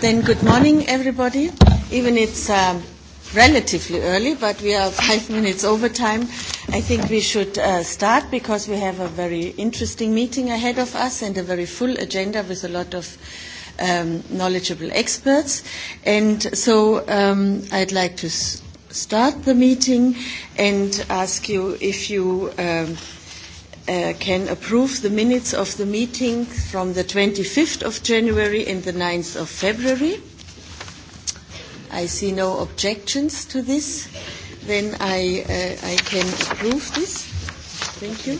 Then good morning, everybody. Even it's um, relatively early, but we are five minutes over time. I think we should uh, start because we have a very interesting meeting ahead of us and a very full agenda with a lot of um, knowledgeable experts. And so um, I'd like to s- start the meeting and ask you if you. Um, uh, can approve the minutes of the meeting from the 25th of January and the 9th of February. I see no objections to this. Then I, uh, I can approve this. Thank you.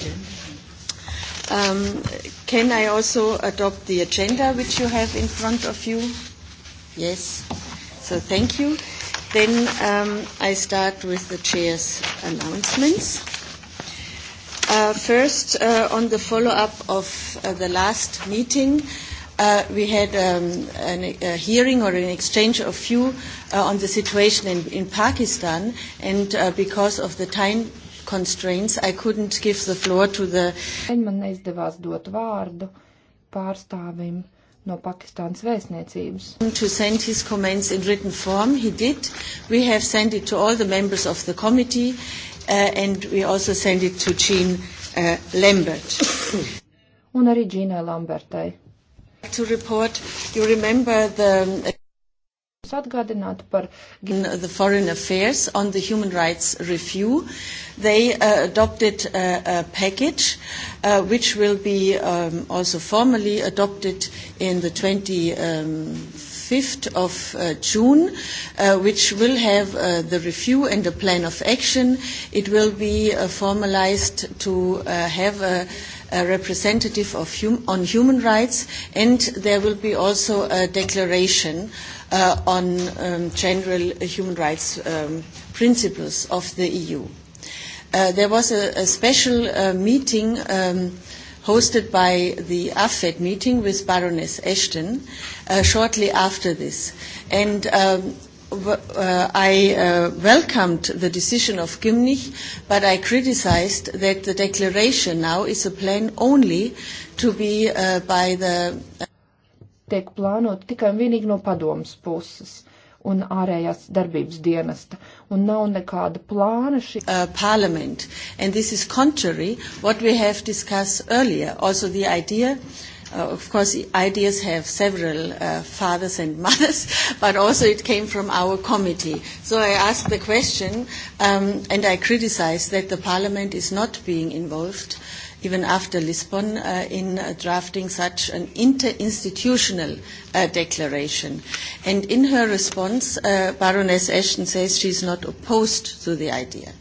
Um, can I also adopt the agenda which you have in front of you? Yes. So thank you. Then um, I start with the chair's announcements. Uh, first, uh, on the follow-up of uh, the last meeting, uh, we had um, an, a hearing or an exchange of view uh, on the situation in, in Pakistan, and uh, because of the time constraints, I couldn't give the floor to the... Man neizdevās dot vārdu pārstāvim no Pakistānas vēstniecības. To send his comments in written form, he did. We have sent it to all the members of the committee uh, and we also send it to Jean uh, Lambert. Un arī Gina Lambertai. To report, you remember the um, uh, atgādināt par the Foreign Affairs on the Human Rights Review. They uh, adopted a, uh, a package uh, which will be um, also formally adopted in the 20, um, 5th of uh, June, uh, which will have uh, the review and the plan of action. It will be uh, formalized to uh, have a, a representative of hum- on human rights, and there will be also a declaration uh, on um, general human rights um, principles of the EU. Uh, there was a, a special uh, meeting um, hosted by the AFED meeting with Baroness Ashton uh, shortly after this. And um, uh, I uh, welcomed the decision of Gimnich, but I criticized that the declaration now is a plan only to be uh, by the. Uh, Tiek plānot tikai un vienīgi no padomas puses un ārējās darbības dienesta, un nav nekāda plāna šī. Uh, parliament, and this is contrary what we have discussed earlier, also the idea Uh, of course, ideas have several uh, fathers and mothers, but also it came from our committee. So I asked the question, um, and I criticized that the parliament is not being involved. Uh, even after Lisbon, uh, in uh, drafting such an interinstitutional uh, declaration. And in her response, uh, Baroness Ashton says she's not opposed to the idea.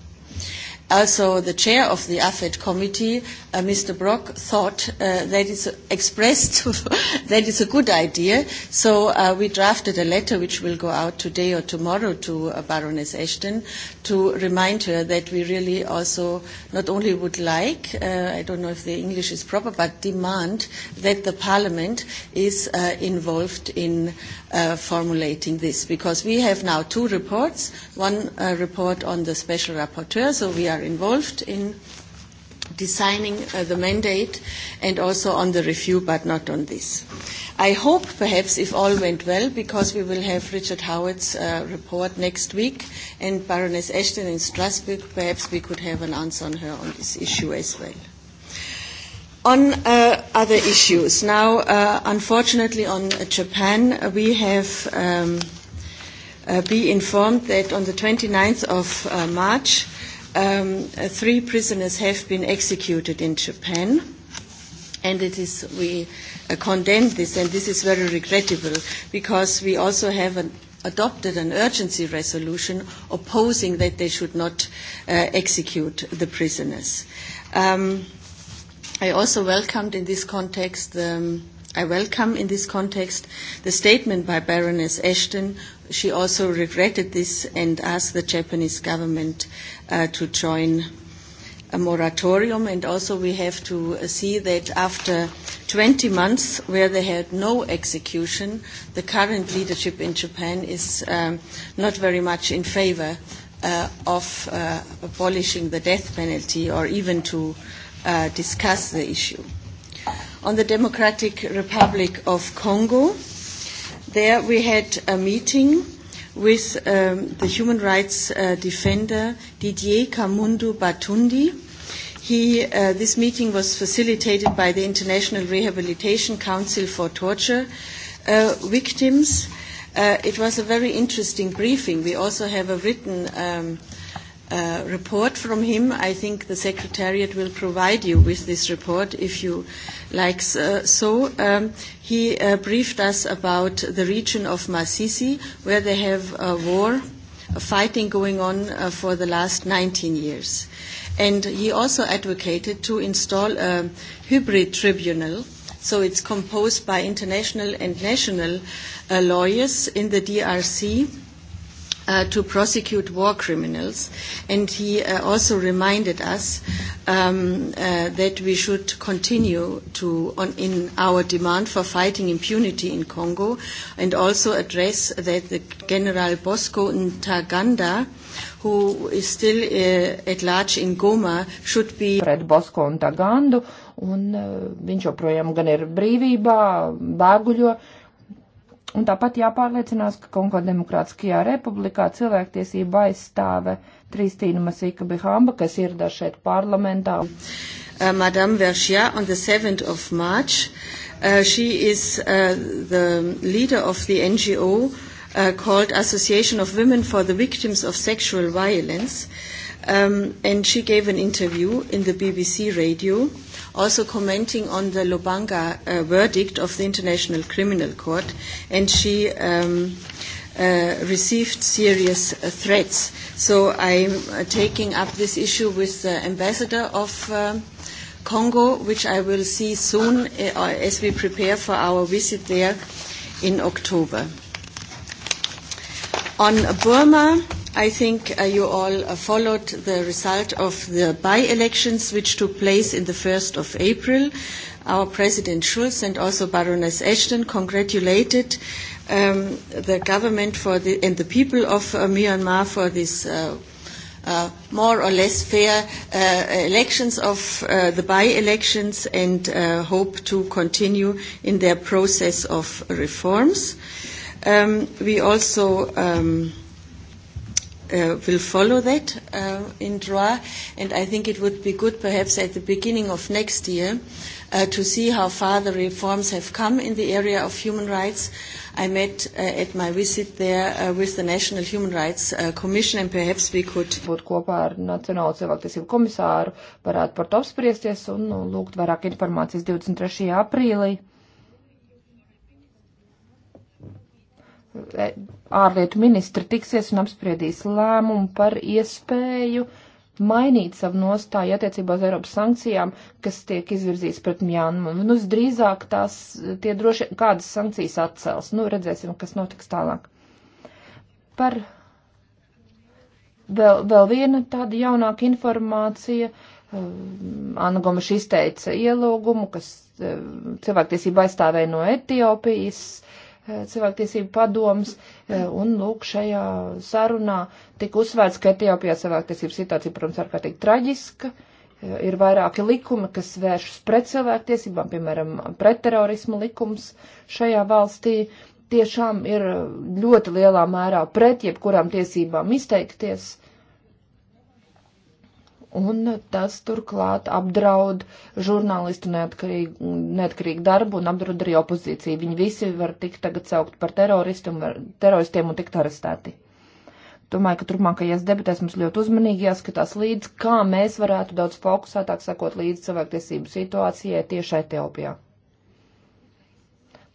Also, the chair of the AFED committee, uh, Mr. Brock, thought uh, that it's expressed that it's a good idea. So uh, we drafted a letter which will go out today or tomorrow to uh, Baroness Ashton to remind her that we really also not only would like, uh, I don't know if the English is proper, but demand that the Parliament is uh, involved in uh, formulating this because we have now two reports, one uh, report on the special rapporteur, so we are involved in designing uh, the mandate and also on the review, but not on this. I hope perhaps if all went well, because we will have Richard Howard's uh, report next week and Baroness Ashton in Strasbourg, perhaps we could have an answer on her on this issue as well. On uh, other issues, now, uh, unfortunately, on Japan, we have um, uh, be informed that on the 29th of uh, March, um, uh, three prisoners have been executed in Japan, and it is we uh, condemn this, and this is very regrettable because we also have an adopted an urgency resolution opposing that they should not uh, execute the prisoners. Um, I also welcomed in this context um, I welcome in this context the statement by Baroness Ashton. She also regretted this and asked the Japanese government uh, to join a moratorium. And also, we have to uh, see that after 20 months, where they had no execution, the current leadership in Japan is um, not very much in favor uh, of uh, abolishing the death penalty or even to uh, uh, discuss the issue. On the Democratic Republic of Congo, there we had a meeting with um, the human rights uh, defender Didier Kamundu Batundi. He, uh, this meeting was facilitated by the International Rehabilitation Council for Torture uh, Victims. Uh, it was a very interesting briefing. We also have a written um, uh, uh, report from him. I think the Secretariat will provide you with this report if you like uh, so. Um, he uh, briefed us about the region of Masisi, where they have a war, a fighting going on uh, for the last 19 years. And he also advocated to install a hybrid tribunal so it's composed by international and national uh, lawyers in the DRC uh, to prosecute war criminals. And he uh, also reminded us um, uh, that we should continue to, on, in our demand for fighting impunity in Congo and also address that the General Bosco Ntaganda who is still uh, at large in Goma should be pret Bosko un Tagandu, un uh, viņš joprojām gan ir brīvībā, bēguļo, uh, Un tāpat jāpārliecinās, ka Kongo Demokrātiskajā republikā cilvēktiesība aizstāve Kristīna Masīka Bihamba, kas ieradās šeit parlamentā. Uh, Madame Vergia on the 7th of March. Uh, she is uh, the leader of the NGO uh, called Association of Women for the Victims of Sexual Violence. Um, and she gave an interview in the BBC radio also commenting on the Lubanga uh, verdict of the International Criminal Court, and she um, uh, received serious uh, threats. So I'm uh, taking up this issue with the ambassador of. Uh, Congo, which I will see soon uh, as we prepare for our visit there in October. On Burma, I think uh, you all uh, followed the result of the by-elections which took place in the 1st of April. Our President Schulz and also Baroness Ashton congratulated um, the government for the, and the people of uh, Myanmar for this uh, uh, more or less fair uh, elections of uh, the by-elections and uh, hope to continue in their process of reforms. Um, we also um, uh, will follow that uh, in DROA, and I think it would be good perhaps at the beginning of next year uh, to see how far the reforms have come in the area of human rights. I met uh, at my visit there uh, with the National Human Rights uh, Commission, and perhaps we could būt kopā ar Nacionālo cilvēktiesību komisāru, varētu par to apspriesties un nu, lūgt vairāk informācijas 23. aprīlī. E, ārlietu ministri tiksies un apspriedīs lēmumu par iespēju mainīt savu nostāju attiecībā uz Eiropas sankcijām, kas tiek izvirzīts pret Mjānmu. Nu, drīzāk tās, tie droši kādas sankcijas atcels. Nu, redzēsim, kas notiks tālāk. Par vēl, vēl viena tāda jaunāka informācija. Um, Anna Gomes izteica ielūgumu, kas um, cilvēktiesība aizstāvēja no Etiopijas cilvēktiesību padomas, e, un lūk, šajā sarunā tika uzsvērts, ka Etiopijā cilvēktiesību situācija, protams, ārkārtīgi traģiska. E, ir vairāki likumi, kas vēršas pret cilvēktiesībām, piemēram, pretterorismu likums šajā valstī tiešām ir ļoti lielā mērā pret jebkurām tiesībām izteikties Un tas turklāt apdraud žurnālistu neatkarīgu, neatkarīgu darbu un apdraud arī opozīciju. Viņi visi var tikt tagad saukt par teroristiem, teroristiem un tikt arestēti. Domāju, ka turpmākajās debatēs mums ļoti uzmanīgi jāskatās līdz, kā mēs varētu daudz fokusētāk sakot līdz cilvēktiesību situācijai tieši Etiopijā.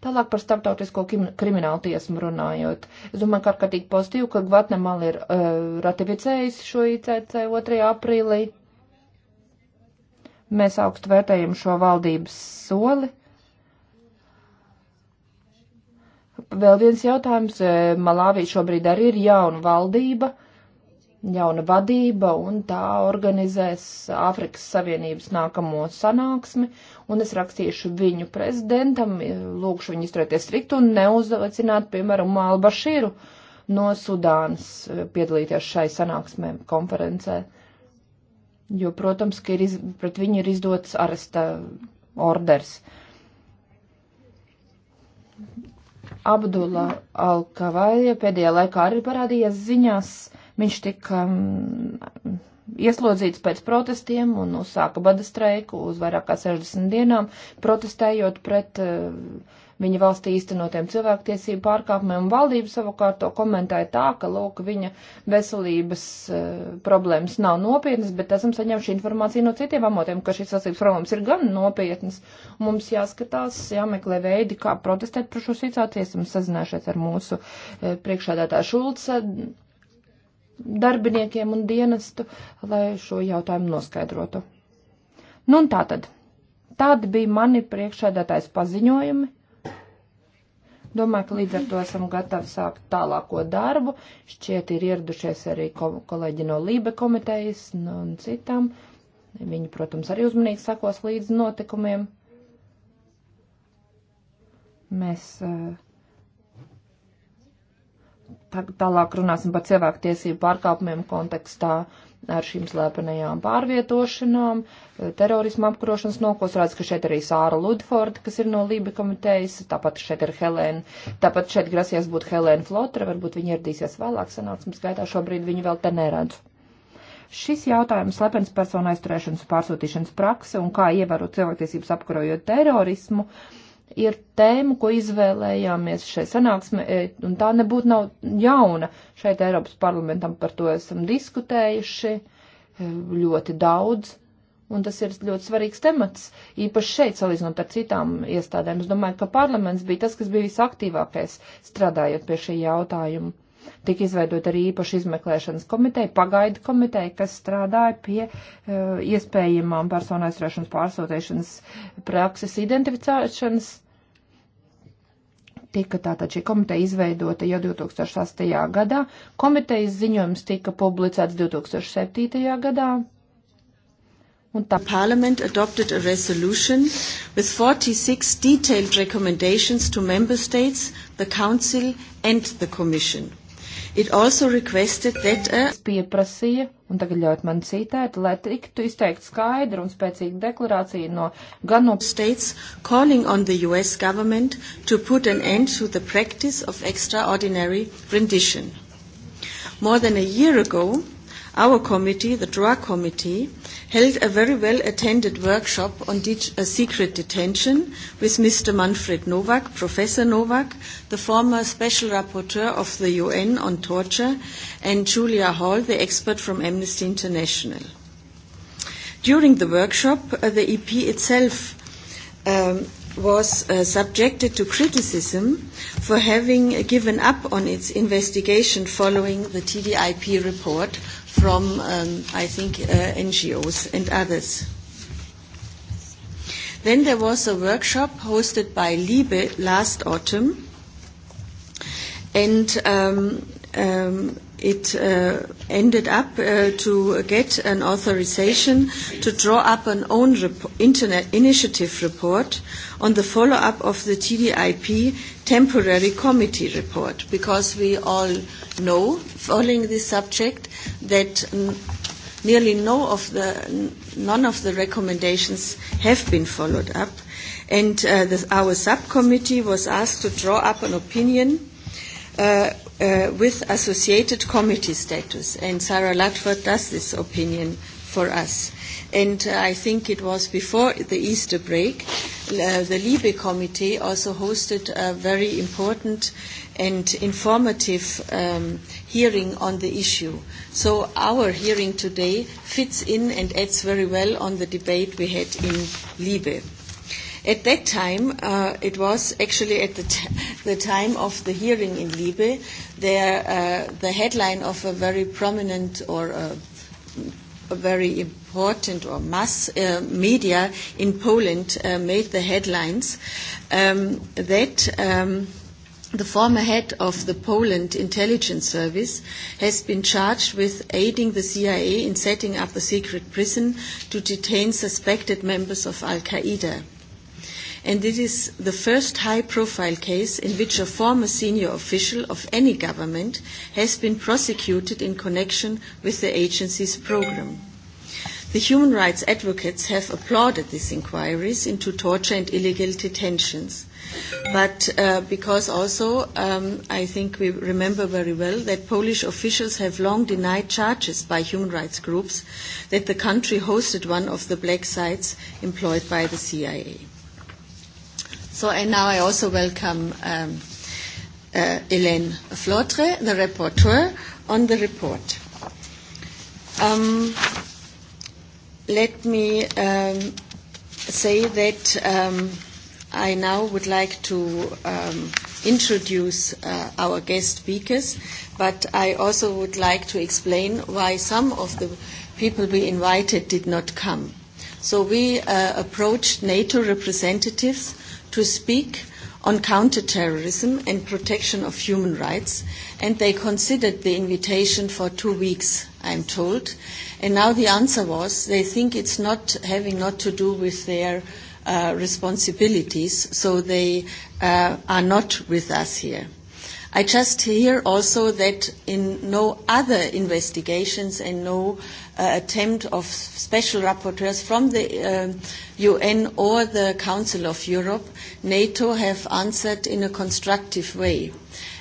Tālāk par starptautisko kriminālu tiesmu runājot. Es domāju, ka ārkārtīgi pozitīvi, ka Gvatemala ir uh, ratificējusi šo ICC 2. aprīlī. Mēs augstu vērtējam šo valdības soli. Vēl viens jautājums. Eh, Malāvī šobrīd arī ir jauna valdība. Uh, jauna vadība, un tā organizēs Āfrikas Savienības nākamo sanāksmi, un es rakstīšu viņu prezidentam, lūkšu viņu izturēties strikt un neuzaicināt, piemēram, Mālu Bašīru no Sudānas eh, piedalīties šai sanāksmē konferencē. Jo, protams, ka ir iz, pret viņu ir izdots aresta orders. Abdullah Alkavaļa pēdējā laikā arī parādījās ziņās, uh, Viņš tika mm, ieslodzīts pēc protestiem un uzsāka bada streiku uz vairāk kā 60 dienām, protestējot pret eh, viņa valstī īstenotiem cilvēktiesību pārkāpumiem, un valdība savukārt to komentēja tā, ka, lūk, viņa veselības uh, problēmas nav nopietnas, bet esam saņēmuši informāciju no citiem avotiem, ka šīs veselības problēmas ir gan nopietnas. Mums jāskatās, jāmeklē veidi, kā protestēt par šo situāciju, esam sazinājušies ar mūsu uh, priekšādātāju Šulca darbiniekiem un dienestu, lai šo jautājumu noskaidrotu. Nu un tā tad. Tādi bija mani priekšēdētājs paziņojumi. Domāju, ka līdz ar to esam gatavi sākt tālāko darbu. Šķiet ir ieradušies arī kolēģi no Lībe komitejas nu un citām. Viņi, protams, arī uzmanīgi sakos līdz notikumiem. Mēs uh, tālāk runāsim par cilvēktiesību pārkāpumiem kontekstā ar šīm slēpenajām pārvietošanām, eh, terorismu apkarošanas nokos, redz, ka šeit arī Sāra Ludforda, kas ir no Lība komitejas, tāpat šeit ir Helēna, tāpat šeit grasies būt Helēna Flotra, varbūt viņa ieradīsies vēlāk sanāksmes gaitā, šobrīd viņu vēl te neredzu. Šis jautājums slepens personu aizturēšanas un pārsūtīšanas prakse un kā ievērot cilvēktiesības apkarojot terorismu. Uh, ir tēma, ko izvēlējāmies šai sanāksmē, e, un tā nebūtu nav jauna. Šeit Eiropas parlamentam par to esam diskutējuši e, ļoti daudz, un tas ir ļoti svarīgs temats, īpaši šeit salīdzinot ar citām iestādēm. Es domāju, ka parlaments bija tas, kas bija visaktīvākais strādājot pie šī jautājuma. Tik izveidot arī īpaši izmeklēšanas komiteja, pagaidu komiteja, kas strādāja pie uh, iespējamām personu aizturēšanas pārsūtīšanas prakses identificēšanas tika tātad šī komiteja izveidota jau 2008. gadā. Komitejas ziņojums tika publicēts 2007. gadā. Un tā Parliament adopted a resolution with 46 detailed recommendations to member states, the council and the commission. That, uh... pieprasīja, un tagad ļaut man citēt, lai tiktu izteikt skaidru un spēcīgu deklarāciju no gan no states calling on the US government to put an end to the practice of extraordinary rendition. More than a year ago, our committee, the DRA committee, held a very well attended workshop on det- uh, secret detention with Mr. Manfred Novak, Professor Novak, the former special rapporteur of the UN on torture, and Julia Hall, the expert from Amnesty International. During the workshop, uh, the EP itself um, was uh, subjected to criticism for having given up on its investigation following the TDIP report from, um, I think, uh, NGOs and others. Then there was a workshop hosted by Liebe last autumn, and um, um, it uh, ended up uh, to get an authorization to draw up an own rep- internet initiative report on the follow-up of the TDIP temporary committee report, because we all know, following this subject, that n- nearly no of the, n- none of the recommendations have been followed up. And uh, the, our subcommittee was asked to draw up an opinion uh, uh, with associated committee status. And Sarah Ludford does this opinion for us. And uh, I think it was before the Easter break, uh, the Libe Committee also hosted a very important and informative um, hearing on the issue. So our hearing today fits in and adds very well on the debate we had in Libe. At that time, uh, it was actually at the, t- the time of the hearing in Liebe, there, uh, the headline of a very prominent or a, a very important or mass uh, media in Poland uh, made the headlines um, that. Um, The former head of the Poland intelligence service has been charged with aiding the CIA in setting up a secret prison to detain suspected members of Al Qaeda and it is the first high-profile case in which a former senior official of any government has been prosecuted in connection with the agency's program. The human rights advocates have applauded these inquiries into torture and illegal detentions. But uh, because also, um, I think we remember very well that Polish officials have long denied charges by human rights groups that the country hosted one of the black sites employed by the CIA. So, and now I also welcome um, uh, Hélène Flotre, the rapporteur, on the report. Um, let me um, say that um, I now would like to um, introduce uh, our guest speakers, but I also would like to explain why some of the people we invited did not come. So we uh, approached NATO representatives to speak on counterterrorism and protection of human rights, and they considered the invitation for two weeks, I'm told. And now the answer was they think it's not having not to do with their uh, responsibilities, so they uh, are not with us here. I just hear also that in no other investigations and no uh, attempt of special rapporteurs from the um, uh, UN or the Council of Europe, NATO have answered in a constructive way.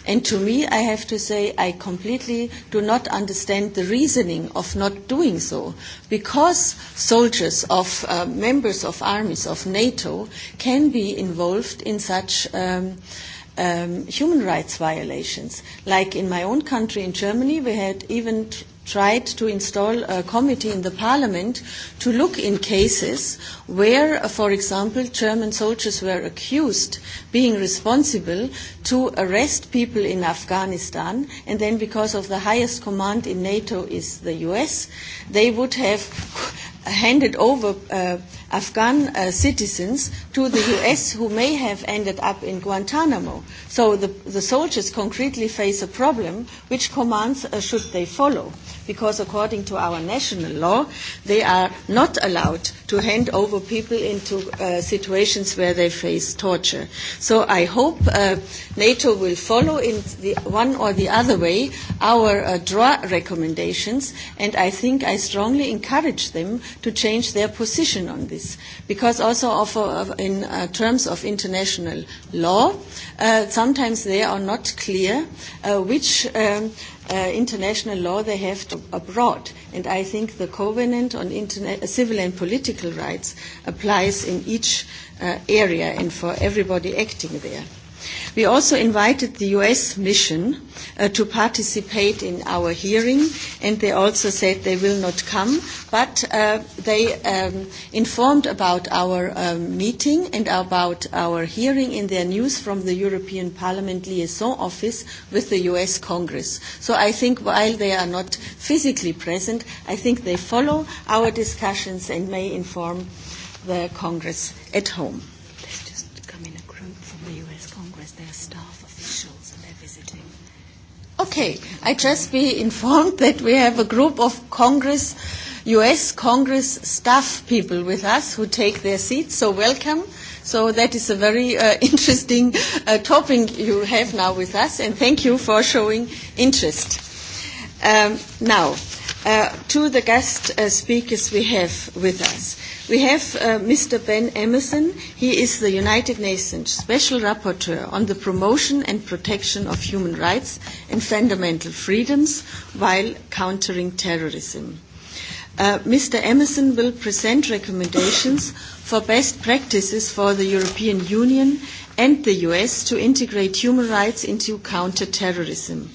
And to me, I have to say, I completely do not understand the reasoning of not doing so. Because soldiers of uh, members of armies of NATO can be involved in such um, uh, um, human rights violations. Like in my own country, in Germany, we had even t- tried to install a committee in the parliament to look in cases where, uh, for example, German soldiers were accused being responsible to arrest people in Afghanistan, and then because of the highest command in NATO is the US, they would have handed over uh, Afghan uh, citizens to the U.S. who may have ended up in Guantanamo. So the, the soldiers concretely face a problem which commands uh, should they follow, because according to our national law, they are not allowed to hand over people into uh, situations where they face torture. So I hope uh, NATO will follow in the one or the other way our uh, DRA recommendations, and I think I strongly encourage them to change their position on this countries, because also of, uh, in uh, terms of international law, uh, sometimes they are not clear uh, which um, uh, international law they have to, abroad. And I think the Covenant on interna- uh, Civil and Political Rights applies in each uh, area and for everybody acting there. We also invited the US mission uh, to participate in our hearing, and they also said they will not come, but uh, they um, informed about our um, meeting and about our hearing in their news from the European Parliament liaison office with the US Congress. So I think while they are not physically present, I think they follow our discussions and may inform the Congress at home. Okay, I just be informed that we have a group of Congress, U.S. Congress staff people with us who take their seats. So welcome. So that is a very uh, interesting uh, topic you have now with us, and thank you for showing interest. Um, now uh, to the guest uh, speakers we have with us. We have uh, Mr. Ben Emerson. He is the United Nations Special Rapporteur on the promotion and protection of human rights and fundamental freedoms while countering terrorism. Uh, Mr. Emerson will present recommendations for best practices for the European Union and the US to integrate human rights into counterterrorism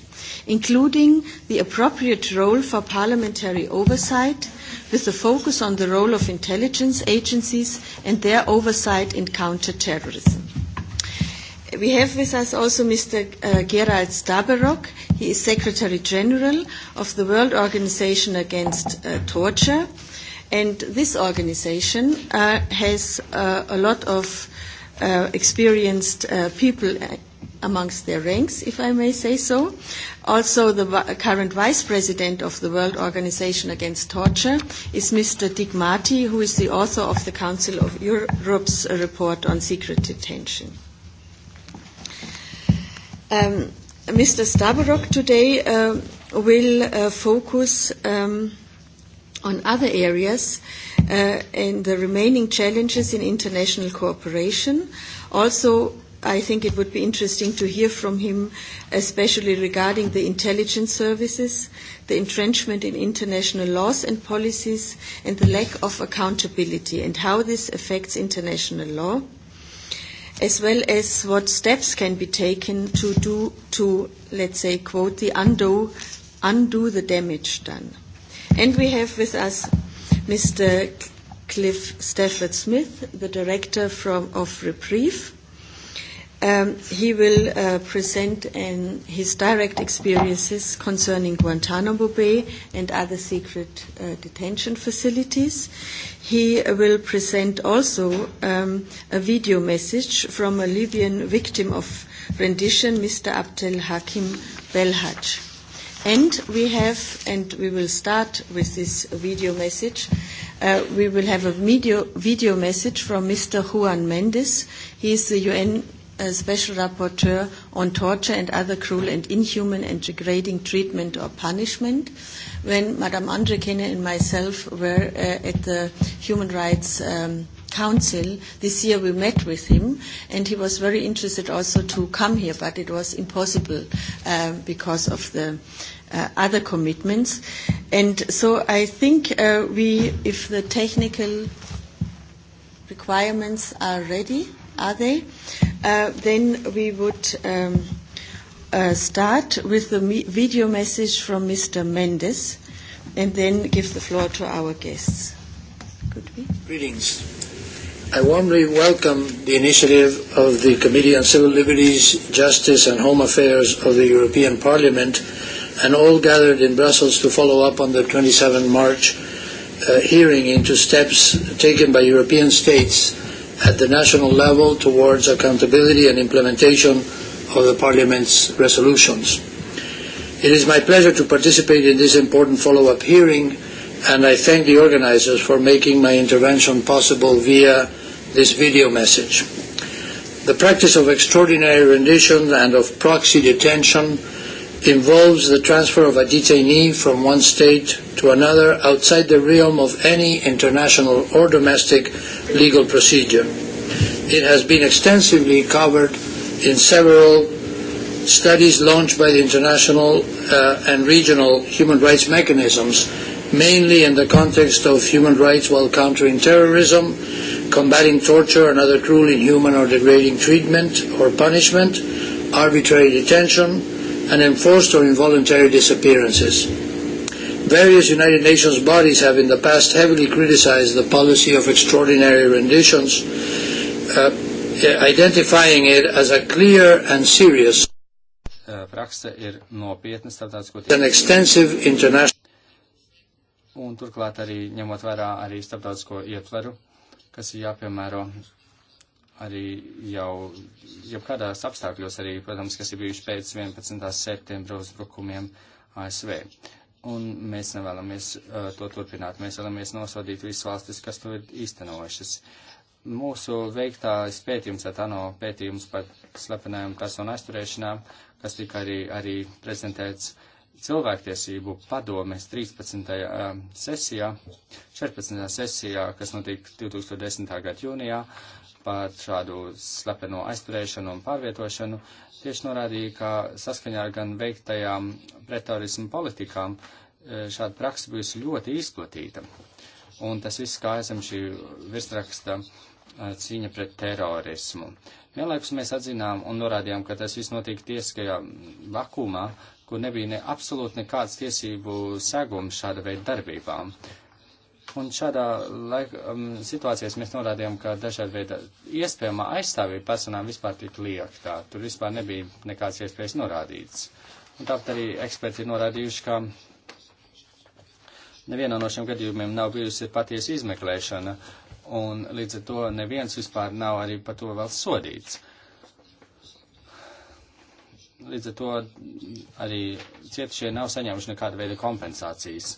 including the appropriate role for parliamentary oversight, with a focus on the role of intelligence agencies and their oversight in counterterrorism. We have with us also Mr. Uh, Gerald Staberok. He is Secretary General of the World Organization Against uh, Torture. And this organization uh, has uh, a lot of uh, experienced uh, people amongst their ranks, if I may say so. Also, the current vice president of the World Organization Against Torture is Mr. Dick Marty, who is the author of the Council of Europe's report on secret detention. Um, Mr. Staborok today uh, will uh, focus um, on other areas uh, and the remaining challenges in international cooperation, also I think it would be interesting to hear from him, especially regarding the intelligence services, the entrenchment in international laws and policies, and the lack of accountability, and how this affects international law, as well as what steps can be taken to do, to, let's say, quote, the undo, undo the damage done. And we have with us Mr. Cliff Stafford Smith, the director from, of Reprieve Um, he will uh, present an, his direct experiences concerning Guantanamo Bay and other secret uh, detention facilities. He will present also um, a video message from a Libyan victim of rendition, Mr. Abdel Hakim Belhaj. And we have, and we will start with this video message. Uh, we will have a video, video message from Mr. Juan Mendes. He is the UN uh, Special Rapporteur on Torture and Other Cruel and Inhuman and Degrading Treatment or Punishment, when Madame Andrekene and myself were uh, at the Human Rights um, Council. This year we met with him, and he was very interested also to come here, but it was impossible uh, because of the uh, other commitments. And so I think uh, we, if the technical requirements are ready, Are they? Uh, then we would um, uh, start with the me- video message from Mr. Mendes and then give the floor to our guests. Could we? Greetings. I warmly welcome the initiative of the Committee on Civil Liberties, Justice and Home Affairs of the European Parliament and all gathered in Brussels to follow up on the 27 March uh, hearing into steps taken by European states at the national level towards accountability and implementation of the Parliament's resolutions. It is my pleasure to participate in this important follow-up hearing and I thank the organizers for making my intervention possible via this video message. The practice of extraordinary rendition and of proxy detention involves the transfer of a detainee from one state to another outside the realm of any international or domestic legal procedure. It has been extensively covered in several studies launched by the international uh, and regional human rights mechanisms, mainly in the context of human rights while countering terrorism, combating torture and other cruel, inhuman, or degrading treatment or punishment, arbitrary detention, and enforced or involuntary disappearances. Various United Nations bodies have in the past heavily criticized the policy of extraordinary renditions, uh, identifying it as a clear and serious uh, prakse ir nopietna starptautisko tiesību. Un turklāt arī ņemot vērā arī starptautisko ietveru, kas ir jāpiemēro arī jau, jau kādās apstākļos arī, protams, kas ir bijuši pēc 11. septembra uzbrukumiem ASV. Un mēs nevēlamies uh, to turpināt, mēs vēlamies nosodīt visas valstis, kas to ir īstenojušas. Mūsu veiktājs pētījums, atano pētījums par slepenajām personu aizturēšanām, kas tika arī, arī prezentēts cilvēktiesību padomes 13. Uh, sesijā, 14. sesijā, kas notika 2010. gada jūnijā, uh, par šādu slepeno aizturēšanu un pārvietošanu, tieši norādīja, ka saskaņā ar gan veiktajām pretorismu politikām e, šāda praksa bijusi ļoti izplatīta. Un tas viss kā esam šī virsraksta e, cīņa pret terorismu. Vienlaikus mēs atzinām un norādījām, ka tas viss notiek tieskajā vakumā, kur nebija ne absolūti nekāds tiesību segums šāda veida darbībām. Un šādā laika, um, situācijās mēs norādījām, ka dažāda veida iespējamā aizstāvība personām vispār tik liektā. Tur vispār nebija nekāds iespējas norādīts. Un tāpat arī eksperti ir norādījuši, ka nevienā no šiem gadījumiem nav bijusi patiesa izmeklēšana, un līdz ar to neviens vispār nav arī par to vēl sodīts. Līdz ar to arī cietušie nav saņēmuši nekāda veida kompensācijas.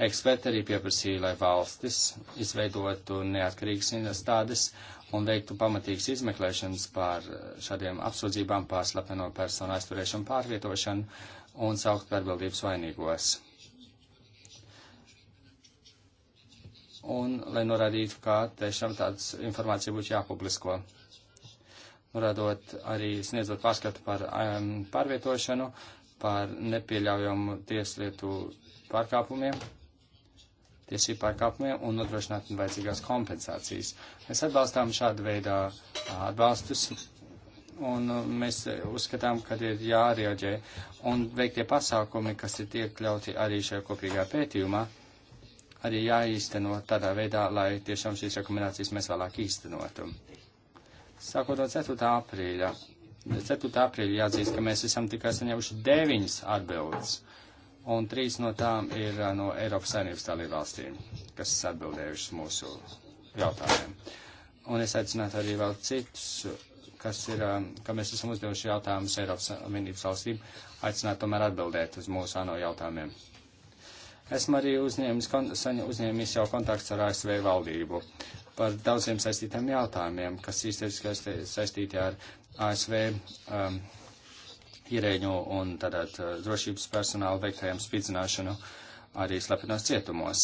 Eksperti arī pieprasīja, lai valstis izveidotu neatkarīgas iestādes un veiktu pamatīgas izmeklēšanas pār eh, šādiem apsūdzībām pār slepeno personu aizturēšanu, pārvietošanu un saukt par atbildības vainīgos. Un, lai norādītu, kā tiešām tāds informācija būtu jāpublisko. Norādot arī sniedzot pārskatu par um, pārvietošanu, par nepieļaujamu tieslietu pārkāpumiem tiesību pārkāpumiem un nodrošināt vajadzīgās kompensācijas. Mēs atbalstām šādu veidu atbalstus un mēs uzskatām, ka ir jārieģē un veiktie pasākumi, kas ir iekļauti arī šajā kopīgā pētījumā, arī jāīsteno tādā veidā, lai tiešām šīs rekomendācijas mēs vēlāk īstenotu. Sākot no 4. aprīļa. 4. aprīļa jāatzīst, ka mēs esam tikai saņēmuši 9 atbildes un trīs no tām ir no Eiropas saimnības dalībvalstīm, kas atbildējušas mūsu jautājumiem. Un es aicinātu arī vēl citus, kas ir, ka mēs esam uzdevuši jautājumus Eiropas saimnības valstīm, aicināt tomēr atbildēt uz mūsu ANO jautājumiem. Esmu arī uzņēmis, kon, uzņēmis jau kontakts ar ASV valdību par daudziem saistītiem jautājumiem, kas īstenībā saistīti ar ASV um, ierēģu un tātad uh, drošības personāla veiktajām spīdzināšanu arī slepenos cietumos.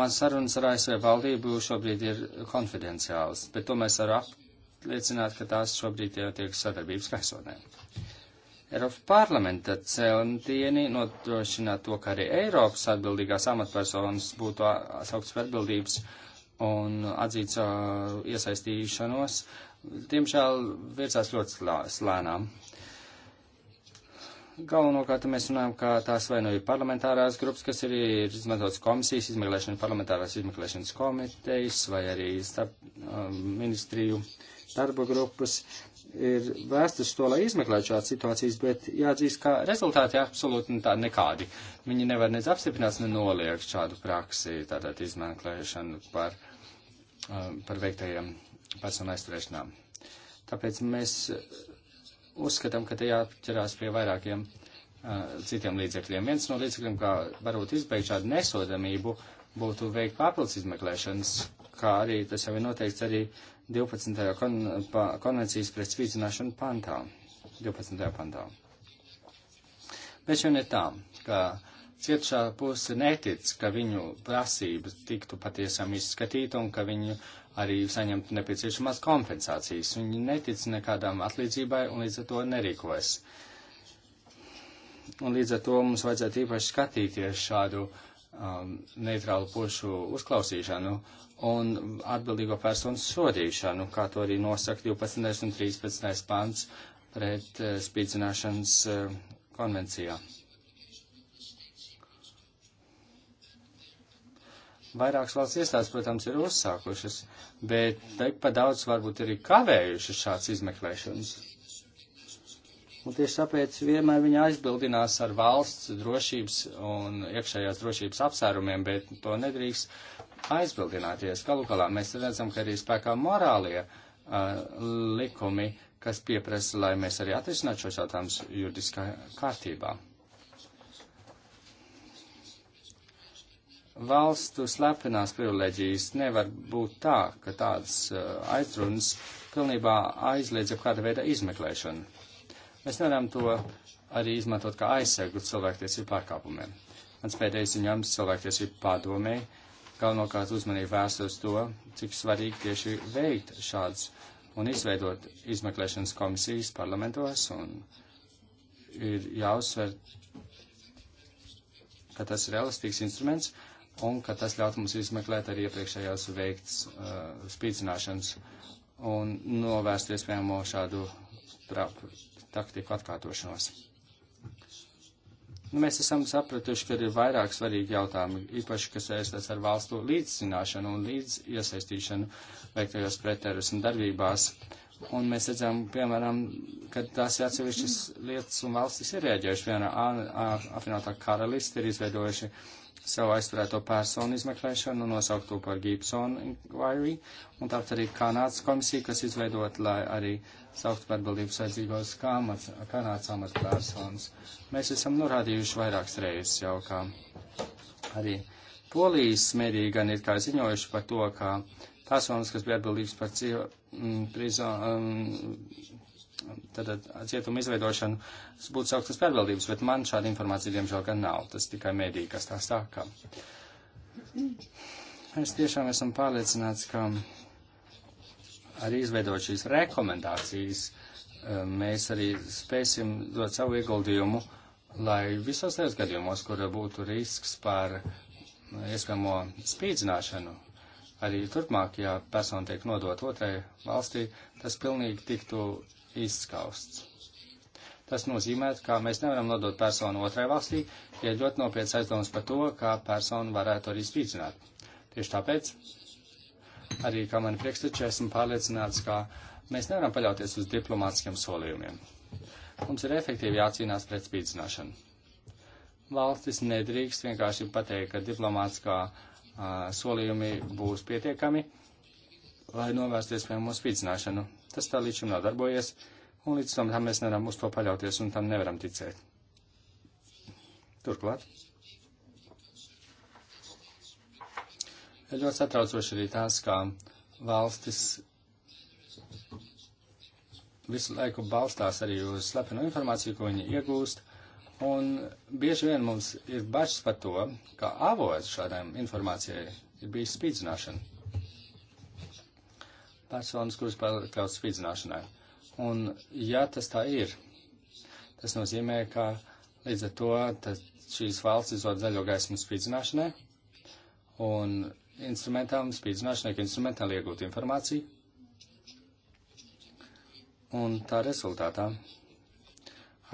Mans sarunas ar ASV valdību šobrīd ir konfidenciāls, bet to mēs varam apliecināt, ka tās šobrīd jau tiek sadarbības gaisotnē. Eiropas parlamenta centieni nodrošināt to, ka arī Eiropas atbildīgās amatpersonas būtu sauktas par atbildības un atzīts iesaistīšanos, diemžēl virzās ļoti slēnām galvenokārt mēs runājam, ka tās vai nu ir parlamentārās grupas, kas ir, ir izmantotas komisijas izmeklēšana, parlamentārās izmeklēšanas komitejas vai arī starp um, ministriju darba grupas, ir vēstas to, lai izmeklētu šādas situācijas, bet jāatzīst, ka rezultāti absolūti tādi nekādi. Viņi nevar nec apstiprināt, ne noliegt šādu praksi, tātad izmeklēšanu par, um, par veiktajiem personu aizturēšanām. Tāpēc mēs uzskatām, ka te jāķerās pie vairākiem uh, citiem līdzekļiem. Viens no līdzekļiem, kā varbūt izbeigt šādu nesodamību, būtu veikt papildus izmeklēšanas, kā arī tas jau ir noteikts arī 12. Kon pa, konvencijas pret spīdzināšanu pantā. 12. pantā. Bet šodien ir tā, ka cietušā puse netic, ka viņu prasības tiktu patiesām izskatīta un ka viņu uh, arī saņemt nepieciešamās kompensācijas. Viņi netic nekādām atlīdzībai un līdz ar to nerīkojas. Un līdz ar to mums vajadzētu īpaši skatīties šādu um, neitrālu pušu uzklausīšanu un atbildīgo personu sodīšanu, kā to arī nosaka 12. un 13. pants pret uh, spīdzināšanas uh, konvencijā. Vairākas valsts iestādes, protams, ir uzsākušas, bet pat daudz varbūt arī kavējušas šāds izmeklēšanas. Un tieši tāpēc vienmēr viņi aizbildinās ar valsts drošības un iekšējās drošības apsērumiem, bet to nedrīkst aizbildināties. Galu galā mēs redzam, ka arī spēkā morālie uh, likumi, kas pieprasa, lai mēs arī atrisinātu šos jautājumus juridiskā kārtībā. valstu slepenās privileģijas nevar būt tā, ka tādas eh, aizrunas pilnībā aizliedz jau kāda veida izmeklēšanu. Mēs nevaram to arī izmantot kā aizsegu cilvēktiesību pārkāpumiem. Mans pēdējais ziņojums cilvēktiesību padomē galvenokārt uzmanību vērst uz to, cik svarīgi tieši veikt šāds un izveidot izmeklēšanas komisijas parlamentos un ir jāuzsver, ka tas ir elastīgs instruments, uh, un ka tas ļaut mums izmeklēt arī iepriekšējās veikts uh, spīdzināšanas un novērst iespējamo šādu trapu taktiku atkārtošanos. Nu, mēs esam sapratuši, ka ir vairāk svarīgi jautājumi, īpaši, kas saistās ar valstu līdzcināšanu un līdz iesaistīšanu veiktajos pretterismu darbībās. Un mēs redzam, piemēram, ka tās atsevišķas lietas un valstis ir rēģējuši. Vienā apvienotā karalisti ir izveidojuši uh, savu aizturēto personu izmeklēšanu, nosaukt to par Gibson Inquiry, un tāpat arī Kanādas komisija, kas izveidot, lai arī saukt par atbildības aizzīgos Kanādas amatpersonas. Mēs esam norādījuši vairākas reizes jau, kā arī polijas mēdī gan ir kā ziņojuši par to, ka personas, kas bija atbildības par cīvu, mm, prizo, mm, tātad cietuma izveidošanu būtu sauktas pārvaldības, bet man šāda informācija, diemžēl, gan nav. Tas tikai mēdī, kas tā sāka. Es tiešām esmu pārliecināts, ka arī izveidot šīs rekomendācijas, eh, mēs arī spēsim dot savu ieguldījumu, lai visos tajos gadījumos, kur būtu risks par iespējamo spīdzināšanu, arī turpmāk, ja persona tiek nodot otrai valstī, tas pilnīgi tiktu izskausts. Tas nozīmē, ka mēs nevaram nodot personu otrai valstī, ja ir ļoti nopietns aizdoms par to, kā personu varētu arī spīdzināt. Tieši tāpēc, arī kā man priekšteči, esmu pārliecināts, ka mēs nevaram paļauties uz diplomātiskiem solījumiem. Mums ir efektīvi jācīnās pret spīdzināšanu. Valstis nedrīkst vienkārši pateikt, ka diplomātiskā uh, solījumi būs pietiekami, lai novērsties pie mūsu spīdzināšanu. Tas tā līdz šim nav darbojies, un līdz tam mēs nevaram uz to paļauties un tam nevaram ticēt. Turklāt. Ir ļoti satraucoši arī tās, kā valstis visu laiku balstās arī uz slepeno informāciju, ko viņi iegūst, un bieži vien mums ir bažas par to, ka avots šādām informācijai ir bijis spīdzināšana personas, kuras pakļauts spīdzināšanai. Un, ja tas tā ir, tas nozīmē, ka līdz ar to šīs valsts izdod zaļo gaismu spīdzināšanai un instrumentām spīdzināšanai, ka instrumentāli iegūt informāciju. Un tā rezultātā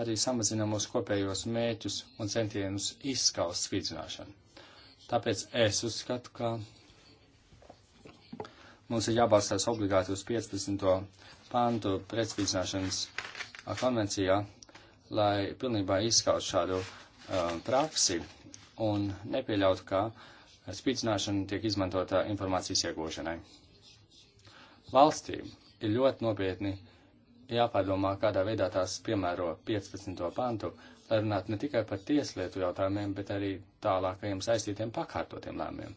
arī samazina mūsu kopējos mēķus un centienus izskaust spīdzināšanu. Tāpēc es uzskatu, ka mums ir jābalstās obligāti uz 15. pantu pretspīdzināšanas konvencijā, lai pilnībā izskaut šādu um, praksi un nepieļautu, ka spīdzināšana tiek izmantota informācijas iegūšanai. Valstīm ir ļoti nopietni jāpadomā, kādā veidā tās piemēro 15. pantu, lai runātu ne tikai par tieslietu jautājumiem, bet arī tālākajiem saistītiem pakārtotiem lēmumiem.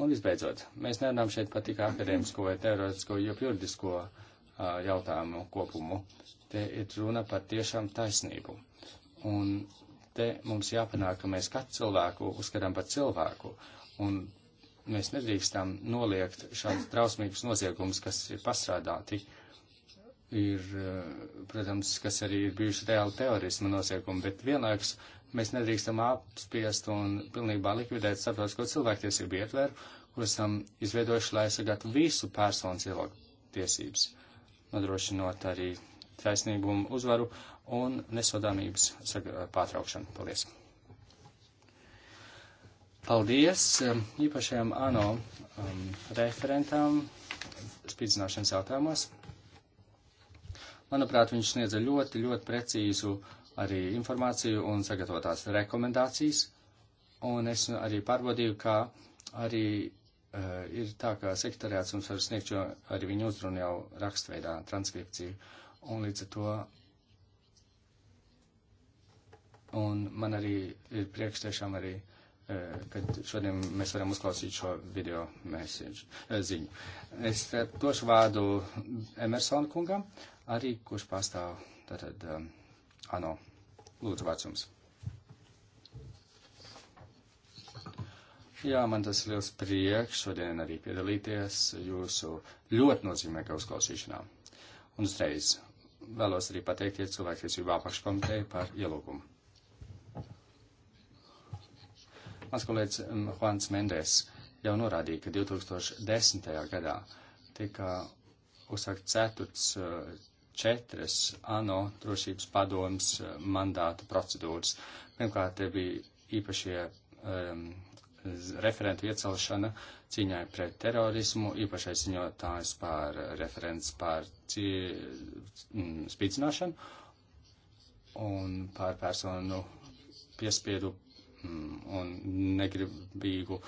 Un visbeidzot, mēs nerunām šeit pat tik akadēmisko vai teorētisko, jo juridisko uh, jautājumu kopumu. Te ir runa par tiešām taisnību. Un te mums jāpanāk, ka mēs katru cilvēku uzskatām par cilvēku. Un mēs nedrīkstam noliegt šādus drausmīgus noziegumus, kas ir pastrādāti. Ir, protams, kas arī ir bijuši reāli teorisma noziegumi, bet vienlaikus Mēs nedrīkstam apspiest un pilnībā likvidēt starptautisko cilvēktiesību ietveru, ko esam izveidojuši, lai aizsargātu visu personu cilvēku tiesības, nodrošinot arī taisnīgumu uzvaru un nesodāmības pārtraukšanu. Paldies! Paldies um, īpašajam ANO um, referentam spīdzināšanas jautājumos. Manuprāt, viņš sniedza ļoti, ļoti precīzu uh, arī informāciju un sagatavotās rekomendācijas. Un es arī pārbaudīju, kā arī uh, ir tā, ka sekretariāts mums var sniegt šo arī viņu uzrunu jau rakstveidā, transkripciju. Un līdz ar to. Un man arī ir prieks tiešām arī, uh, kad šodien mēs varam uzklausīt šo video message, uh, ziņu. Es eh, došu vārdu Emersona kungam, arī kurš pārstāv tātad. Um, Ano. Lūdzu, vārds jums. Jā, man tas ir liels prieks šodien arī piedalīties jūsu ļoti nozīmīgā uzklausīšanā. Un uzreiz vēlos arī pateikties cilvēktiesību apakškomiteju par ielūgumu. Mans kolēģis mm, Juans Mendes jau norādīja, ka 2010. gadā tika uzsākt ceturts eh, četras ANO drošības padomas eh, mandāta procedūras. Pirmkārt, te bija īpašie um, referentu iecelšana cīņai pret terorismu, īpašais ziņotājs par eh, referents par cī, m, mm, spīdzināšanu un par personu piespiedu m, mm, un negribīgu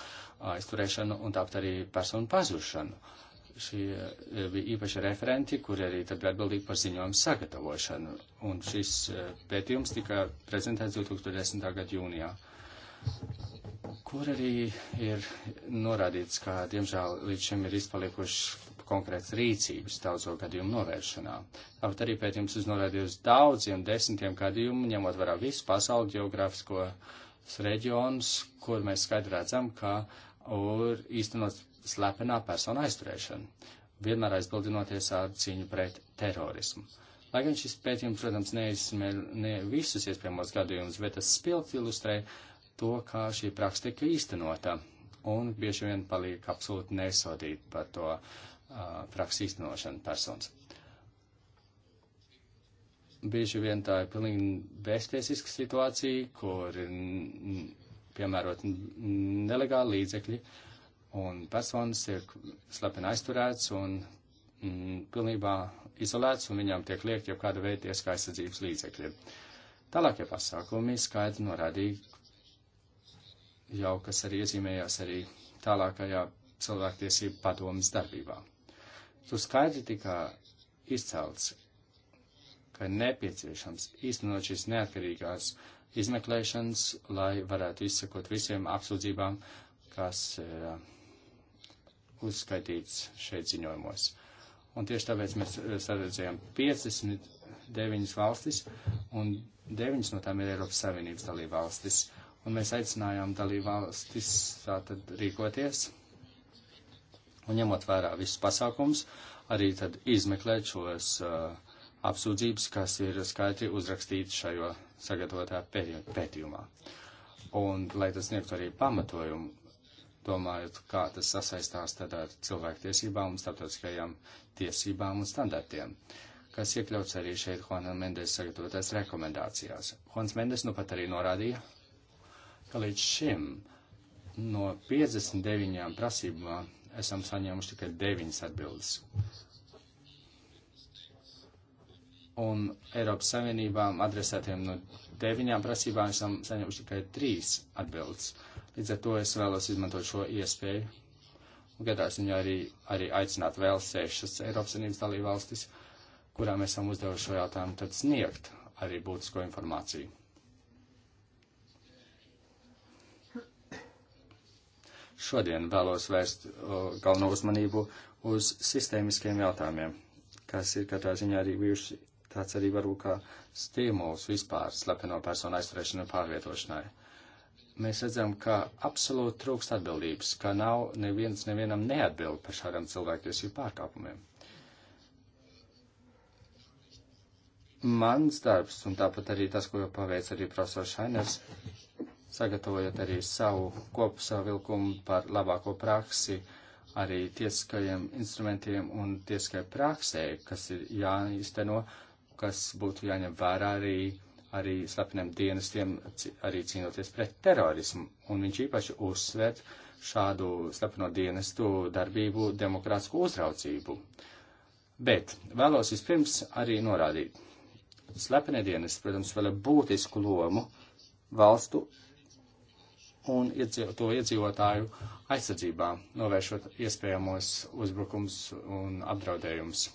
aizturēšanu un tāpat arī personu pazušanu. Uh, šie bija e, īpaši referenti, kuri arī tad bija atbildīgi par ziņojumu sagatavošanu. Un šis e, pētījums tika prezentēts 2010. gada jūnijā, kur arī ir norādīts, ka, diemžēl, līdz šim ir izpalikuši konkrēts rīcības daudzo gadījumu novēršanā. Tāpat arī pētījums uz norādīja uz daudziem desmitiem gadījumu, ņemot vērā visu pasauli geogrāfisko reģionus, kur mēs skaidri redzam, ka ir īstenots slepenā persona aizturēšanu, vienmēr aizbildinoties ar cīņu pret terorismu. Lai gan šis pētījums, protams, neizsmē ne visus iespējamos gadījumus, bet tas spilgti ilustrē to, kā šī praksa tika īstenota, un bieži vien paliek absolūti nesodīt par to uh, praksa īstenošanu personas. Bieži vien tā ir pilnīgi beztiesiska situācija, kur piemērot nelegāli līdzekļi, uh, un personas tiek slepeni aizturēts un mm, pilnībā izolēts, un viņām tiek liekt jau kāda veida tieskā aizsardzības līdzekļi. Tālākie pasākumi skaidri norādīja jau, kas arī iezīmējās arī tālākajā cilvēktiesību padomas darbībā. Tu skaidri tika izcelts, ka nepieciešams īstenot šīs neatkarīgās izmeklēšanas, lai varētu izsekot visiem apsūdzībām, kas ir uh, eh, uzskaitīts šeit ziņojumos. Un tieši tāpēc mēs eh, saredzējām 59 valstis, un 9 no tām ir Eiropas Savienības dalība valstis. Un mēs aicinājām dalību valstis tātad rīkoties un ņemot vērā visus pasākums, arī tad izmeklēt šos uh, apsūdzības, kas ir skaidri uzrakstītas šajā sagatavotā pētījumā. Un, lai tas sniegtu arī pamatojumu domājot, kā tas sasaistās tad ar cilvēktiesībām un starptautiskajām tiesībām un standartiem, kas iekļauts arī šeit Juana Mendes sagatavotās rekomendācijās. Juans Mendes nu pat arī norādīja, ka līdz šim no 59 prasībām esam saņēmuši tikai 9 atbildes. Un Eiropas Savienībām adresētiem no deviņām prasībām esam saņēmuši tikai trīs atbildes. Līdz ar to es vēlos izmantot šo iespēju. Un gadā ziņā arī, arī aicināt vēl sešas Eiropas Savienības dalībvalstis, kurām esam uzdevuši šo jautājumu, tad sniegt arī būtisko informāciju. Šodien vēlos vērst galveno uzmanību uz sistēmiskiem jautājumiem, kas ir katrā ziņā arī bijuši tāds arī varbūt kā stimuls vispār slepeno personu aizturēšanai un pārvietošanai mēs redzam, ka absolūti trūkst atbildības, ka nav neviens nevienam neatbild par šādām cilvēktiesību pārkāpumiem. Mans darbs, un tāpat arī tas, ko jau paveic arī profesors Šainers, sagatavojot arī savu kopsavilkumu par labāko praksi, arī tiesiskajiem instrumentiem un tiesiskai praksē, kas ir jāizteno, kas būtu jāņem vērā arī uh, arī slepeniem dienestiem, arī cīnoties pret terorismu. Un viņš īpaši uzsver šādu slepeno dienestu darbību demokrātisku uzraucību. Bet vēlos vispirms arī norādīt. Slepenie dienesti, protams, vēl ir būtisku lomu valstu un to iedzīvotāju aizsardzībā, novēršot iespējamos uzbrukums un apdraudējums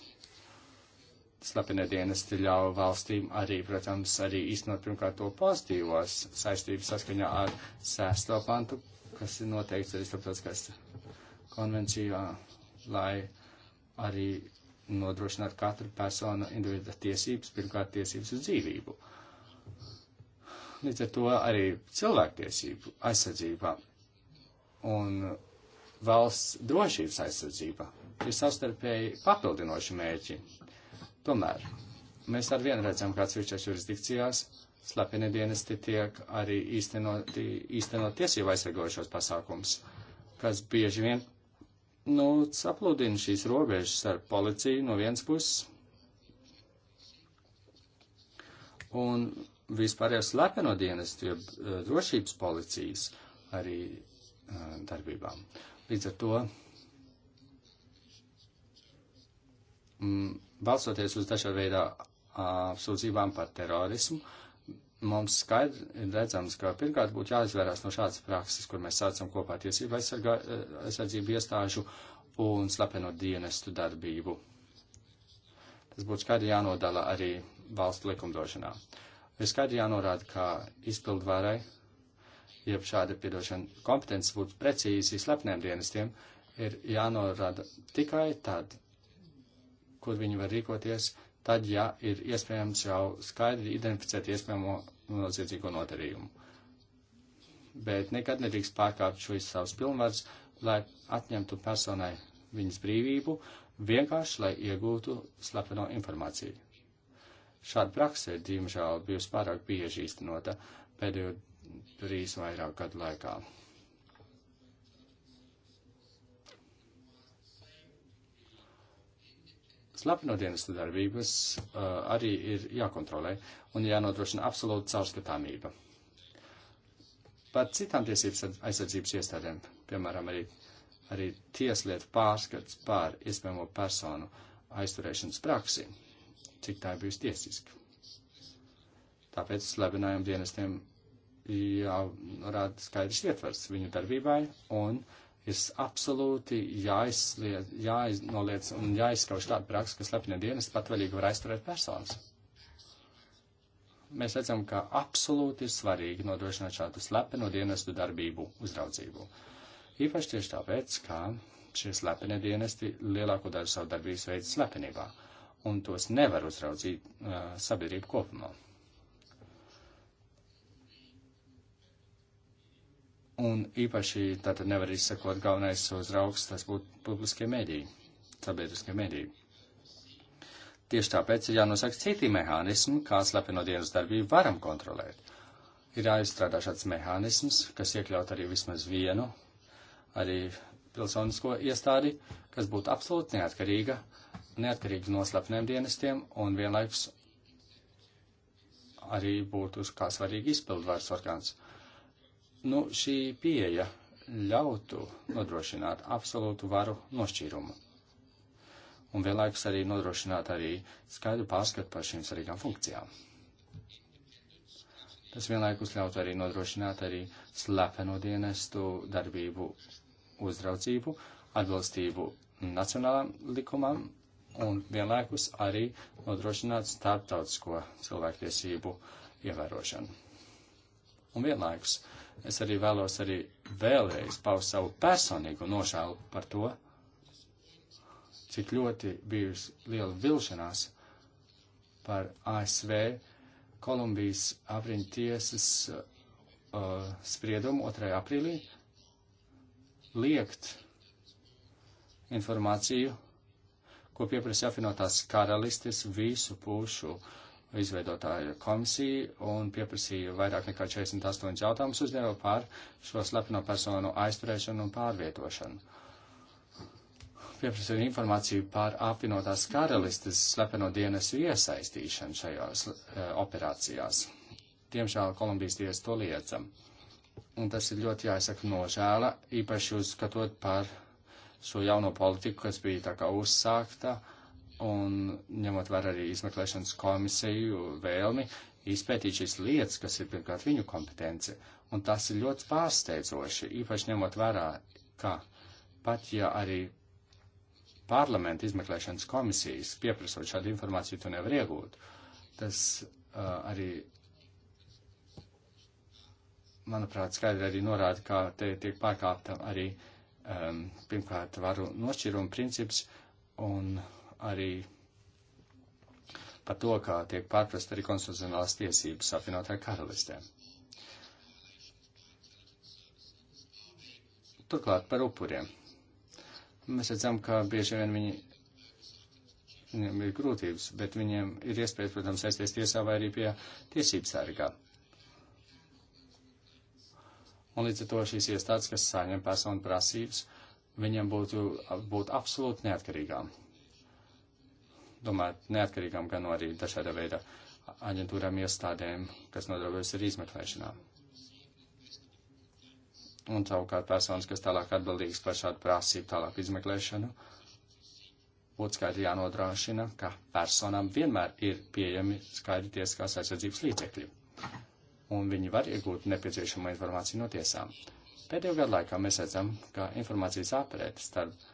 slepenie dienesti ļauj valstīm arī, protams, arī īstenot pirmkārt to pozitīvos saistības saskaņā ar sesto pantu, kas ir noteikts arī starptautiskās konvencijā, lai arī nodrošinātu katru personu individu tiesības, pirmkārt tiesības uz dzīvību. Līdz ar to arī cilvēktiesību aizsardzībā un valsts drošības aizsardzībā ir savstarpēji papildinoši mērķi Tomēr mēs ar vienu redzam, ka atsevišķās jurisdikcijās slepeni dienesti tiek arī īstenot, īstenot tiesību aizsargojušos pasākums, kas bieži vien, nu, saplūdina šīs robežas ar policiju no vienas puses un vispārējo slepeno dienestu, jeb eh, drošības policijas arī uh, darbībām. Līdz ar to mm, balsoties uz dažādu veidā apsūdzībām par terorismu, mums skaidri ir redzams, ka pirmkārt būtu jāizvērās no šādas prakses, kur mēs saucam kopā tiesību aizsargā, aizsardzību iestāžu un slepeno dienestu darbību. Tas būtu skaidri jānodala arī valstu likumdošanā. Ir skaidri jānorāda, ka izpildvarai, jeb šāda piedošana kompetences būtu precīzi slepniem dienestiem, ir jānorāda tikai tad, kur viņi var rīkoties, tad, ja ir iespējams jau skaidri identificēt iespējamo noziedzīgo notarījumu. Bet nekad nedrīkst pārkāpt šīs savas pilnvaras, lai atņemtu personai viņas brīvību, vienkārši lai iegūtu slepeno informāciju. Šāda praksa ir, diemžēl, bijusi pārāk bieži īstenota pēdējo trīs vairāk gadu laikā. Slepno dienesta darbības uh, arī ir jākontrolē un jānodrošina absolūta caurskatāmība. Par citām tiesības aizsardzības iestādēm, piemēram, arī, arī tieslietu pārskats pār iespējamo personu aizturēšanas praksi, cik tā ir bijusi tiesiska. Tāpēc slepenajiem dienestiem jārāda skaidrs ietvers viņu darbībai un uh, ir absolūti jāizliet, jāiznoliec un jāizskauž tāda praksa, ka slepenie dienas patvaļīgi var aizturēt personas. Mēs redzam, ka absolūti ir svarīgi nodrošināt šādu slepeno dienestu darbību uzraudzību. Īpaši tieši tāpēc, ka šie slepenie dienesti lielāko daļu savu darbības veidu slepenībā, un tos nevar uzraudzīt uh, sabiedrību kopumā. Un īpaši tātad nevar izsakot galvenais uzraugs, tas būtu publiskie mediji, sabiedriskie mediji. Tieši tāpēc ir jānosaka citi mehānismi, kā slepeno dienas darbību varam kontrolēt. Ir jāizstrādā šāds mehānisms, kas iekļaut arī vismaz vienu, arī pilsonisko iestādi, kas būtu absolūti neatkarīga, neatkarīga no slepniem dienestiem un vienlaiks arī būtu kā svarīgi izpildvars orgāns. Uh, nu, šī pieeja ļautu nodrošināt absolūtu varu nošķīrumu. Un vienlaikus arī nodrošināt arī skaidru pārskatu par šīm svarīgām funkcijām. Tas vienlaikus ļautu arī nodrošināt arī slepeno dienestu darbību uzraudzību, atbilstību nacionālām likumām un vienlaikus arī nodrošināt starptautisko cilvēktiesību ievērošanu. Un vienlaikus uh, es arī vēlos arī vēlreiz paust savu personīgo nožēlu par to, cik ļoti bijusi liela vilšanās par ASV Kolumbijas apriņu tiesas uh, spriedumu 2. aprīlī liekt informāciju, ko pieprasa apvienotās karalistes visu pušu uh, izveidotāja komisija un pieprasīja vairāk nekā 48 jautājumus uzdevu par šo slepeno personu aizturēšanu un pārvietošanu. Pieprasīja informāciju par apvienotās karalistes slepeno dienesu iesaistīšanu šajās e, operācijās. Diemžēl Kolumbijas tiesa to lieca. Un tas ir ļoti jāizsaka nožēla, īpaši uzskatot par šo jauno politiku, kas bija tā kā uzsākta. Uh, un ņemot vērā arī izmeklēšanas komisiju vēlmi izpētīt šīs lietas, kas ir pirmkārt viņu kompetence. Un tas ir ļoti pārsteidzoši, īpaši ņemot vērā, ka pat ja arī parlamenta izmeklēšanas komisijas pieprasot šādu informāciju, to nevar iegūt. Tas uh, arī, manuprāt, skaidri arī norāda, ka te tiek pārkāpta arī um, pirmkārt varu nošķiruma princips un. Uh, arī par to, kā tiek pārprast arī konstitucionālās tiesības apvienotā karalistē. Turklāt par upuriem. Mēs redzam, ka bieži vien viņi, viņiem ir grūtības, bet viņiem ir iespējas, protams, aizties tiesā vai arī pie tiesības sārgā. Un līdz ar to šīs iestādes, kas saņem personu prasības, viņiem būtu būt absolūti neatkarīgām domāt neatkarīgām, gan no arī dažāda veida aģentūrām iestādēm, kas nodarbojas ar izmeklēšanām. Un savukārt personas, kas tālāk atbildīgas par šādu prasību tālāk izmeklēšanu, būtu skaidri jānodrošina, ka personām vienmēr ir pieejami skaidri tiesiskās aizsardzības līdzekļi, un viņi var iegūt nepieciešamo informāciju no tiesām. Pēdējo gadu laikā mēs redzam, ka informācijas aprēta starp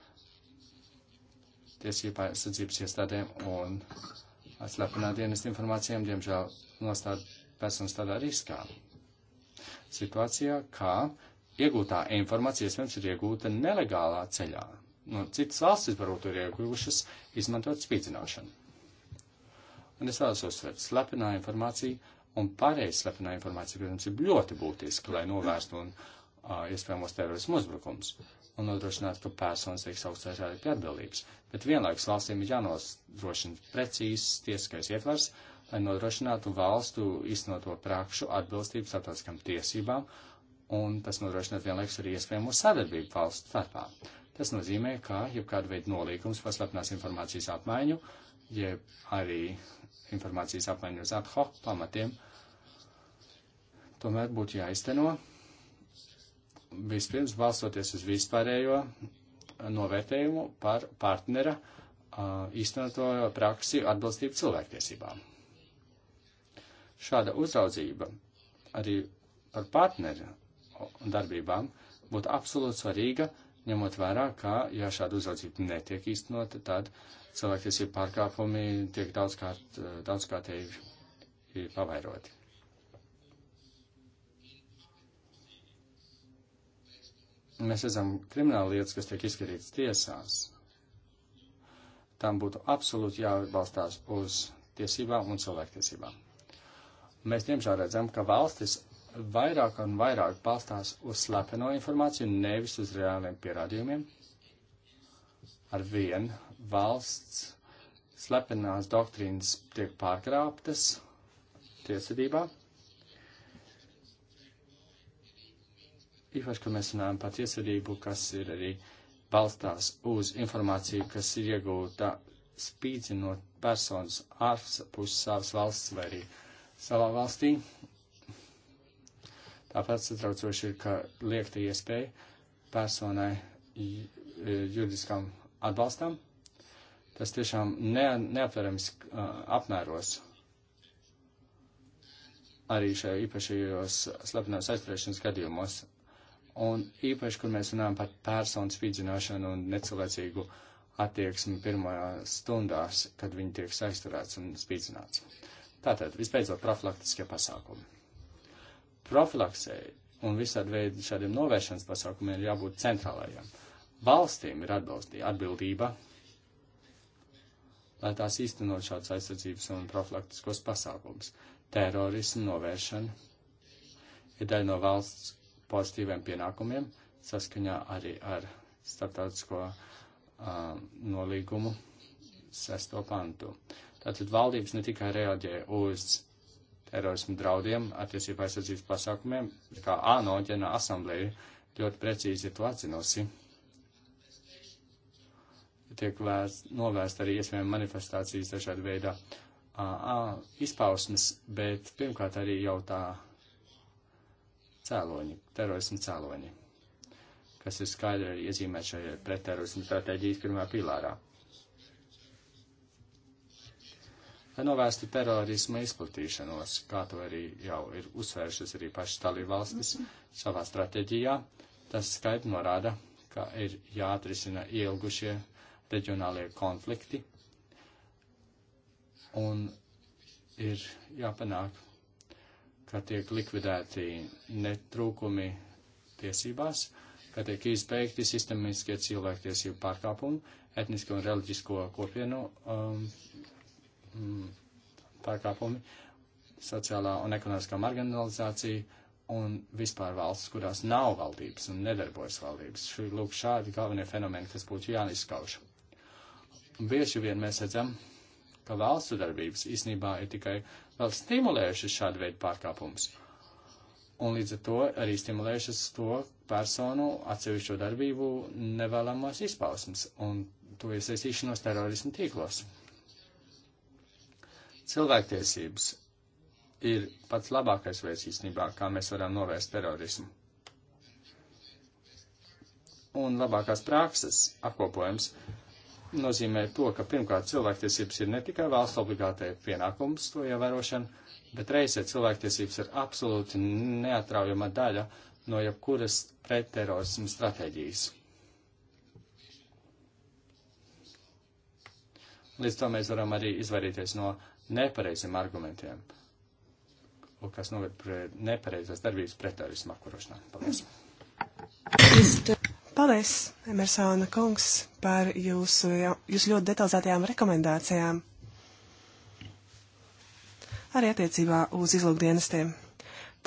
tiesībā aizsardzības iestādēm un atslēpenā dienas informācijām, diemžēl, nostāda personas tādā riskā. Situācijā, kā iegūtā informācija iespējams ir iegūta nelegālā ceļā. No nu, citas valstis varbūt ir iegūšas izmantot spīdzināšanu. Un es vēlos uzsvērt, slepenā informācija un pareizi slepenā informācija, protams, ir ļoti būtiska, lai novērstu un uh, iespējamos terorismu uzbrukums un nodrošināt, ka personas tiek saukts dažādi pie atbildības, bet vienlaikus valstīm ir jānodrošina precīzs tiesiskais ietvars, lai nodrošinātu valstu iznoto prakšu atbilstību starptautiskām tiesībām, un tas nodrošināt vienlaikus arī iespējamo sadarbību valstu starpā. Tas nozīmē, ka jebkāda veida nolīgums paslapinās informācijas apmaiņu, jeb arī informācijas apmaiņu uz ad hoc pamatiem, tomēr būtu jāizteno vispirms balstoties uz vispārējo novērtējumu par partnera īstenoto praksi atbilstību cilvēktiesībām. Šāda uzraudzība arī par partneru darbībām būtu absolūti svarīga, ņemot vērā, ka, ja šāda uzraudzība netiek īstenota, tad cilvēktiesību pārkāpumi tiek daudzkārt, daudzkārtēji pavairoti. mēs redzam krimināla lietas, kas tiek izskatītas tiesās, tam būtu absolūti jābalstās uz tiesībām un cilvēktiesībām. Mēs diemžēl redzam, ka valstis vairāk un vairāk balstās uz slepeno informāciju, nevis uz reāliem pierādījumiem. Ar vien valsts slepenās doktrīnas tiek pārkrāptas tiesvedībā īpaši, kad mēs runājam par tiesvedību, kas ir arī balstās uz informāciju, kas ir iegūta spīdzinot personas ārpus savas valsts vai arī savā valstī. Tāpēc satraucoši ir, ka liekta iespēja personai e, juridiskam atbalstam. Tas tiešām ne, neaptverams uh, apmēros arī šajā īpašajos slepenās aizturēšanas gadījumos Un īpaši, kur mēs runājam par personu spīdzināšanu un necilvēcīgu attieksmi pirmajās stundās, kad viņi tiek aizturēts un spīdzināts. Tātad, visbeidzot, profilaktiskie pasākumi. Profilaksei un visādi veidi šādiem novēršanas pasākumiem ir jābūt centrālajiem. Valstīm ir atbildība, lai tās īstenot šādas aizsardzības un profilaktiskos pasākumus. Terorismu novēršana ir daļa no valsts pozitīviem pienākumiem saskaņā arī ar starptautisko uh, nolīgumu sesto pantu. Tātad valdības ne tikai reaģē uz terorismu draudiem, attiecībā aizsardzības pasākumiem, kā ANO ģena asambleja ļoti precīzi ir to atzinusi. Tiek vērst, novērst arī iespējami manifestācijas dažādi veidā a, a, izpausmes, bet pirmkārt arī jau tā cēloņi, terorismu cēloņi, kas ir skaidri iezīmēti šajā pretterorismu stratēģijas pirmā pilārā. Lai novērstu terorismu izplatīšanos, kā to arī jau ir uzsvēršas arī pašas dalībvalstis savā stratēģijā, tas skaidri norāda, ka ir jāatrisina ielgušie reģionālie konflikti un ir jāpanāk ka tiek likvidēti netrūkumi tiesībās, ka tiek izbeigti sistemiskie cilvēktiesību pārkāpumi, etnisko un reliģisko kopienu um, mm, pārkāpumi, sociālā un ekonomiskā marginalizācija un vispār valsts, kurās nav valdības un nedarbojas valdības. Šī lūk šādi galvenie fenomeni, kas būtu jāizskauž. Bieži vien mēs redzam, ka valstu darbības īsnībā ir tikai vēl stimulējušas šādu veidu pārkāpumus. Un līdz ar to arī stimulējušas to personu atsevišķo darbību nevēlamos izpausmes un to iesaistīšanos terorismu tīklos. Cilvēktiesības ir pats labākais veids īstenībā, kā mēs varam novērst terorismu. Un labākās prakses apkopojums nozīmē to, ka pirmkārt cilvēktiesības ir ne tikai valsts obligātai pienākums to ievērošana, bet reizē cilvēktiesības ir absolūti neatraujama daļa no jebkuras pretterorismu stratēģijas. Līdz to mēs varam arī izvairīties no nepareiziem argumentiem, kas noved pie nepareizās darbības pretterorismu apkarošanā. Paldies! Paldies, Emersona kungs, par jūsu, jūsu ļoti detalizētajām rekomendācijām. Arī attiecībā uz izlūkdienestiem.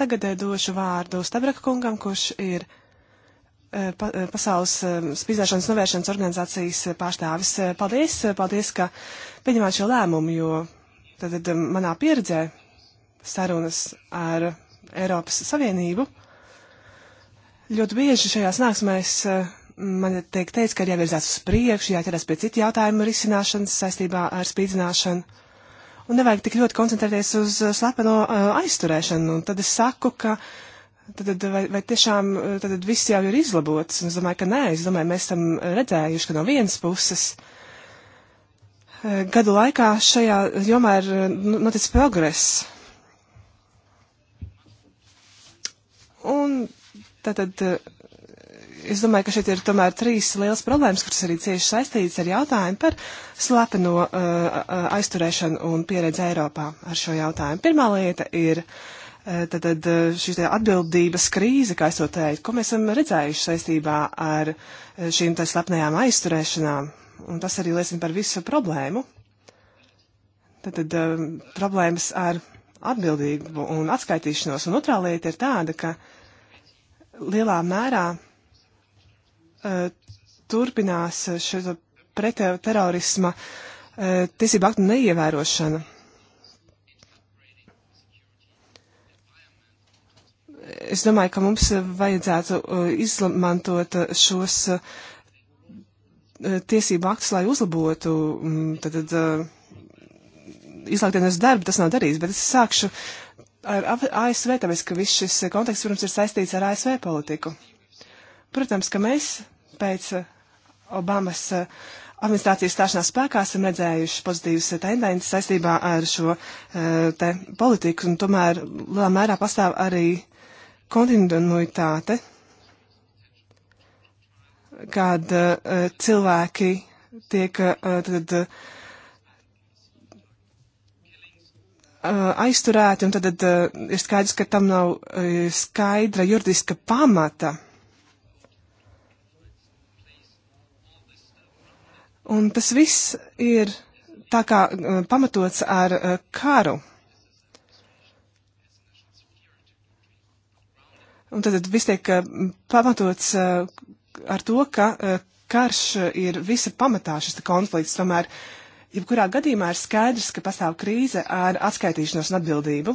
Tagad eh, došu vārdu Stabraka kungam, kurš ir eh, pa, eh, Pasaules spīdzēšanas novēršanas organizācijas pārstāvis. Paldies, paldies, ka pieņemāt šo lēmumu, jo tad manā pieredzē sarunas ar Eiropas Savienību Ļoti bieži šajās nāksmēs eh, man tiek teikt, ka ir jāvirzās uz priekšu, jāķeras pie citu jautājumu risināšanas saistībā ar spīdzināšanu. Un nevajag tik ļoti koncentrēties uz eh, slepeno eh, aizturēšanu. Un tad es saku, ka tad, vai, vai tiešām tad viss jau ir izlabots. Un es domāju, ka nē, es domāju, mēs esam redzējuši, ka no vienas puses gadu laikā šajā jomā ir nu, noticis progress Tātad eh, es domāju, ka šeit ir tomēr trīs liels problēmas, kuras arī cieši saistītas ar jautājumu par slepeno uh, aizturēšanu un pieredzi Eiropā ar šo jautājumu. Pirmā lieta ir uh, tātad šī atbildības krīze, kā es to teicu, ko mēs esam redzējuši saistībā ar šīm tā slepnējām aizturēšanām, un tas arī liecina par visu problēmu. Tātad uh, problēmas ar atbildību un atskaitīšanos, un otrā lieta ir tāda, ka uh, lielā mērā e, turpinās šo pretterorisma e, tiesību aktu neievērošana. Es domāju, ka mums vajadzētu e, izmantot šos tiesību aktus, lai uzlabotu tad, tad, izlaiktdienas darbu. Tas nav darīts, bet es sākšu ar ASV, tāpēc, ka viss šis konteksts, protams, ir saistīts ar ASV politiku. Protams, ka mēs pēc Obamas administrācijas stāšanās spēkā esam redzējuši pozitīvas tendences saistībā ar šo e, te politiku, un tomēr lielā mērā pastāv arī kontinuitāte, kad e, cilvēki tiek e, tad Uh, aizturēti, un tad, tad uh, ir skaidrs, ka tam nav uh, skaidra juridiska pamata. Un tas viss ir tā kā pamatots ar karu. Un tad, tad viss tiek pamatots ar to, ka karš ir visa pamatā šis konflikts. Tomēr uh, Jebkurā gadījumā ir skaidrs, ka pastāv krīze ar atskaitīšanos un atbildību.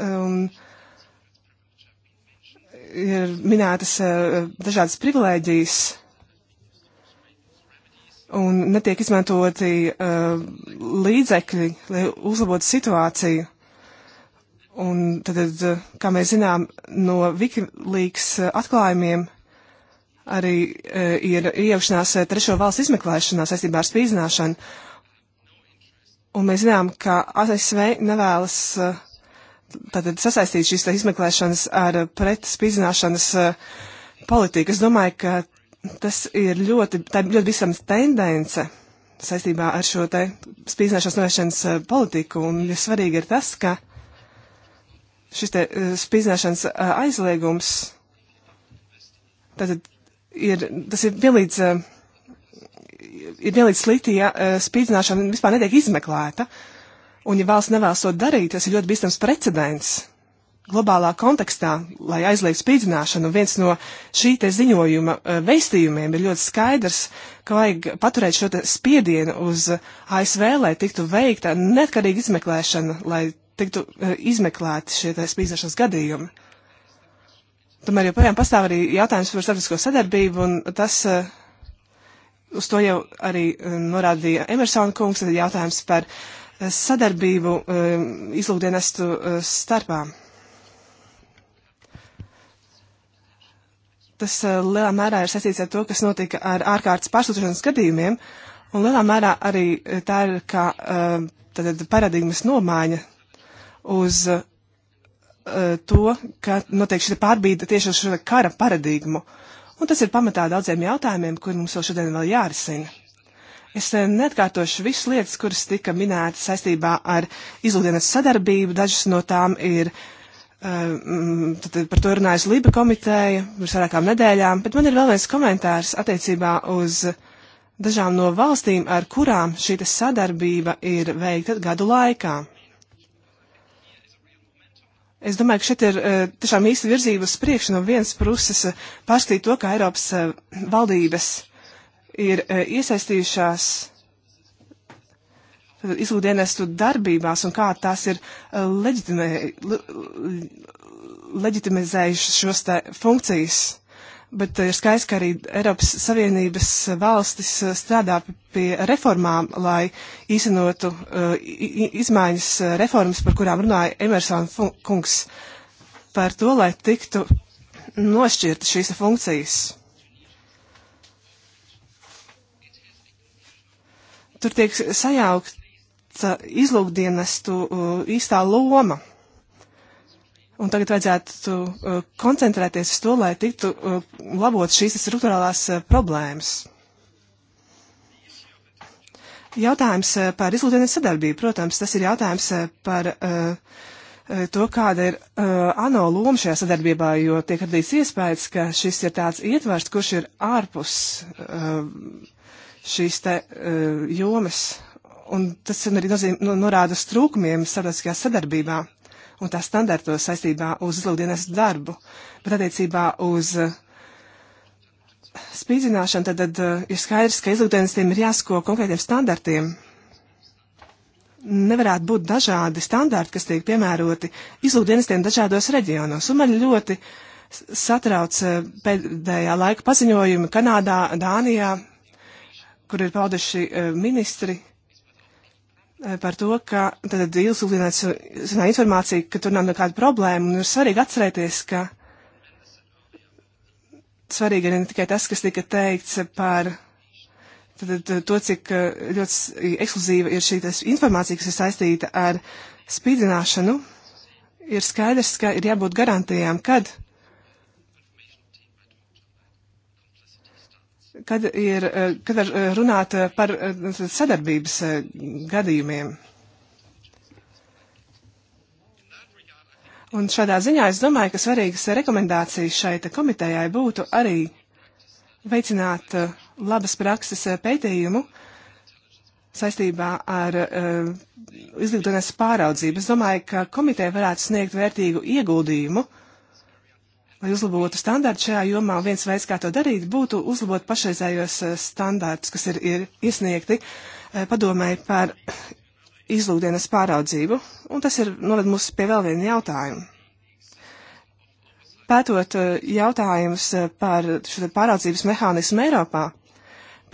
Um, ir minētas uh, dažādas privilēģijas un netiek izmantoti uh, līdzekļi, lai uzlabotu situāciju. Un tad, uh, kā mēs zinām no Wikileaks atklājumiem, arī e, ir iejaukšanās e, trešo valstu izmeklēšanā saistībā ar spīdzināšanu. Un mēs zinām, ka ASV nevēlas e, tātad sasaistīt šīs tā izmeklēšanas ar pretspīdzināšanas politiku. Es domāju, ka tas ir ļoti, tā ir ļoti visams tendence saistībā ar šo te spīdzināšanas novēršanas politiku. Un ja svarīgi ir tas, ka šis te spīdzināšanas aizliegums tātad ir, tas ir pielīdz, eh, ir pielīdz slikti, ja eh, spīdzināšana vispār netiek izmeklēta. Un, ja valsts nevēlas to darīt, tas ir ļoti bīstams precedents globālā kontekstā, lai aizliegtu spīdzināšanu. Viens no šī te ziņojuma eh, veistījumiem ir ļoti skaidrs, ka vajag paturēt šo spiedienu uz ASV, lai tiktu veikta neatkarīga izmeklēšana, lai tiktu izmeklēti šie spīdzināšanas gadījumi. Tomēr joprojām pastāv arī jautājums par starptautisko sadarbību, un tas uh, uz to jau arī uh, norādīja Emersona kungs, tad jautājums par uh, sadarbību uh, izlūkdienestu starpā. Tas lielā mērā ir saistīts ar to, kas notika ar ārkārtas pārsūtīšanas gadījumiem, un lielā mērā arī tā ir kā tātad paradigmas nomaiņa uz uh, Eh, to, ka notiek šī pārbīde tieši uz šo kara paradigmu. Un tas ir pamatā daudziem jautājumiem, kur mums vēl šodien vēl jārisina. Es eh, neatkārtošu visas lietas, kuras tika minētas saistībā ar izlūdienas sadarbību. Dažas no tām ir, eh, mm, tad par to runājas Lība komiteja pirms vairākām nedēļām, bet man ir vēl viens komentārs attiecībā uz dažām no valstīm, ar kurām šī sadarbība ir veikta gadu laikā. Es domāju, ka šeit ir eh, tiešām īsta virzība uz priekšu no vienas puses eh, pārskatīt to, kā Eiropas eh, valdības ir iesaistījušās izlūdienestu darbībās un kā tās ir leģitimē, leģitimizējušas šos funkcijas bet ir skaisti, ka arī Eiropas Savienības valstis eh, strādā pie reformām, lai īstenotu uh, izmaiņas eh, reformas, par kurām runāja Emersona kungs, par to, lai tiktu nošķirta šīs funkcijas. Tur tiek sajaukta izlūkdienestu uh, īstā loma. Un tagad vajadzētu uh, koncentrēties uz to, lai tiktu uh, labot šīs struktūrālās uh, problēmas. Jautājums uh, par izlūdienes sadarbību, protams, tas ir jautājums uh, par uh, to, kāda ir ANO loma šajā sadarbībā, jo tiek radīts iespējas, ka šis ir tāds ietvars, kurš ir ārpus šīs te jomas, un tas arī nozīm, norāda uz trūkumiem starptautiskajā sadarbībā un tā standartos saistībā uz uzlūkdienas darbu, bet attiecībā uz spīdzināšanu, tad, tad eh, ir skaidrs, ka izlūkdienestiem ir jāsako konkrētiem standartiem. Nevarētu būt dažādi standarti, kas tiek piemēroti izlūkdienestiem dažādos reģionos. Un man ļoti satrauc eh, pēdējā laika paziņojumi Kanādā, Dānijā, kur ir pauduši eh, ministri Eh, par to, ka tad jūs uzzināt informāciju, ka tur nav nekāda problēma, un ir svarīgi atcerēties, ka svarīgi ir ne tikai tas, kas tika teikts par tad, to, cik eh, ļoti ekskluzīva ir šī informācija, kas ir saistīta ar spīdzināšanu, ir skaidrs, ka ir jābūt garantijām, kad kad ir, eh, kad ir eh, runāt eh, par sadarbības gadījumiem. Un šādā ziņā es domāju, ka svarīgas rekomendācijas šeit komitejai būtu arī veicināt labas prakses pētījumu saistībā ar izglītoties pāraudzību. Es domāju, ka komiteja varētu sniegt vērtīgu ieguldījumu uh, Lai uzlabotu standārtu šajā jomā, viens veids, kā to darīt, būtu uzlabot pašreizējos eh, standārtus, kas ir, ir iesniegti eh, padomēji par izlūkdienas pāraudzību, un tas ir noved mūs pie vēl viena jautājuma. Pētot eh, jautājumus par šo pāraudzības mehānismu Eiropā,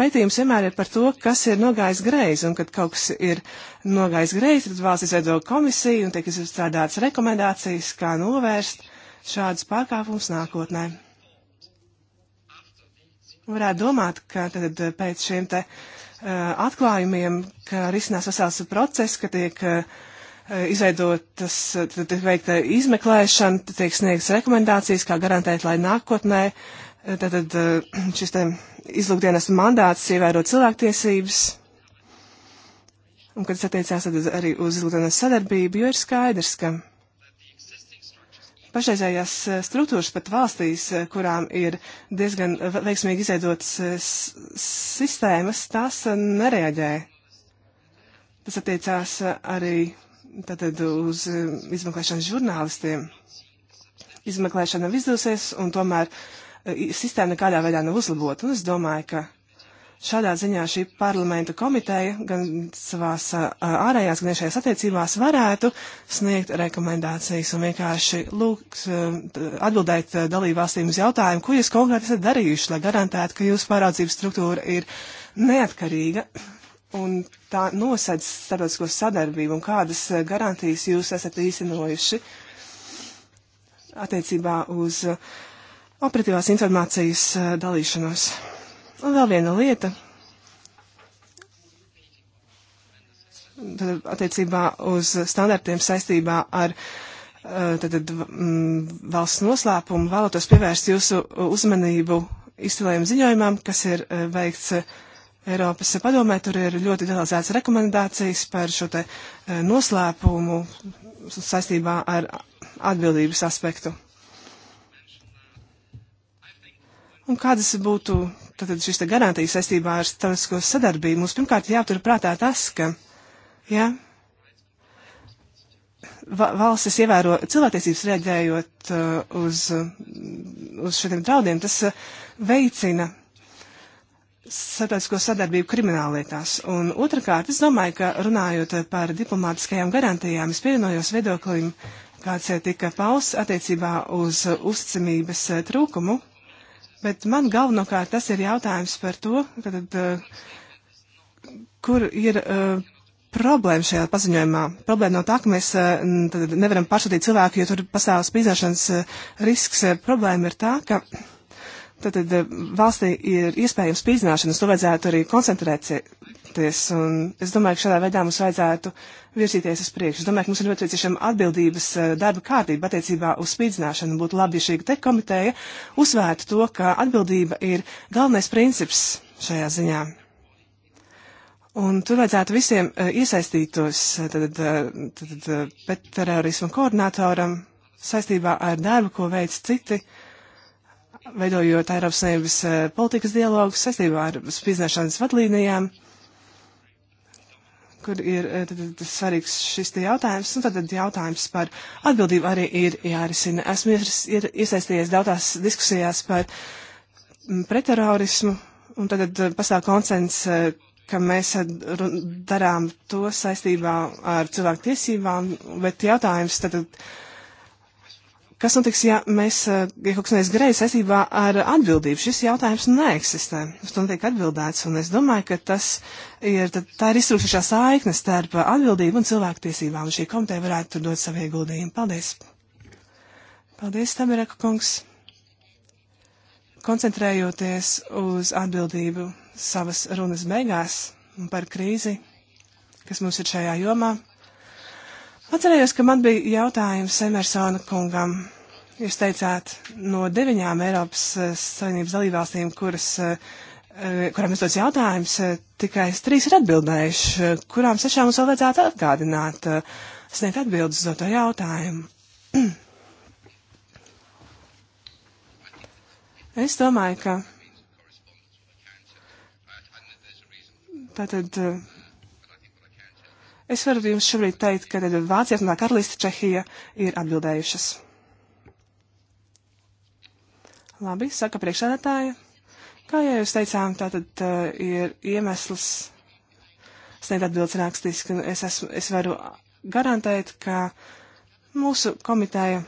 pētījums vienmēr ir par to, kas ir nogājis greizi, un kad kaut kas ir nogājis greizi, tad valsts izveido komisiju un tiek izstrādātas rekomendācijas, kā novērst šādus pārkāpumus nākotnē. Varētu domāt, ka tad eh, pēc šiem te uh, atklājumiem, ka risinās vesels process, ka tiek uh, izveidotas, tad tiek veikta izmeklēšana, tad tiek sniegtas rekomendācijas, kā garantēt, lai nākotnē tad, tad uh, šis te izlūkdienas mandāts ievēro cilvēktiesības. Un, kad tas attiecās arī uz izlūkdienas sadarbību, jo ir skaidrs, ka pašreizējās eh, struktūras pat valstīs, eh, kurām ir diezgan veiksmīgi izveidotas eh, sistēmas, tās nereaģē. Tas attiecās arī tātad uz izmeklēšanas žurnālistiem. Izmeklēšana nav izdevusies, un tomēr sistēma nekādā veidā nav uzlabota. Un es domāju, ka Šādā ziņā šī parlamenta komiteja gan savās ārējās, gan iekšējās attiecībās varētu sniegt rekomendācijas un vienkārši lūgt atbildēt dalībvalstīm uz jautājumu, ko jūs konkrēti esat darījuši, lai garantētu, ka jūsu pārādzības struktūra ir neatkarīga un tā nosedz starptautisko sadarbību un kādas garantijas jūs esat īstenojuši attiecībā uz operatīvās informācijas dalīšanos. Un vēl viena lieta. Tad attiecībā uz standartiem saistībā ar eh, tad, tad, mm, valsts noslēpumu vēlētos pievērst jūsu uzmanību izcilējuma ziņojumam, kas ir eh, veikts eh, Eiropas padomē. Tur ir ļoti detalizētas rekomendācijas par šo te noslēpumu saistībā ar atbildības aspektu. Un kādas būtu tātad šis te garantijas saistībā ar starptautisko sadarbību, mums pirmkārt jātur prātā tas, ka, ja, va valstis ievēro cilvēktiesības reaģējot uh, uz, uh, uz šiem draudiem, tas uh, veicina starptautisko sadarbību krimināllietās. Un otrkārt, es domāju, ka runājot par diplomātiskajām garantijām, es pievienojos viedoklim, kāds eh, tika pausts attiecībā uz uzticamības eh, trūkumu Bet man galvenokārt tas ir jautājums par to, tad, eh, kur ir eh, problēma šajā paziņojumā. Problēma no tā, ka mēs eh, tad, nevaram pārsūtīt cilvēku, jo tur pastāv spīdzināšanas risks. Problēma ir tā, ka Tātad eh, valstī ir iespējams spīdzināšanas, to vajadzētu arī koncentrēties, un es domāju, ka šādā veidā mums vajadzētu virzīties uz priekšu. Es domāju, ka mums ir nepieciešama atbildības eh, darba kārtība attiecībā uz spīdzināšanu. Būtu labi, ja šī te komiteja uzsvērtu to, ka atbildība ir galvenais princips šajā ziņā. Un tur vajadzētu visiem eh, iesaistītos, tad, tad, tad pret terorismu koordinatoram saistībā ar darbu, ko veic citi veidojot Eiropas Savienības eh, politikas dialogu saistībā ar spīdzināšanas vadlīnijām, kur ir eh, tad, tad, svarīgs šis te jautājums, un tad, tad jautājums par atbildību arī ir jārisina. Esmu iesaistījies daudzās diskusijās par mm, pretterorismu, un tad, tad pastāv konsens, eh, ka mēs darām to saistībā ar cilvēku tiesībām, bet jautājums tad, tad Kas notiks, ja mēs, eh, ja kaut kas neies greizi saistībā ar atbildību? Šis jautājums neeksistē. Uz to netiek atbildēts, un es domāju, ka tas ir, tā ir iztrūkšķā saikne starp atbildību un cilvēktiesībām, un šī komiteja varētu tur dot savu ieguldījumu. Paldies! Paldies, Tabereka kungs! Koncentrējoties uz atbildību savas runas beigās un par krīzi, kas mums ir šajā jomā. Atcerējos, ka man bija jautājums Emersona kungam. Jūs teicāt, no deviņām Eiropas eh, Savienības dalībvalstīm, kuras, eh, eh, kurām es tos jautājums, tikai trīs ir atbildējuši, kurām sešām mums vēl vajadzētu atgādināt, sniegt atbildes uz to jautājumu. es domāju, ka tātad. Uh, Es varu jums šobrīd teikt, ka Vācija, Apvienotā Karaliste, Čehija ir atbildējušas. Labi, saka priekšsēdētāja. Kā jau jūs teicām, tātad uh, ir iemesls sniegt atbildes rakstiski. Es, esmu, es varu garantēt, ka mūsu komiteja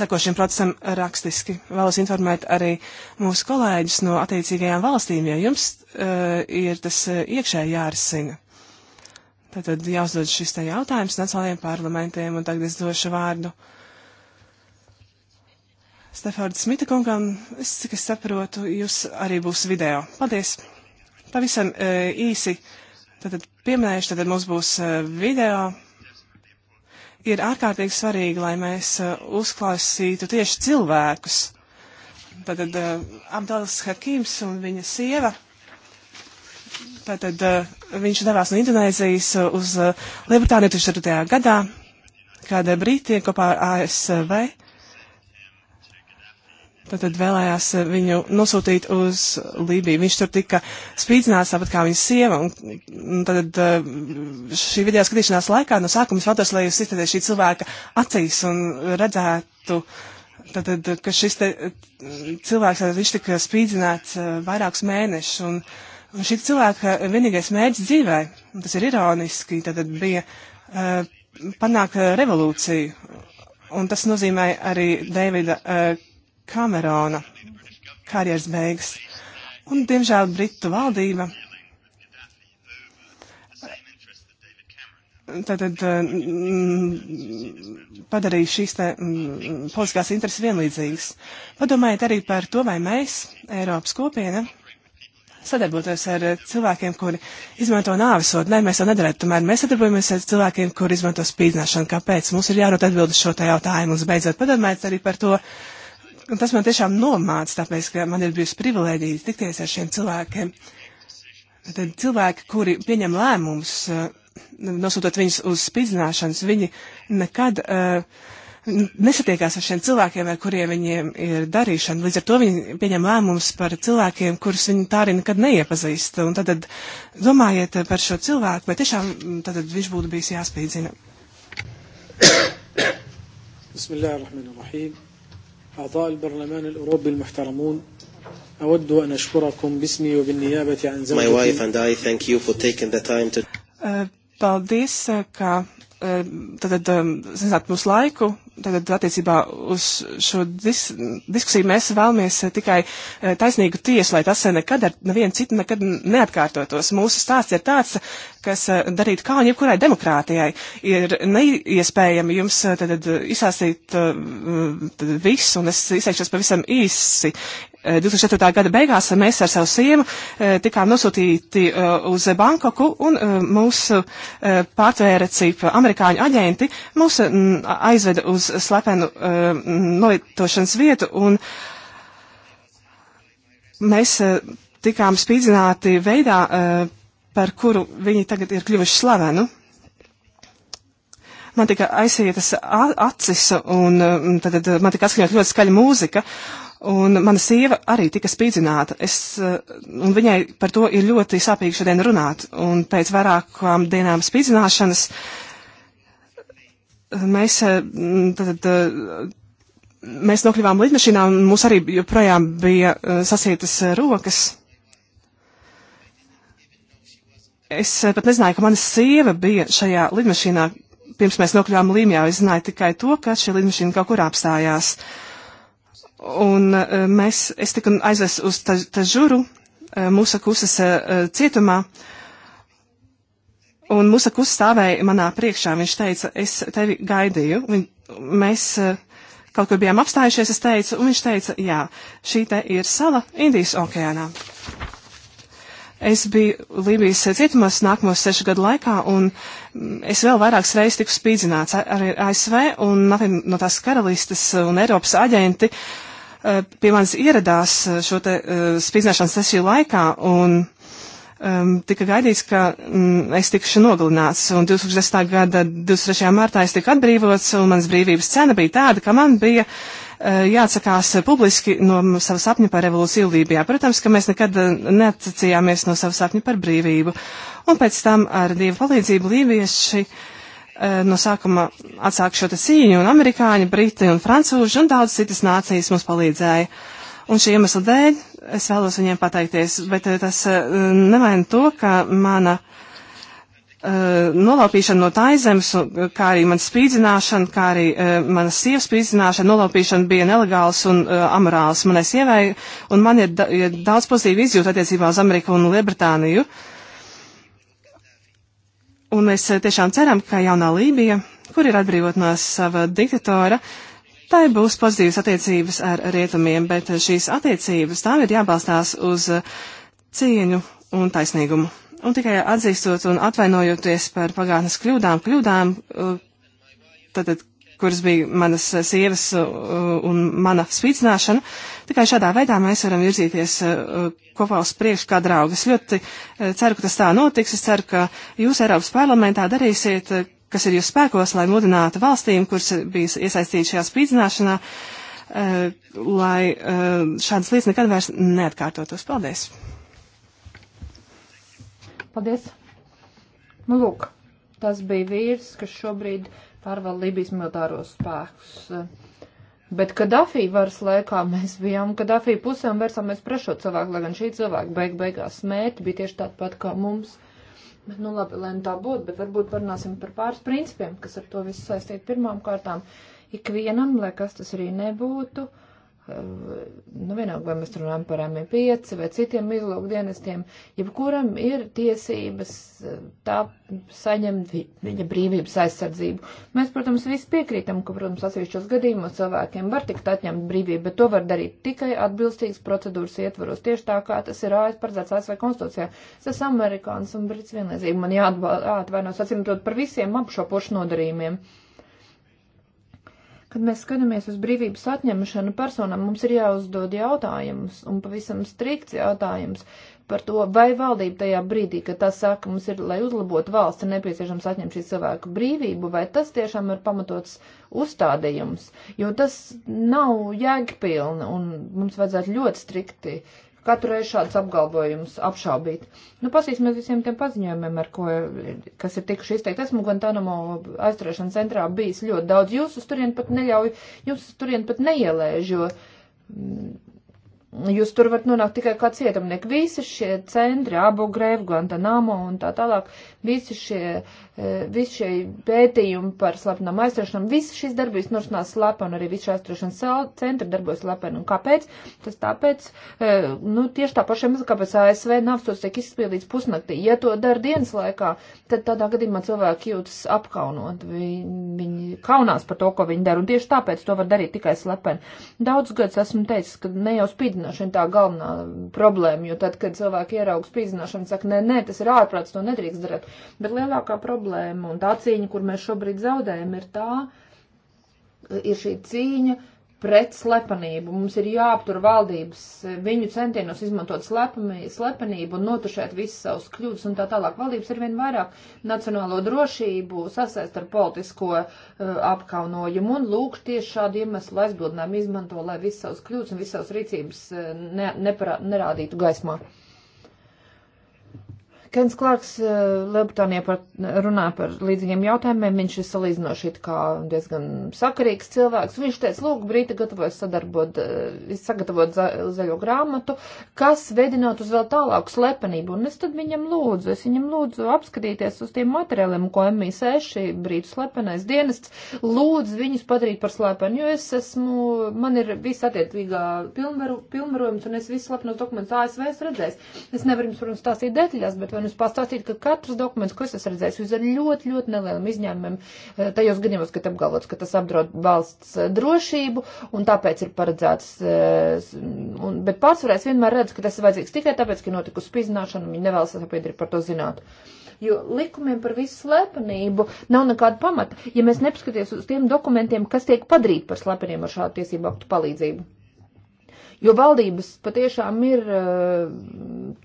seko šim procesam rakstiski. Vēlos informēt arī mūsu kolēģis no attiecīgajām valstīm, ja jums uh, ir tas uh, iekšēji jārisina. Tātad jāuzdod šis te jautājums nacionālajiem parlamentiem, un tagad es došu vārdu Stefārdu Smita kungam. Es, cik es saprotu, jūs arī būs video. Paldies! Pavisam e, īsi. Tātad pieminējuši, tad mums būs e, video. Ir ārkārtīgi svarīgi, lai mēs e, uzklausītu tieši cilvēkus. Tātad e, Abdals Hakims un viņa sieva Tātad eh, viņš devās no Indonēzijas uz eh, Lielbritāniju 2004. gadā, kad Brītie kopā ar ASV tad vēlējās viņu nosūtīt uz Lībiju. Viņš tur tika spīdzināts tāpat kā viņa sieva. Un, un tad eh, šī video skatīšanās laikā no sākuma es vēlos, lai jūs iztaties šī cilvēka acīs un redzētu, tad, tad, ka šis te, cilvēks, tad, viņš tika spīdzināts vairākus mēnešus. Un šī cilvēka vienīgais mērķis dzīvē, un tas ir ironiski, tad bija uh, panākt eh, revolūciju. Un tas nozīmē arī Davida uh, eh, Kamerona karjeras beigas. Un, diemžēl, Britu valdība tātad padarīja šīs te, mm, mm, politiskās intereses vienlīdzīgas. Padomājiet arī par to, vai mēs, Eiropas kopiena, sadarbotos ar cilvēkiem, kuri izmanto nāvisot. Nē, mēs to nedarētu. Tomēr mēs sadarbojamies ar cilvēkiem, kuri izmanto spīdzināšanu. Kāpēc? Mums ir jārūt atbildi šo tā jautājumu. Mums beidzot padomājiet arī par to. Un tas man tiešām nomāca, tāpēc, ka man ir bijusi privilēģija tikties ar šiem cilvēkiem. Tad cilvēki, kuri pieņem lēmumus, eh, nosūtot viņus uz spīdzināšanas, viņi nekad uh, nesatiekās ar šiem cilvēkiem, ar kuriem viņiem ir darīšana. Līdz ar to viņi pieņem lēmumus par cilvēkiem, kurus viņi tā arī nekad neiepazīst. Un tad domājiet par šo cilvēku, vai tiešām mm, tad viņš būtu bijis jāspīdzina. بسم الله الرحمن الرحيم أعضاء البرلمان الأوروبي المحترمون أود أن أشكركم باسمي وبالنيابة عن زوجتي My wife and I thank you for taking the time to eh, Paldies, eh, ka Ehm, tātad, ehm, zināt, mūsu laiku, tātad attiecībā uz šo dis diskusiju mēs vēlamies eh, tikai eh, taisnīgu tiesu, lai tas eh, nekad ar nevienu citu nekad neatkārtotos. Mūsu stāsts ir tāds, kas darītu kā un jebkurai demokrātijai. Ir neiespējami jums tātad izsāstīt tātad, visu, un es izteikšos pavisam īsi. 2004. Eh, gada beigās mēs ar savu sievu eh, tikām nosūtīti eh, uz Bankoku un mūsu pārtvēra cip amerikāņu aģenti mūs mm, aizveda uz slepenu nolietošanas vietu un mēs tikām spīdzināti veidā, par kuru viņi tagad ir kļuvuši slavenu man tika aizsietas acis un tad eh, man tika atskaņot ļoti skaļa mūzika. Un mana sieva arī tika spīdzināta. Es, eh, un viņai par to ir ļoti sāpīgi šodien runāt. Un pēc vairākām dienām spīdzināšanas eh, mēs, tad, tad, mēs nokļuvām lidmašīnā un mums arī joprojām bija sasietas rokas. Es pat nezināju, ka mana sieva bija šajā lidmašīnā, pirms mēs nokļuvām Līmijā, es zināju tikai to, ka šī lidmašīna kaut kur apstājās. Un e, mēs, es tiku aizvesu uz ta, Tažuru, e, Musa Kusas e, cietumā. Un Musa Kus stāvēja manā priekšā, viņš teica, es tevi gaidīju. Viņ, mēs kaut kur bijām apstājušies, es teicu, un viņš teica, jā, šī te ir sala Indijas okeānā. Es biju Lībijas cietumos nākamos sešu gadu laikā, un es vēl vairākas reizes tiku spīdzināts ar ASV un no tās karalistes un Eiropas aģenti eh, pie manis ieradās eh, šo te eh, spīdzināšanas sesiju laikā, un um, tika gaidīts, ka mm, es tikšu nogalināts. Un 2010. gada 23. martā es tiku atbrīvots, un manas brīvības cena bija tāda, ka man bija Eh, jāatsakās publiski no sava sapņa par revolūciju Lībijā. Protams, ka mēs nekad eh, neatsacījāmies no sava sapņa par brīvību. Un pēc tam ar Dieva palīdzību lībieši eh, no sākuma atsāk šo cīņu, un amerikāņi, briti un francūži un daudz citas nācijas mums palīdzēja. Un šī iemesla dēļ es vēlos viņiem pateikties, bet tas nevaina to, ka mana uh, Eh, nolaupīšana no taizemes, kā arī man spīdzināšana, kā arī uh, mana sievas spīdzināšana, nolaupīšana bija nelegāls un uh, amorāls manai sievai, un man ir, da ir daudz pozitīvi izjūta attiecībā uz Ameriku un Lielbritāniju. Un mēs uh, tiešām ceram, ka jaunā Lībija, kur ir atbrīvot no sava diktatora, tai būs pozitīvas attiecības ar rietumiem, bet šīs attiecības tām ir jābalstās uz cieņu un taisnīgumu. Un tikai atzīstot un atvainojoties par pagātnes kļūdām, kļūdām, tātad, uh, kuras bija manas sievas uh, un mana spīdzināšana, tikai šādā veidā mēs varam virzīties uh, kopā uz priekšu kā draugi. Es ļoti ceru, ka tas tā notiks. Es ceru, ka jūs Eiropas parlamentā darīsiet, kas ir jūsu spēkos, lai mudinātu valstīm, kuras bija iesaistītas šajā spīdzināšanā, lai šādas lietas nekad vairs neatkārtotos. Paldies! Paldies! Nu, lūk, tas bija vīrs, kas šobrīd pārvalda Libijas militāros spēkus. Bet Kadafī varas laikā mēs bijām Kadafī pusē un vērsāmies pret šo cilvēku, lai gan šī cilvēka beig beigās smēķi bija tieši tāda pat kā mums. Bet, nu labi, lai nu tā būtu, bet varbūt parunāsim par pāris principiem, kas ar to visu saistīt pirmām kārtām. Ikvienam, lai kas tas arī nebūtu, uh, Eh, nu vienalga, vai mēs runājam par M5 vai citiem izlūk dienestiem, jebkuram ir tiesības eh, tā saņemt viņa brīvības aizsardzību. Mēs, protams, visi piekrītam, ka, protams, atsevišķos gadījumos cilvēkiem var tikt atņemt brīvību, bet to var darīt tikai atbilstīgas procedūras ietvaros, tieši tā kā tas ir AS paredzēts ASV konstitūcijā. Es esmu amerikānis un brits vienlaicīgi, man jāatvaino, sacīmot par visiem apšopošu nodarījumiem. Kad mēs skatāmies uz brīvības atņemšanu personām, mums ir jāuzdod jautājums un pavisam strikts jautājums par to, vai valdība tajā brīdī, kad tas saka, mums ir, lai uzlabotu valsts, ir nepieciešams atņemt šī cilvēku brīvību, vai tas tiešām ir pamatots uzstādījums, jo tas nav jēgpilni un mums vajadzētu ļoti strikti uh, katru reizi šādus apgalvojumus apšaubīt. Nu, pasīsimies visiem tiem paziņojumiem, ar ko, kas ir tikuši izteikti. Esmu Guantanamo aizturēšanas centrā bijis ļoti daudz. Jūs uz turien pat neļauj, jūs uz turien pat neielēž, jo mm, jūs tur varat nonākt tikai kā cietumnieki. Visi šie centri, abu grēvu, Guantanamo un tā tālāk, Visi šie, e, visi šie pētījumi par slepenām aizturēšanām, visas šīs darbības norisinās slepeni, arī visi aizturēšanas centri darbojas slepeni. Un kāpēc? Tas tāpēc, e, nu, tieši tā pašiem, kāpēc ASV naftos tiek izspildīts pusnaktī. Ja to dara dienas laikā, tad tādā gadījumā cilvēki jūtas apkaunot. Viņi, viņi kaunās par to, ko viņi dara, un tieši tāpēc to var darīt tikai slepeni. Daudz gadus esmu teicis, ka ne jau spīdzināšana tā galvenā problēma, jo tad, kad cilvēki ierauga spīdzināšanu, saka, nē, nē, tas ir ārprāts, to nedrīkst darīt. Bet lielākā problēma un tā cīņa, kur mēs šobrīd zaudējam, ir tā, ir šī cīņa pret slepenību. Mums ir jāaptur valdības viņu centienos izmantot slepami, slepenību un notušēt visas savas kļūdas un tā tālāk. Valdības ir vien vairāk nacionālo drošību sasaist ar politisko uh, apkaunojumu un lūk tieši šādu iemeslu aizbildinājumu izmanto, lai visas savas kļūdas un visas savas rīcības uh, ne, nepara, nerādītu gaismā. Kens Klārks eh, Lielbritānijā par, runā par līdzīgiem jautājumiem, viņš ir salīdzinoši it kā diezgan sakarīgs cilvēks. Viņš teica, lūk, Brīti gatavojas sadarbot, eh, sagatavot za, zaļo grāmatu, kas vedinot uz vēl tālāku slepenību. Un es tad viņam lūdzu, es viņam lūdzu apskatīties uz tiem materiāliem, ko MI6, Brītu slepenais dienests, lūdzu viņus padarīt par slepenu, jo es esmu, man ir viss attiecīgā pilnvaru, pilnvarojums un es visu slepenos dokumentus ASV es redzēju. Es nevaru jums, protams, stāstīt detaļās, bet jums pastāstīt, ka katrs dokuments, ko es esmu redzējis, jūs ar ļoti, ļoti nelieliem izņēmumiem, eh, tajos gadījumos, kad apgalvots, ka tas apdraud valsts eh, drošību, un tāpēc ir paredzēts, eh, un, bet pārsvarā es vienmēr redzu, ka tas ir vajadzīgs tikai tāpēc, ka notika spīdzināšana, un viņi nevēlas sabiedri par to zināt. Jo likumiem par visu slepenību nav nekāda pamata, ja mēs nepaskaties uz tiem dokumentiem, kas tiek padarīti par slepeniem ar šādu tiesību aktu palīdzību. Jo valdības patiešām ir eh,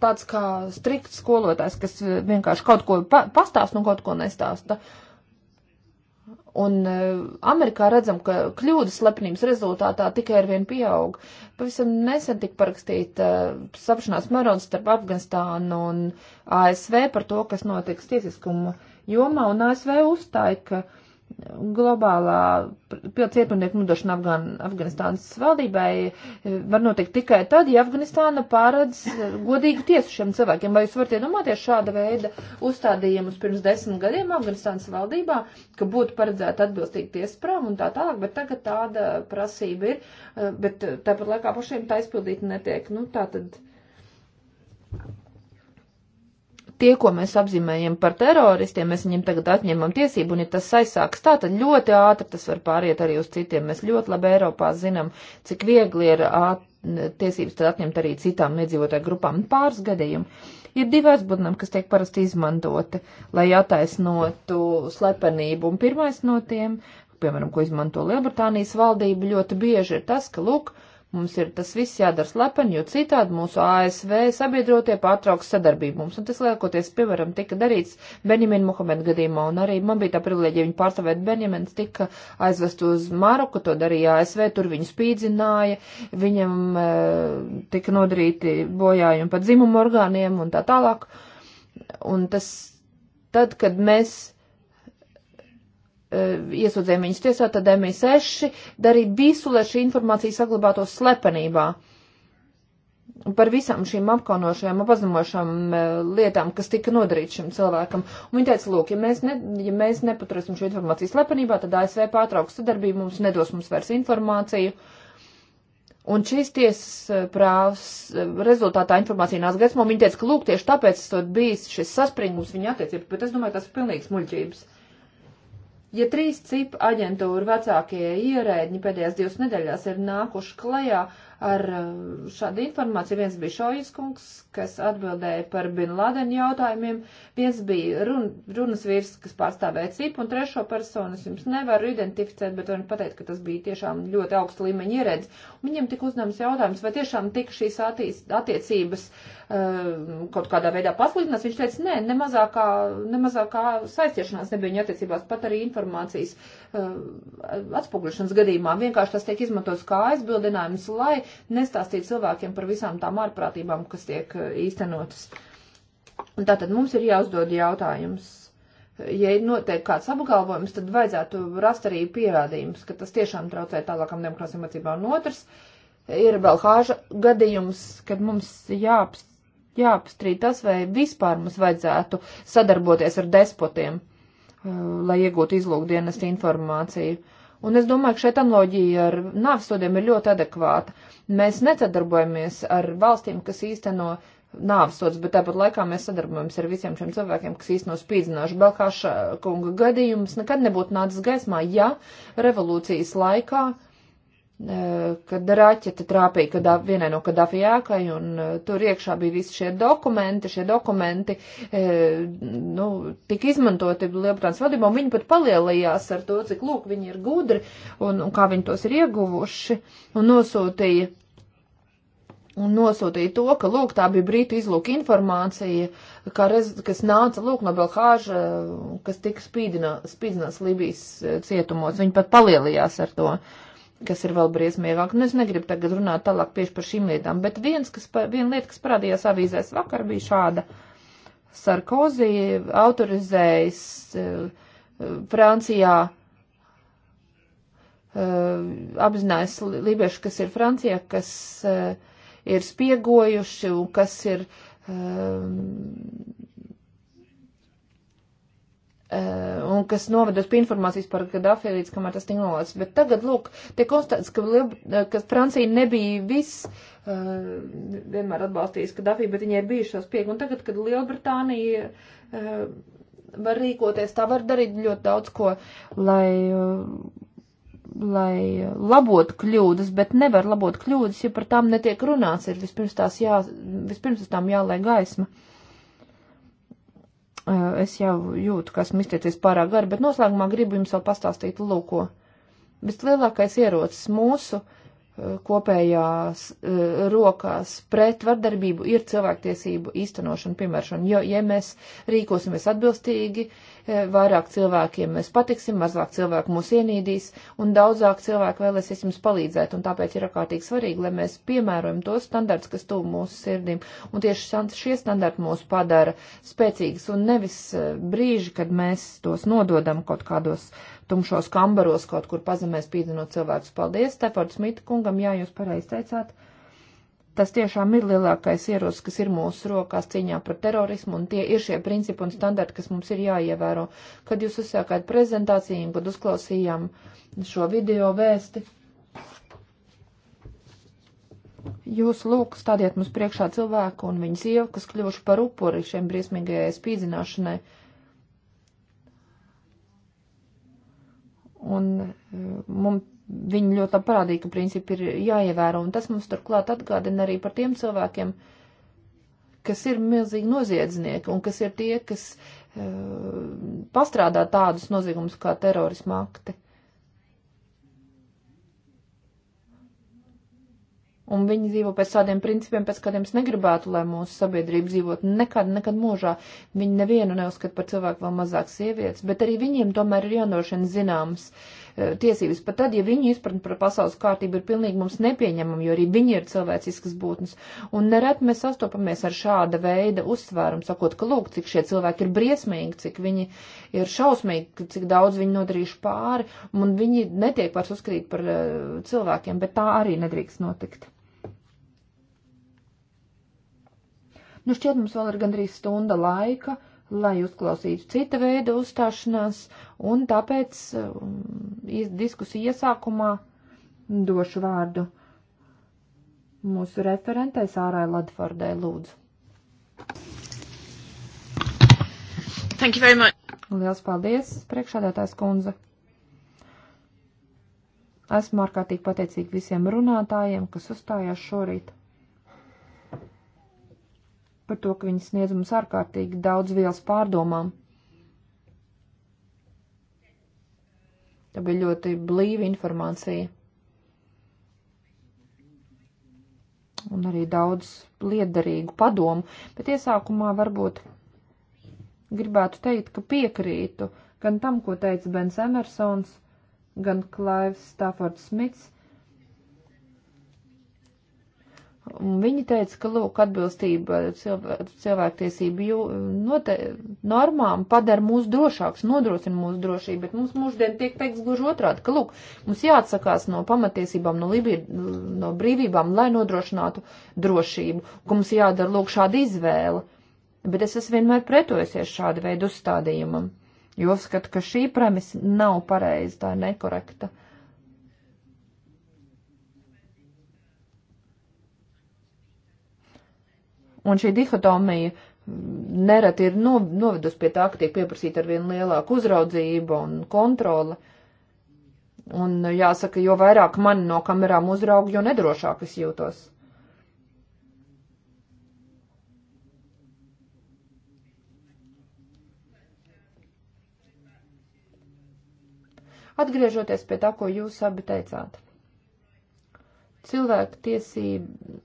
tāds kā strikts skolotājs, kas eh, vienkārši kaut ko pa pastāst un kaut ko nestāsta. Un eh, Amerikā redzam, ka kļūdas slepenības rezultātā tikai ar vien pieaug. Pavisam nesen tika parakstīta sapšanās merons starp Afganistānu un ASV par to, kas notiks tiesiskuma jomā, un ASV uzstāja, ka globālā cietumnieku nodošana Afgan, Afganistānas valdībai eh, var notikt tikai tad, ja Afganistāna pārēdz eh, godīgu tiesu šiem cilvēkiem. Vai jūs varat iedomāties šāda veida uzstādījumus pirms desmit gadiem Afganistānas valdībā, ka būtu paredzēta atbilstīgi tiesprām un tā tālāk, bet tagad tāda prasība ir, eh, bet tāpat laikā pašiem tā izpildīta netiek. Nu, tā tad tie, ko mēs apzīmējam par teroristiem, mēs viņiem tagad atņemam tiesību, un ja tas aizsāks tā, tad ļoti ātri tas var pāriet arī uz citiem. Mēs ļoti labi Eiropā zinām, cik viegli ir āt, tiesības tad atņemt arī citām iedzīvotāju grupām. Pāris gadījumi. Ir divi aizbūdnam, kas tiek parasti izmantoti, lai attaisnotu slepenību, un pirmais no tiem, piemēram, ko izmanto Lielbritānijas valdība, ļoti bieži ir tas, ka, lūk, uh, Mums ir tas viss jādara slepeni, jo citādi mūsu ASV sabiedrotie pārtrauks sadarbību mums, un tas lielākoties, piemēram, tika darīts Benjamina Muhamed gadījumā, un arī man bija tā privileģija viņu pārstāvēt. Benjamins tika aizvest uz Maroku, to darīja ASV, tur viņu spīdzināja, viņam e, tika nodarīti bojājumi pat dzimumu orgāniem un tā tālāk. Un tas tad, kad mēs Eh, iesūdzēja viņus tiesā, tad MI6 darīja visu, lai šī informācija saglabātos slepenībā. Par visām šīm apkaunošajām, apazemošām eh, lietām, kas tika nodarīts šim cilvēkam. Un viņa teica, lūk, ja mēs, ne, ja mēs nepaturēsim šo informāciju slepenībā, tad ASV pārtrauks sadarbību, mums nedos mums vairs informāciju. Un šīs tiesas eh, prāvas rezultātā informācija nāca gaismā, un viņa teica, ka lūk, tieši tāpēc tas bijis šis saspringums viņa attiecība, bet es domāju, tas ir pilnīgs muļķības. Ja trīs cip aģentūra vecākie ierēģi pēdējās divas nedēļās ir nākuši klajā ar uh, šādu informāciju, viens bija Šojas kungs, kas atbildēja par Bin Laden jautājumiem, viens bija run, runas vīrs, kas pārstāvēja cip, un trešo personu es jums nevaru identificēt, bet varu pateikt, ka tas bija tiešām ļoti augsta līmeņa ierēdz. Un viņiem tika uzdevums jautājums, vai tiešām tika šīs attiecības uh, Ehm, kaut kādā veidā pasliktinās. Viņš teica, nē, nemazākā, nemazākā saistiešanās nebija viņa attiecībās, pat arī informācijas ehm, atspoguļošanas gadījumā. Vienkārši tas tiek izmantots kā aizbildinājums, lai nestāstītu cilvēkiem par visām tām ārprātībām, kas tiek ehm, īstenotas. Un tātad mums ir jāuzdod jautājums ja ir noteikti kāds apgalvojums, tad vajadzētu rast arī pierādījumus, ka tas tiešām traucē tālākam demokrātiem mācībām. Un otrs ir vēl hāža gadījums, kad mums jāapst, jāapstrīd tas, vai vispār mums vajadzētu sadarboties ar despotiem, eh, lai iegūtu izlūkdienas informāciju. Un es domāju, ka šeit analoģija ar nāvsodiem ir ļoti adekvāta. Mēs nesadarbojamies ar valstīm, kas īsteno nāvsods, bet tāpat laikā mēs sadarbojamies ar visiem šiem cilvēkiem, kas īsteno spīdzināšu. Belkāša kunga gadījums nekad nebūtu nācis gaismā, ja revolūcijas laikā uh, Eh, kad raķete trāpīja kadā, vienai no Kadāfi ēkai, un eh, tur iekšā bija visi šie dokumenti, šie dokumenti, e, nu, tika izmantoti Lielbritānijas vadībā, un viņi pat palielījās ar to, cik lūk viņi ir gudri, un, un kā viņi tos ir ieguvuši, un nosūtīja, un nosūtīja to, ka lūk tā bija brītu izlūk informācija, rez, kas nāca lūk no Belhāža, kas tika spīdinā, spīdinās Libijas cietumos, viņi pat palielījās ar to. Uh, kas ir vēl briesmīgāk. Nu, es negribu tagad runāt tālāk tieši par šīm lietām, bet viens, kas, viena lieta, kas parādījās avīzēs vakar, bija šāda. Sarkozi autorizējis uh, Francijā uh, apzinājis lībiešu, kas ir Francijā, kas uh, ir spiegojuši un kas ir uh, Eh, un kas novedas pie informācijas par Gaddafi līdz kamēr tas tika nolaists. Bet tagad, lūk, tiek konstatēts, ka, Lieb eh, ka Francija nebija viss eh, vienmēr atbalstījis Gaddafi, bet viņai ir bijušās piek. Un tagad, kad Lielbritānija var rīkoties, tā var darīt ļoti daudz ko, lai, lai labotu kļūdas, bet nevar labot kļūdas, ja par tām netiek runāts. Ir vispirms tās jā, vispirms uz tām jālai gaisma. Uh, Eh, es jau jūtu, ka esmu izteicies pārāk gari, bet noslēgumā gribu jums vēl pastāstīt lūko. Vislielākais ierocis mūsu uh, kopējās eh, rokās pret vardarbību ir cilvēktiesību īstenošana, piemēršana, jo, ja mēs rīkosimies atbilstīgi, eh, vairāk cilvēkiem mēs patiksim, mazāk cilvēku mūs ienīdīs un daudzāk cilvēku vēlēsies jums palīdzēt. Un tāpēc ir ārkārtīgi svarīgi, lai mēs piemērojam tos standarts, kas tuvu mūsu sirdīm. Un tieši šie standarti mūs padara spēcīgus un nevis eh, brīži, kad mēs tos nododam kaut kādos uh, tumšos kambaros kaut kur pazemēs pīdinot cilvēkus. Paldies, Steford Smita kungam, jā, jūs pareizi teicāt. Tas tiešām ir lielākais ierocis, kas ir mūsu rokās cīņā pret terorismu, un tie ir šie principi un standarti, kas mums ir jāievēro. Kad jūs uzsākāt prezentāciju, kad uzklausījām šo video vēsti, jūs lūk stādiet mums priekšā cilvēku un viņas sievu, kas kļuvuši par upuri šiem briesmīgajai spīdzināšanai. Uh, Un eh, mums viņi ļoti labi parādīja, ka principi ir jāievēro, un tas mums turklāt atgādina arī par tiem cilvēkiem, kas ir milzīgi noziedznieki un kas ir tie, kas uh, pastrādā tādus noziegumus kā terorisma akti. Un viņi dzīvo pēc tādiem principiem, pēc kādiem es negribētu, lai mūsu sabiedrība dzīvotu nekad, nekad mūžā. Viņi nevienu neuzskata par cilvēku vēl mazāk sievietes, bet arī viņiem tomēr ir jānošana zināmas uh, tiesības. Pat tad, ja viņu izpratni par pasaules kārtību ir pilnīgi mums nepieņemama, jo arī viņi ir cilvēciskas būtnes. Un neret mēs sastopamies ar šāda veida uzsvērumu, sakot, ka lūk, cik šie cilvēki ir briesmīgi, cik viņi ir šausmīgi, cik daudz viņi nodarījuši pāri, un viņi netiek vairs uzskrīt par uh, cilvēkiem, bet tā arī nedrīkst notikt. Nu, šķiet, mums vēl ir gandrīz stunda laika, lai uzklausītu cita veida uzstāšanās, un tāpēc um, diskusiju iesākumā došu vārdu mūsu referentai Sārai Ladfordai lūdzu. Thank you very much. Liels paldies, priekšādātājs kundze. Esmu ārkārtīgi pateicīgi visiem runātājiem, kas uzstājās šorīt par to, ka viņi sniedz mums ārkārtīgi daudz vielas pārdomām. Tā bija ļoti blīva informācija. Un arī daudz liederīgu padomu, bet iesākumā varbūt gribētu teikt, ka piekrītu gan tam, ko teica Bens Emersons, gan Klaivs Stafords Smits Un viņi teica, ka, lūk, atbilstība cilvēktiesību note, normām padara mūs drošāks, nodrošina mūsu drošību, bet mums mūždien tiek teikts gluži otrādi, ka, lūk, mums jāatsakās no pamatiesībām, no, libir, no brīvībām, lai nodrošinātu drošību, ka mums jādara, lūk, šāda izvēle. Bet es esmu vienmēr pretojusies šāda veida uzstādījumam, jo uzskatu, ka šī premisa nav pareiza, tā ir nekorekta. Uh, Un šī dihotomija mm, nereti ir no, novedusi pie tā, ka tiek pieprasīta ar vien lielāku uzraudzību un kontroli. Un jāsaka, jo vairāk mani no kamerām uzrauga, jo nedrošāk es jūtos. Atgriežoties pie tā, ko jūs abi teicāt. Cilvēku tiesība,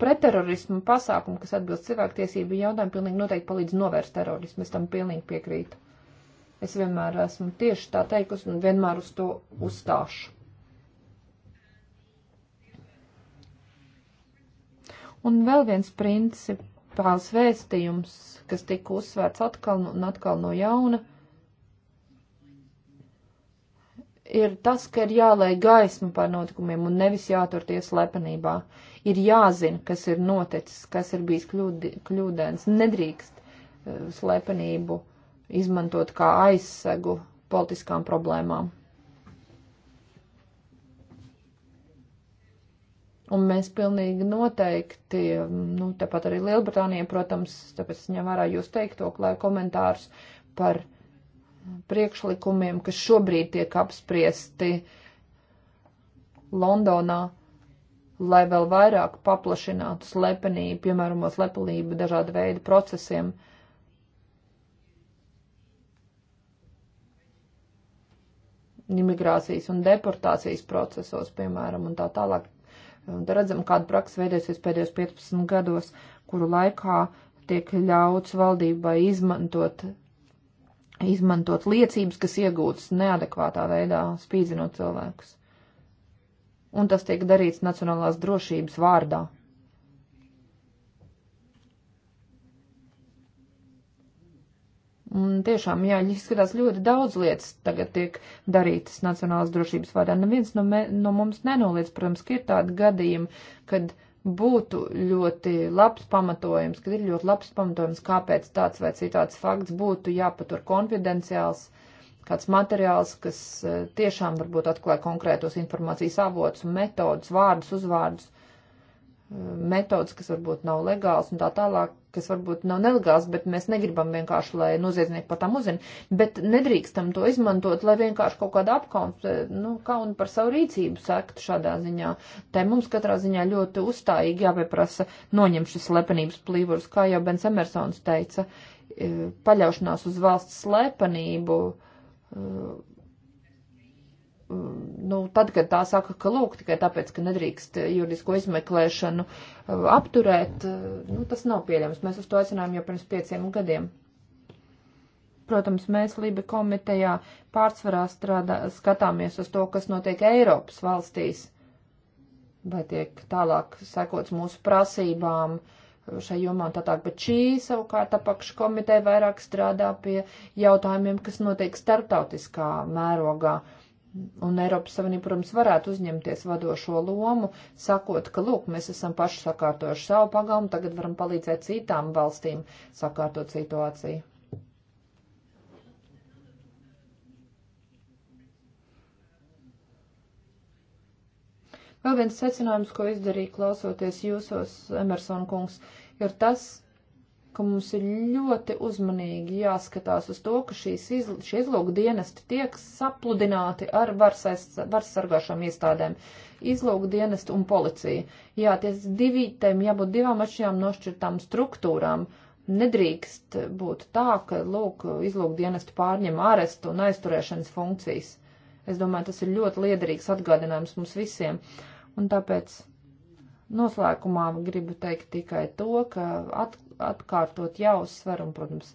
pretterorismu pasākumu, kas atbilst cilvēktiesību jautājumu, pilnīgi noteikti palīdz novērst terorismu. Es tam pilnīgi piekrītu. Es vienmēr esmu tieši tā teikusi un vienmēr uz to uzstāšu. Un vēl viens principāls vēstījums, kas tika uzsvērts atkal un atkal no jauna ir tas, ka ir jālai gaisma par notikumiem un nevis jāturties lepenībā ir jāzina, kas ir noticis, kas ir bijis kļūdi, kļūdēns. Nedrīkst eh, slepenību izmantot kā aizsegu politiskām problēmām. Un mēs pilnīgi noteikti, nu, tepat arī Lielbritānija, protams, tāpēc ņem vērā jūs teikto, lai komentārus par priekšlikumiem, kas šobrīd tiek apspriesti Londonā, lai vēl vairāk paplašinātu slepenību, piemēram, slepenību dažādu veidu procesiem. Imigrācijas un deportācijas procesos, piemēram, un tā tālāk. Un te redzam, kāda praksa veidojusies pēdējos 15 gados, kuru laikā tiek ļauts valdībai izmantot, izmantot liecības, kas iegūtas neadekvātā veidā, spīdzinot cilvēkus un tas tiek darīts nacionālās drošības vārdā. Un tiešām, jā, izskatās ļoti daudz lietas tagad tiek darītas nacionālās drošības vārdā. Neviens no, me, no mums nenoliec, protams, ka ir tādi gadījumi, kad būtu ļoti labs pamatojums, kad ir ļoti labs pamatojums, kāpēc tāds vai citāds fakts būtu jāpatur konfidenciāls tāds materiāls, kas eh, tiešām varbūt atklāja konkrētos informācijas avotus, metodus, vārdus, uzvārdus, eh, metodus, kas varbūt nav legāls un tā tālāk, kas varbūt nav nelegāls, bet mēs negribam vienkārši, lai noziedznieki par tām uzzina, bet nedrīkstam to izmantot, lai vienkārši kaut kāda apkauna, eh, nu, kauna par savu rīcību sektu šādā ziņā. Te mums katrā ziņā ļoti uzstājīgi jāpieprasa noņemt šis slepenības plīvurs, kā jau Bens Emersons teica, paļaušanās uz valsts slepenību. Uh, nu, tad, kad tā saka, ka lūk, tikai tāpēc, ka nedrīkst juridisko izmeklēšanu apturēt, nu, tas nav pieļams. Mēs uz to aicinājām jau pirms pieciem gadiem. Protams, mēs Lība komitejā pārsvarā strādā, skatāmies uz to, kas notiek Eiropas valstīs, vai tiek tālāk sekots mūsu prasībām, uh, šai jomā un tā tālāk, bet šī savukārt apakškomiteja vairāk strādā pie jautājumiem, kas notiek starptautiskā mērogā. Un Eiropas Savienība, protams, varētu uzņemties vadošo lomu, sakot, ka, lūk, mēs esam paši sakārtojuši savu pagalmu, tagad varam palīdzēt citām valstīm sakārtot situāciju. Vēl viens secinājums, ko izdarīja klausoties jūsos, Emerson kungs, uh, ir tas, ka mums ir ļoti uzmanīgi jāskatās uz to, ka šīs izl šie izlūku dienesti tiek sapludināti ar varsargāšām iestādēm - izlūku dienestu un policiju. Jā, ties divītēm jābūt divām atšķirām nošķirtām struktūrām. Nedrīkst būt tā, ka, lūk, izlūku dienestu pārņem ārestu un aizturēšanas funkcijas. Es domāju, tas ir ļoti liederīgs atgādinājums mums visiem. Un tāpēc Noslēgumā gribu teikt tikai to, ka at, atkārtot jāuzsver, un, protams,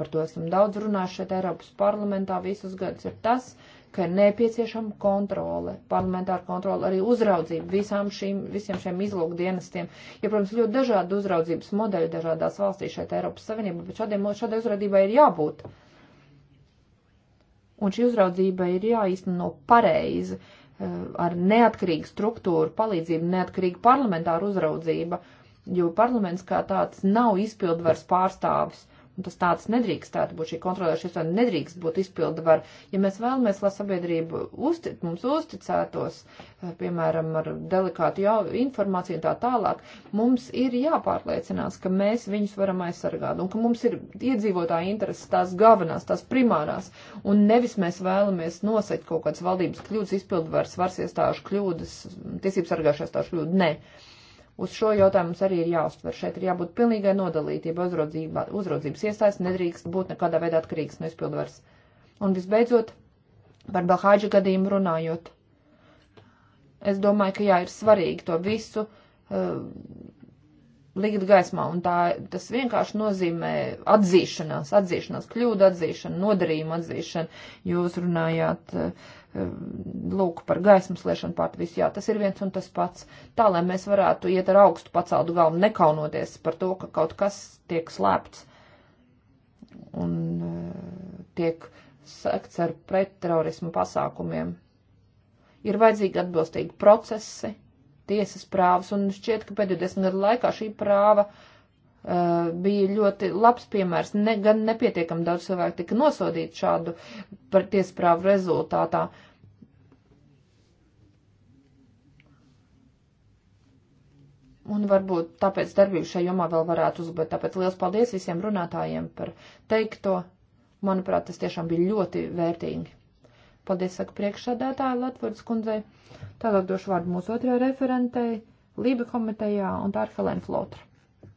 par to esam daudz runājuši šeit Eiropas parlamentā visus gadus, ir tas, ka ir nepieciešama kontrole, parlamentāra kontrole, arī uzraudzība visām šīm, visiem šiem izlūkdienestiem. Ir, ja, protams, ļoti dažādi uzraudzības modeļi dažādās valstīs šeit Eiropas Savienībā, bet šādiem, šādai uzraudzībai ir jābūt. Un šī uzraudzība ir jāīsteno pareizi. Uh, Eh, ar neatkarīgu struktūru palīdzību, neatkarīgu parlamentāru uzraudzību, jo parlaments kā tāds nav izpildvars pārstāvis tas tāds nedrīkst tāda būt, šī kontrolēša iestāde nedrīkst būt izpilda var. Ja mēs vēlamies, lai sabiedrība uztic, mums uzticētos, eh, piemēram, ar delikātu jau informāciju un tā tālāk, mums ir jāpārliecinās, ka mēs viņus varam aizsargāt un ka mums ir iedzīvotāji intereses tās galvenās, tās primārās, un nevis mēs vēlamies nosekt kaut kādas valdības kļūdas, izpildu varas, varas iestāžu kļūdas, tiesības sargāšanas iestāžu kļūdu. Nē. Uz šo jautājumu mums arī ir jāuztver. Šeit ir jābūt pilnīgai nodalītībai uzraudzības iestādes, nedrīkst būt nekādā veidā atkarīgs no izpildvaras. Un visbeidzot, par Belhāģa gadījumu runājot. Es domāju, ka jā, ir svarīgi to visu uh, likt gaismā, un tā, tas vienkārši nozīmē atzīšanās, atzīšanās, kļūdu atzīšanu, nodarījumu atzīšanu. Jūs runājāt, eh, lūk, par gaismas liešanu pārt visu, jā, tas ir viens un tas pats. Tā, lai mēs varētu iet ar augstu paceltu galvu, nekaunoties par to, ka kaut kas tiek slēpts un eh, tiek sekts ar pretterorismu pasākumiem. Ir vajadzīgi atbilstīgi procesi tiesas prāvas, un šķiet, ka pēdējo desmit gadu laikā šī prāva uh, bija ļoti labs piemērs. Ne, gan nepietiekam daudz cilvēku tika nosodīti šādu par tiesprāvu rezultātā. Un varbūt tāpēc darbību šajā jomā vēl varētu uzlabot. Tāpēc liels paldies visiem runātājiem par teikto. Manuprāt, tas tiešām bija ļoti vērtīgi. Paldies, saka priekšsādātāja Latvijas kundzei. Tālāk došu vārdu mūsu otrajai referentei, Lība komitejā, un tā ir Helēna Flotra.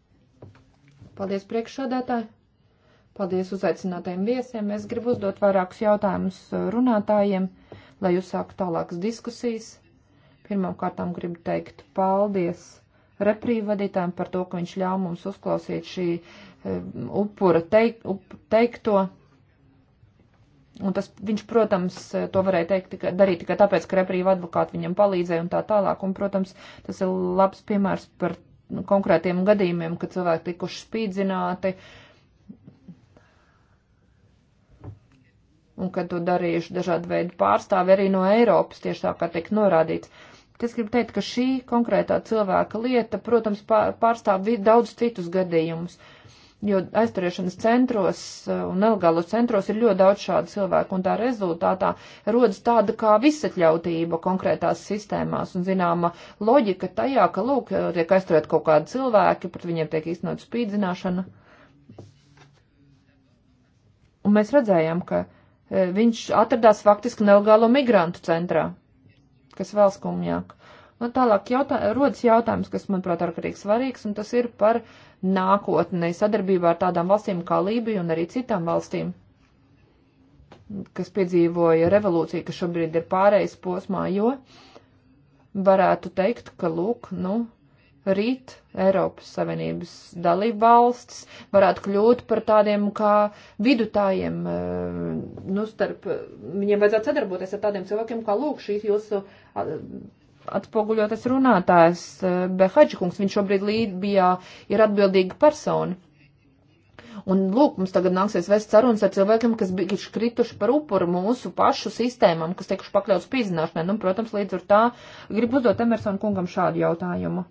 Paldies, priekšsādātāji. Paldies uzaicinātajiem viesiem. Es gribu uzdot vairākus jautājumus runātājiem, lai uzsāktu tālākas diskusijas. Pirmkārtām gribu teikt paldies reprīvvadītājiem par to, ka viņš ļāva mums uzklausīt šī eh, upura teik, up, teikto. Un tas viņš, protams, to varēja teikt, tika, darīt tikai tāpēc, ka reprīva advokāti viņam palīdzēja un tā tālāk. Un, protams, tas ir labs piemērs par konkrētiem gadījumiem, kad cilvēki tikuši spīdzināti. Un kad to darījuši dažādi veidi pārstāvi arī no Eiropas, tieši tā kā tiek norādīts. Es gribu teikt, ka šī konkrētā cilvēka lieta, protams, pārstāv daudz citus gadījumus. Uh, jo aizturēšanas centros eh, un nelegālos centros ir ļoti daudz šādu cilvēku, un tā rezultātā rodas tāda kā visatļautība konkrētās sistēmās, un zināma loģika tajā, ka, lūk, tiek aizturēt kaut kādi cilvēki, pret viņiem tiek īstenot spīdzināšana. Un mēs redzējām, ka eh, viņš atradās faktiski nelegālo migrantu centrā, kas vēl skumjāk. Un nu, tālāk jautā, rodas jautājums, kas, manuprāt, ārkārtīgi svarīgs, un tas ir par uh, nākotnē sadarbībā ar tādām valstīm kā Lībija un arī citām valstīm, kas piedzīvoja revolūciju, kas šobrīd ir pārējais posmā, jo varētu teikt, ka lūk, nu, rīt Eiropas Savienības dalība valstis varētu kļūt par tādiem kā vidutājiem, eh, nu, starp, viņiem vajadzētu sadarboties ar tādiem cilvēkiem kā lūk šīs jūsu atspoguļotas runātājs eh, Behadžkungs, viņš šobrīd Lībijā ir atbildīga persona. Un lūk, mums tagad nāksies vest sarunas ar cilvēkiem, kas bija krituši par upuru mūsu pašu sistēmām, kas tiekuši pakļauts spīdzināšanai. Nu, protams, līdz ar tā gribu uzdot Emersonu kungam šādu jautājumu.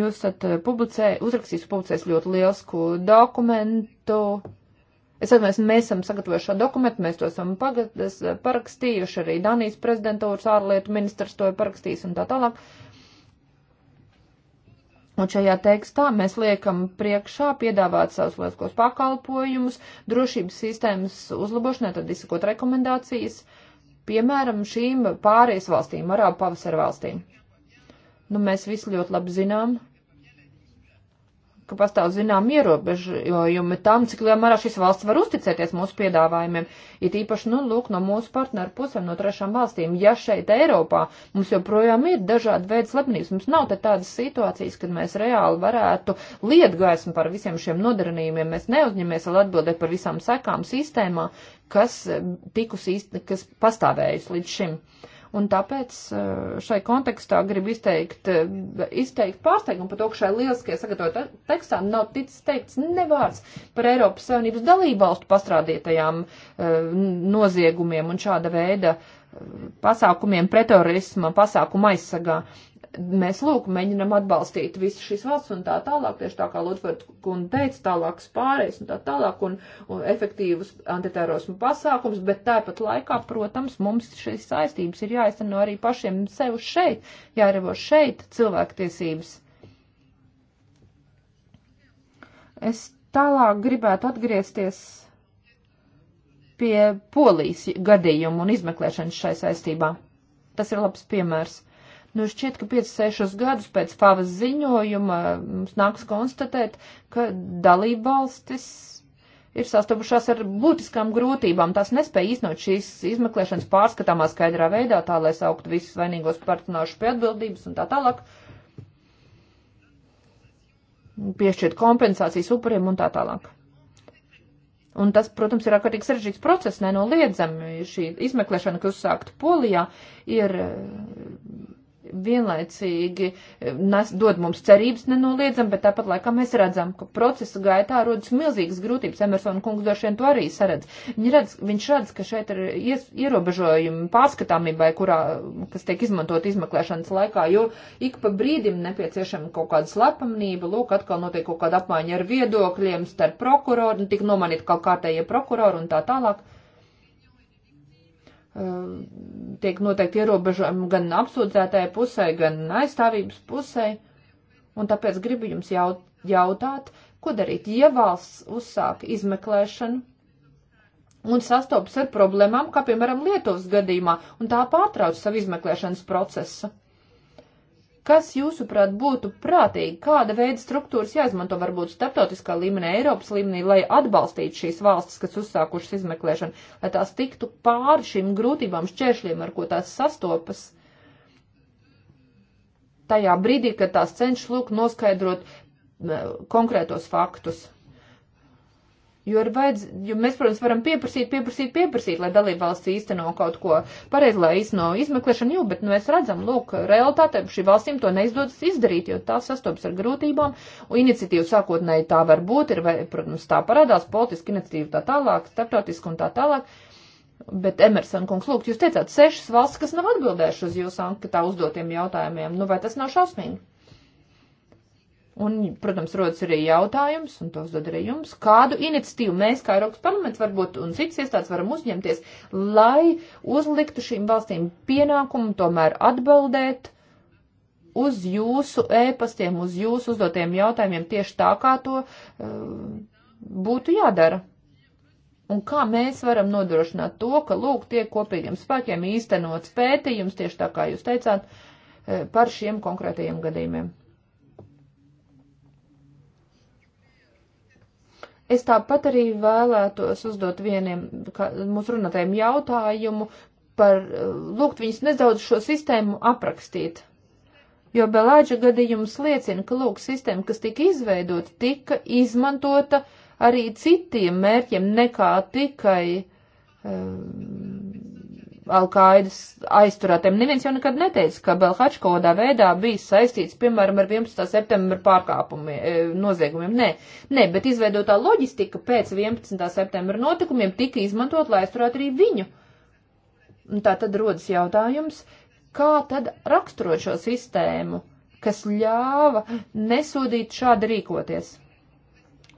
Jūs esat eh, publicē, uzrakstījis publicēs ļoti lielsku dokumentu Es atvainojos, mēs esam sagatavojuši šo dokumentu, mēs to esam pagadas, parakstījuši, arī Danijas prezidentūras ārlietu ministrs to ir parakstījis un tā tālāk. Un šajā tekstā mēs liekam priekšā piedāvāt savus lietiskos pakalpojumus, drošības sistēmas uzlabošanai, tad izsakot rekomendācijas, piemēram, šīm pārējais valstīm, arābu pavasara valstīm. Nu, mēs visi ļoti labi zinām, ka pastāv zinām ierobežojumi tam, cik lielā mērā šis valsts var uzticēties mūsu piedāvājumiem, ir īpaši, nu, lūk, no mūsu partneru pusēm, no trešām valstīm. Ja šeit Eiropā mums joprojām ir dažādi veidi slepnības, mums nav te tādas situācijas, kad mēs reāli varētu liet gaismu par visiem šiem nodarinījumiem, mēs neuzņemies vēl atbildēt par visām sekām sistēmā, kas tikus īsti, kas pastāvējusi līdz šim. Uh, Un tāpēc eh, šai kontekstā gribu izteikt, eh, izteikt pārsteigumu par to, ka šai lieliskajā sagatavotā tekstā nav ticis teikts nevārds par Eiropas Savienības dalībvalstu pastrādītajām eh, noziegumiem un šāda veida pasākumiem pretorisma pasākuma aizsargā mēs, lūk, mēģinam atbalstīt visu šīs valsts un tā tālāk, tieši tā kā Lutvert kundze teica, tālākas pārējas un tā tālāk un, un efektīvus antiterorismu pasākums, bet tāpat laikā, protams, mums šīs saistības ir jāizteno arī pašiem sev šeit, jārevo šeit cilvēktiesības. Es tālāk gribētu atgriezties pie polijas gadījumu un izmeklēšanas šai saistībā. Tas ir labs piemērs Nu, šķiet, ka 5-6 gadus pēc pavas ziņojuma mums nāks konstatēt, ka dalībvalstis ir sastopušās ar būtiskām grūtībām. Tās nespēja iznot šīs izmeklēšanas pārskatāmā skaidrā veidā, tā lai sauktu visus vainīgos partināšu pie atbildības un tā tālāk. Piešķirt kompensācijas upuriem un tā tālāk. Un tas, protams, ir ārkārtīgi sarežģīts process, nenoliedzami. Šī izmeklēšana, kas uzsākta Polijā, ir vienlaicīgi eh, nes, dod mums cerības nenoliedzam, bet tāpat laikā mēs redzam, ka procesa gaitā rodas milzīgas grūtības. Emersona kungs droši vien to arī saredz. Viņi redz, viņš redz, ka šeit ir ies, ierobežojumi pārskatāmībai, kurā, kas tiek izmantot izmeklēšanas laikā, jo ik pa brīdim nepieciešama kaut kāda slepamnība, lūk, atkal notiek kaut kāda apmaiņa ar viedokļiem starp prokuroru, nu, tik nomanīt kaut kārtējie prokurori un tā tālāk. Um, tiek noteikti ierobežojumi gan apsūdzētāja pusē, gan aizstāvības pusē. Un tāpēc gribu jums jaut, jautāt, ko darīt, ja valsts uzsāk izmeklēšanu un sastopas ar problēmām, kā piemēram Lietuvas gadījumā, un tā pārtrauc savu izmeklēšanas procesu. Kas, jūsuprāt, būtu prātīgi, kāda veida struktūras jāizmanto varbūt starptautiskā līmenī, Eiropas līmenī, lai atbalstītu šīs valstis, kas uzsākušas izmeklēšanu, lai tās tiktu pāri šīm grūtībām, šķēršļiem, ar ko tās sastopas? Tajā brīdī, kad tās cenšas lūk noskaidrot eh, konkrētos faktus. Jo, vajadz, jo mēs, protams, varam pieprasīt, pieprasīt, pieprasīt, lai dalībvalsts īsteno kaut ko pareizi, lai īsteno izmeklēšanu, jo, bet nu, mēs redzam, lūk, realitāte šī valstīm to neizdodas izdarīt, jo tā sastopas ar grūtībām, un iniciatīva sākotnēji tā var būt, ir, vai, protams, tā parādās, politiska iniciatīva tā tālāk, starptautiska un tā tālāk. Bet, Emerson kungs, lūk, jūs teicāt, sešas valsts, kas nav atbildējušas uz jūsu anketā uzdotiem jautājumiem, nu vai tas nav šausmīgi? Un, protams, rodas arī jautājums, un tos dod arī jums, kādu iniciatīvu mēs, kā Eiropas parlaments, varbūt un citas iestādes varam uzņemties, lai uzliktu šīm valstīm pienākumu tomēr atbildēt uz jūsu ēpastiem, uz jūsu uzdotiem jautājumiem tieši tā, kā to uh, būtu jādara. Un kā mēs varam nodrošināt to, ka, lūk, tiek kopīgiem spēkiem īstenots pētījums, tieši tā kā jūs teicāt, eh, par šiem konkrētajiem gadījumiem. Es tāpat arī vēlētos uzdot vieniem mūsu runātājiem jautājumu par, eh, lūgt viņus nedaudz šo sistēmu aprakstīt. Jo Belāģa gadījums liecina, ka, lūk, sistēma, kas tika izveidota, tika izmantota arī citiem mērķiem nekā tikai um, Alkaidas aizturētiem. Neviens jau nekad neteica, ka Belhač kādā veidā bija saistīts, piemēram, ar 11. septembra pārkāpumiem, noziegumiem. Nē, nē, bet izveidotā loģistika pēc 11. septembra notikumiem tika izmantot, lai aizturētu arī viņu. Un tā tad rodas jautājums, kā tad raksturot šo sistēmu, kas ļāva nesodīt šādi rīkoties.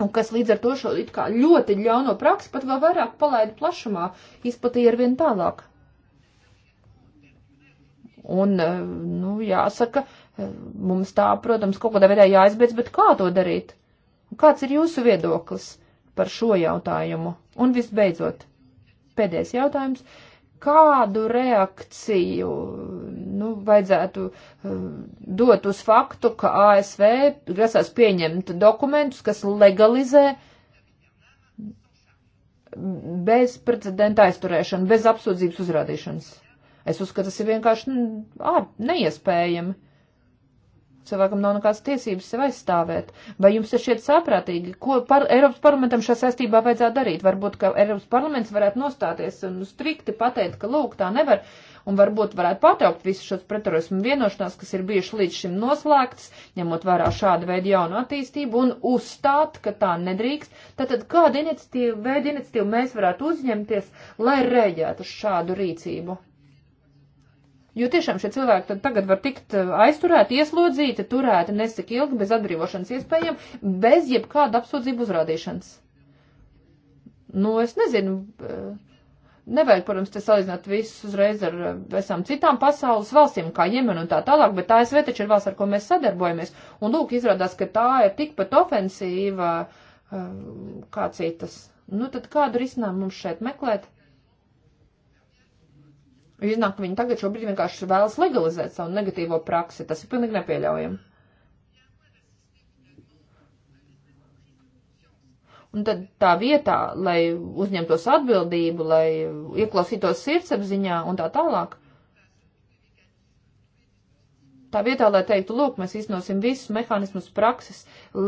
Un kas līdz ar to šo it kā ļoti ļauno praksi pat vēl vairāk palaida plašumā, izplatīja arvien tālāk. Un, eh, nu, jāsaka, eh, mums tā, protams, kaut kādā veidā jāizbeidz, bet kā to darīt? Kāds ir jūsu viedoklis par šo jautājumu? Un visbeidzot, pēdējais jautājums. Kādu reakciju, nu, vajadzētu eh, dot uz faktu, ka ASV grasās pieņemt dokumentus, kas legalizē bez precedenta aizturēšanu, bez apsūdzības uzrādīšanas? Es uzskatu, tas ir vienkārši nu, ā, neiespējami. Cilvēkam nav nekādas tiesības sev aizstāvēt. Vai jums ir šķiet saprātīgi, ko par Eiropas parlamentam šajā saistībā vajadzētu darīt? Varbūt, ka Eiropas parlaments varētu nostāties un strikti pateikt, ka lūk, tā nevar un varbūt varētu patraukt visus šos pretterorismu vienošanās, kas ir bijuši līdz šim noslēgts, ņemot vērā šādu veidu jaunu attīstību, un uzstāt, ka tā nedrīkst. Tātad kādu iniciatīvu, veidu iniciatīvu mēs varētu uzņemties, lai rēģētu uz šādu rīcību? Jo tiešām šie cilvēki tad tagad var tikt eh, aizturēti, ieslodzīti, turēti nesik ilgi bez atbrīvošanas iespējām, bez jebkāda apsūdzību uzrādīšanas. Nu, es nezinu. Eh, nevajag, protams, te salīdzināt visus uzreiz ar visām eh, citām pasaules valstīm, kā Jemen un tā tālāk, bet ASV taču ir valsts, ar ko mēs sadarbojamies. Un lūk, izrādās, ka tā ir tikpat ofensīva kā citas. Nu, tad kādu risinājumu mums šeit meklēt? Iznāk, ka viņi tagad šobrīd vienkārši vēlas legalizēt savu negatīvo praksi. Tas ir pilnīgi nepieļaujami. Un tad tā vietā, lai uzņemtos atbildību, lai ieklausītos sirdsapziņā un tā tālāk, tā vietā, lai teiktu, lūk, mēs iznosim visus mehānismus prakses,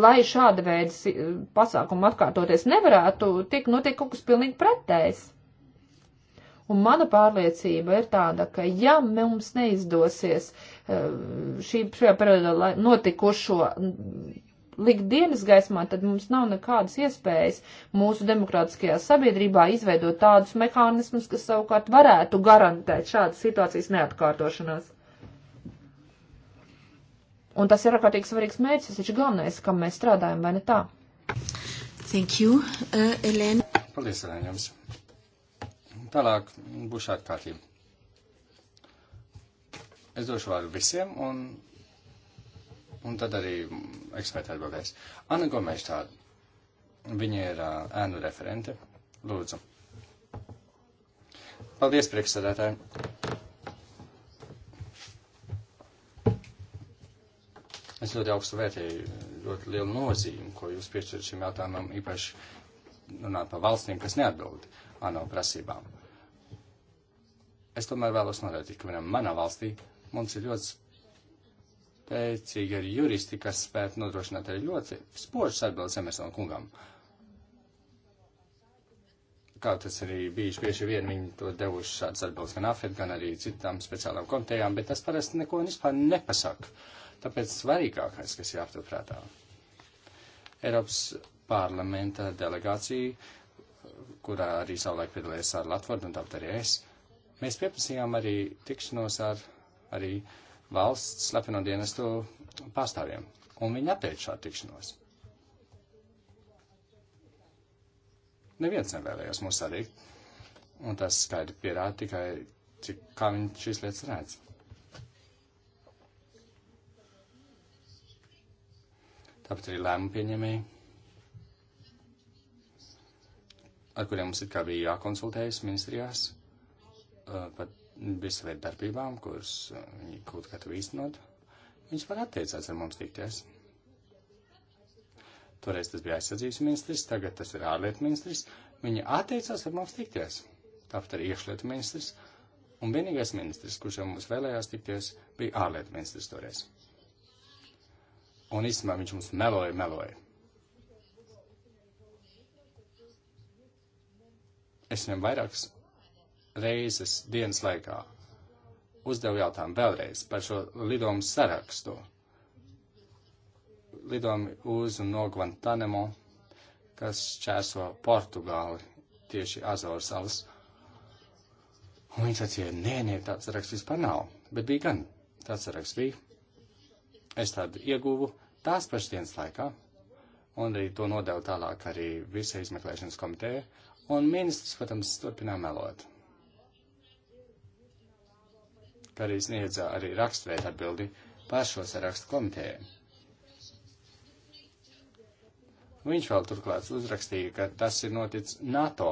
lai šāda veida pasākumu atkārtoties nevarētu, tiek notiek kaut kas pilnīgi pretējs. Un mana pārliecība ir tāda, ka ja mums neizdosies eh, šī šajā periodā notikušo likt dienas gaismā, tad mums nav nekādas iespējas mūsu demokrātiskajā sabiedrībā izveidot tādus mehānismus, kas savukārt varētu garantēt šādas situācijas neatkārtošanās. Un tas ir ārkārtīgi svarīgs mērķis, tas taču galvenais, kam mēs strādājam, vai ne tā? Thank you, uh, Elena. Paldies, Elena, jums. Tālāk būs šāda kārtība. Es došu vārdu visiem, un, un tad arī eksperti atbildēs. Anna Gomes tāda. Viņa ir uh, ēnu referente. Lūdzu. Paldies, priekšsēdētāji. Es ļoti augstu vērtēju ļoti lielu nozīmi, ko jūs piešķirat šim jautājumam, īpaši runāt par valstīm, kas neatbild ANO prasībām. Es tomēr vēlos norādīt, ka vienam manā valstī mums ir ļoti spēcīgi arī juristi, kas spētu nodrošināt arī ļoti spožas atbildes Emersona kungam. Kā tas arī bijuši bieži vien, viņi to devuši šādas atbildes gan AFED, gan arī citām speciālām komitejām, bet tas parasti neko vispār nepasaka. Tāpēc svarīgākais, kas jāaptur prātā. Eiropas parlamenta delegācija kurā arī savulaik piedalījās ar Latviju un tāpat arī es. Mēs pieprasījām arī tikšanos ar arī valsts slepeno dienestu pārstāvjiem, un viņi atteica šādu tikšanos. Neviens nevēlējās mūs sadikt, un tas skaidri pierāda tikai, cik, kā viņi šīs lietas redz. Tāpat arī lēmumu pieņemēji ar kuriem mums it kā bija jākonsultējas ministrijās uh, par visu veidu darbībām, kuras uh, viņi kaut kā tev īstenot, viņš var atteicās ar mums tikties. Toreiz tas bija aizsardzības ministrs, tagad tas ir ārlietu ministrs. Viņa atteicās ar mums tikties. Tāpat arī iekšlietu ministrs. Un vienīgais ministrs, kurš ar mums vēlējās tikties, bija ārlietu ministrs toreiz. Un īstenībā viņš mums meloja, meloja. es viņam vairākas reizes dienas laikā uzdevu jautājumu vēlreiz par šo lidojumu sarakstu. Lidojumi uz un no Guantanamo, kas čēso Portugāli, tieši Azoru salas. Un viņš atsīja, nē, nē, tāds saraksts vispār nav, bet bija gan tāds saraksts bija. Es tādu ieguvu tās pašas dienas laikā, un arī to nodevu tālāk arī visai izmeklēšanas komitejai, Un ministrs, protams, turpinā melot. Tā arī sniedza arī rakstveid atbildi par šo sarakstu komitēju. Viņš vēl turklāt uzrakstīja, ka tas ir noticis NATO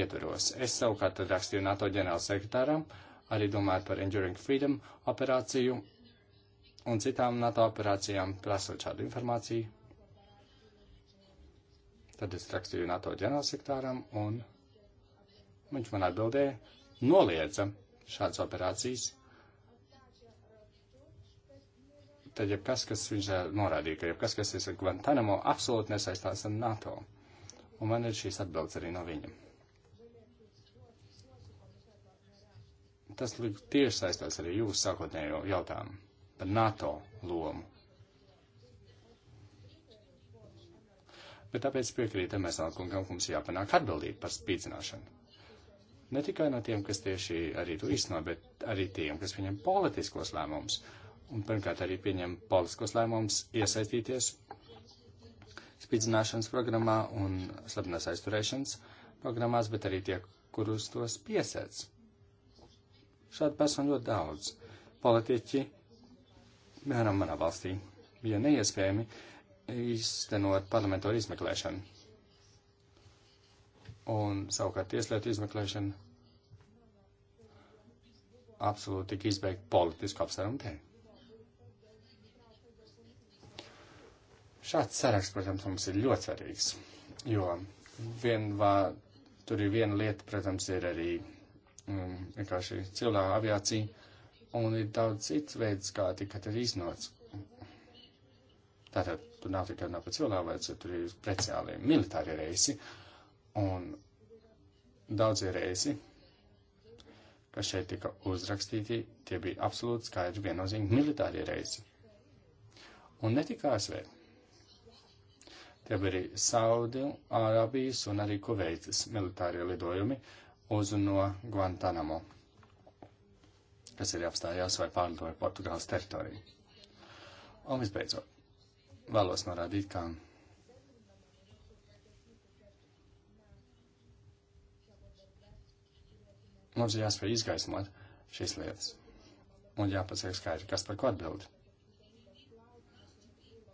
ietveros. Es savukārt tad rakstīju NATO ģenerālsekretāram, arī domājot par Enduring Freedom operāciju un citām NATO operācijām, prasot šādu informāciju. Tad es rakstīju NATO ģenerālsektāram, un viņš man atbildēja, noliedza šādas operācijas. Tad jebkas, kas viņš eh, norādīja, ka jebkas, kas ir Guantanamo, absolūti nesaistās ar NATO. Un man ir šīs atbildes arī no viņa. Tas tieši saistās arī jūsu sākotnējo jautājumu par NATO lomu. Bet tāpēc piekrītam mēs nākungam, ka mums jāpanāk atbildība par spīdzināšanu. Ne tikai no tiem, kas tieši arī to īsteno, bet arī tiem, kas viņam politiskos lēmumus. Un pirmkārt arī pieņem politiskos lēmumus iesaistīties spīdzināšanas programmā un slepnās aizturēšanas programmās, bet arī tie, kurus tos piesēc. Šādu personu ļoti daudz. Politiķi, piemēram, manā valstī, bija neiespējami īstenot parlamentāru izmeklēšanu. Un savukārt tieslietu izmeklēšana absolūti tika izbeigta politisku apsvērumu dēļ. Šāds saraksts, protams, mums ir ļoti svarīgs, jo vienvā, tur ir viena lieta, protams, ir arī um, vienkārši cilvēka aviācija, un ir daudz cits veids, kā tika arī iznots. Tātad tur nav tikai nav par cilvēku, tur ir speciāli militāri reisi un daudzie reisi, kas šeit tika uzrakstīti, tie bija absolūti skaidri viennozīmīgi militāri reisi. Un ne tikai ASV. Tie bija arī Saudi, Arābijas un arī Kuveitas militārie lidojumi uz un no Guantanamo, kas arī apstājās vai pārlidoja Portugāles teritoriju. Un visbeidzot, vēlos norādīt, ka mums ir jāspēj izgaismot šīs lietas un jāpasaka skaidri, kas par ko atbild.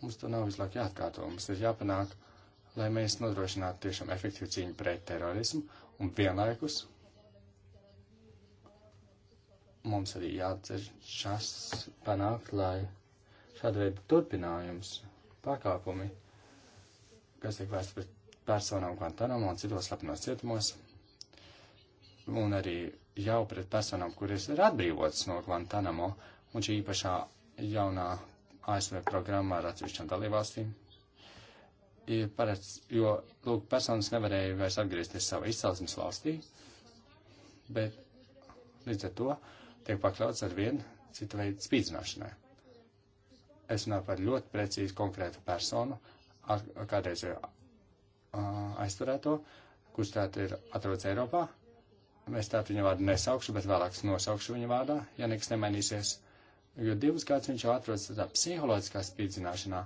Mums to nav visu laiku jāatkārto, mums ir jāpanāk, lai mēs nodrošinātu tiešām efektīvu cīņu pret terorismu un vienlaikus mums arī jāatceļ šas panākt, lai šāda veida turpinājums pārkāpumi, kas tiek vērsti pret personām Guantanamo un citos slepenos cietumos, un arī jau pret personām, kuras ir atbrīvotas no Guantanamo, un šī īpašā jaunā ASV programma ar atsevišķām dalībvalstīm. Ir paredz, jo, lūk, personas nevarēja vairs atgriezties savā izcelsmes valstī, bet līdz ar to tiek pakļauts ar vienu citu veidu spīdzināšanai es runāju par ļoti precīzi konkrētu personu, ar, kādreiz ir uh, aizturēto, kurš tātad ir atrodas Eiropā. Es tātad viņa vārdu nesaukšu, bet vēlāk nosaukšu viņa vārdā, ja nekas nemainīsies. Jo divus gadus viņš jau atrodas tādā psiholoģiskā spīdzināšanā,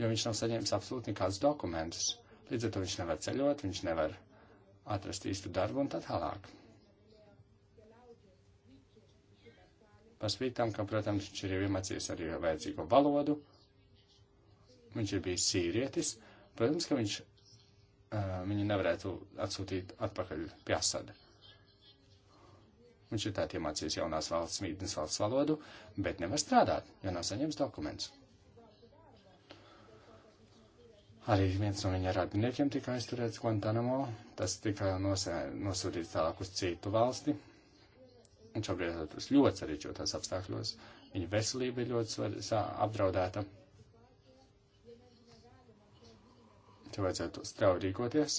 jo viņš nav saņēmis absolūti nekādus dokumentus. Līdz ar to viņš nevar ceļot, viņš nevar atrast īstu darbu un tā tālāk. Par spītām, ka, protams, viņš ir jau iemācījies arī vajadzīgo valodu, viņš ir bijis sīrietis, protams, ka viņš, uh, viņu nevarētu atsūtīt atpakaļ pie Asada. Viņš ir tāt iemācījies jaunās valsts, mītnes valsts valodu, bet nevar strādāt, jo nav saņems dokumentus. Arī viens no viņa radiniekiem tika aizturēts Guantanamo, tas tika nosūtīts tālāk uz citu valsti, un šobrīd atrodas ļoti sarežģītos apstākļos. Viņa veselība ir ļoti apdraudēta. Te vajadzētu strauji rīkoties.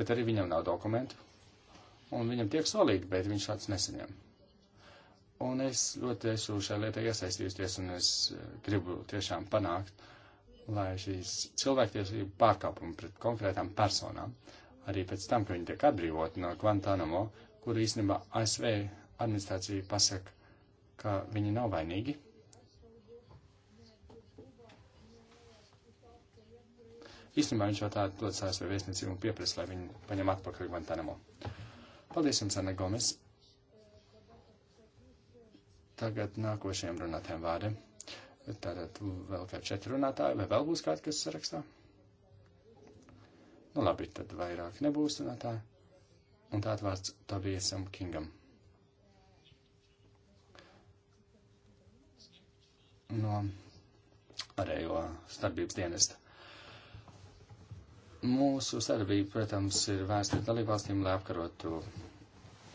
Bet arī viņam nav dokumentu. Un viņam tiek solīti, bet viņš tāds nesaņem. Un es ļoti esmu šai lietai iesaistījusies, un es eh, gribu tiešām panākt, lai šīs cilvēktiesību pārkāpumi pret konkrētām personām uh, arī pēc tam, ka viņi tiek atbrīvoti no Guantanamo, kur īstenībā ASV administrācija pasaka, ka viņi nav vainīgi. Īstenībā viņš jau tādu dodas ASV vēstniecību un pieprasa, lai viņi paņem atpakaļ Guantanamo. Paldies jums, Anna Gomes. Tagad nākošajam runātājiem vārdiem. Tātad vēl kā četri runātāji, vai vēl būs kāds, kas sarakstā? Nu labi, tad vairāk nebūs un tā. Un tā atvārds Tobiesam Kingam. No arējo starpības dienesta. Mūsu sadarbība, protams, ir vērsta dalībvalstīm, lai apkarotu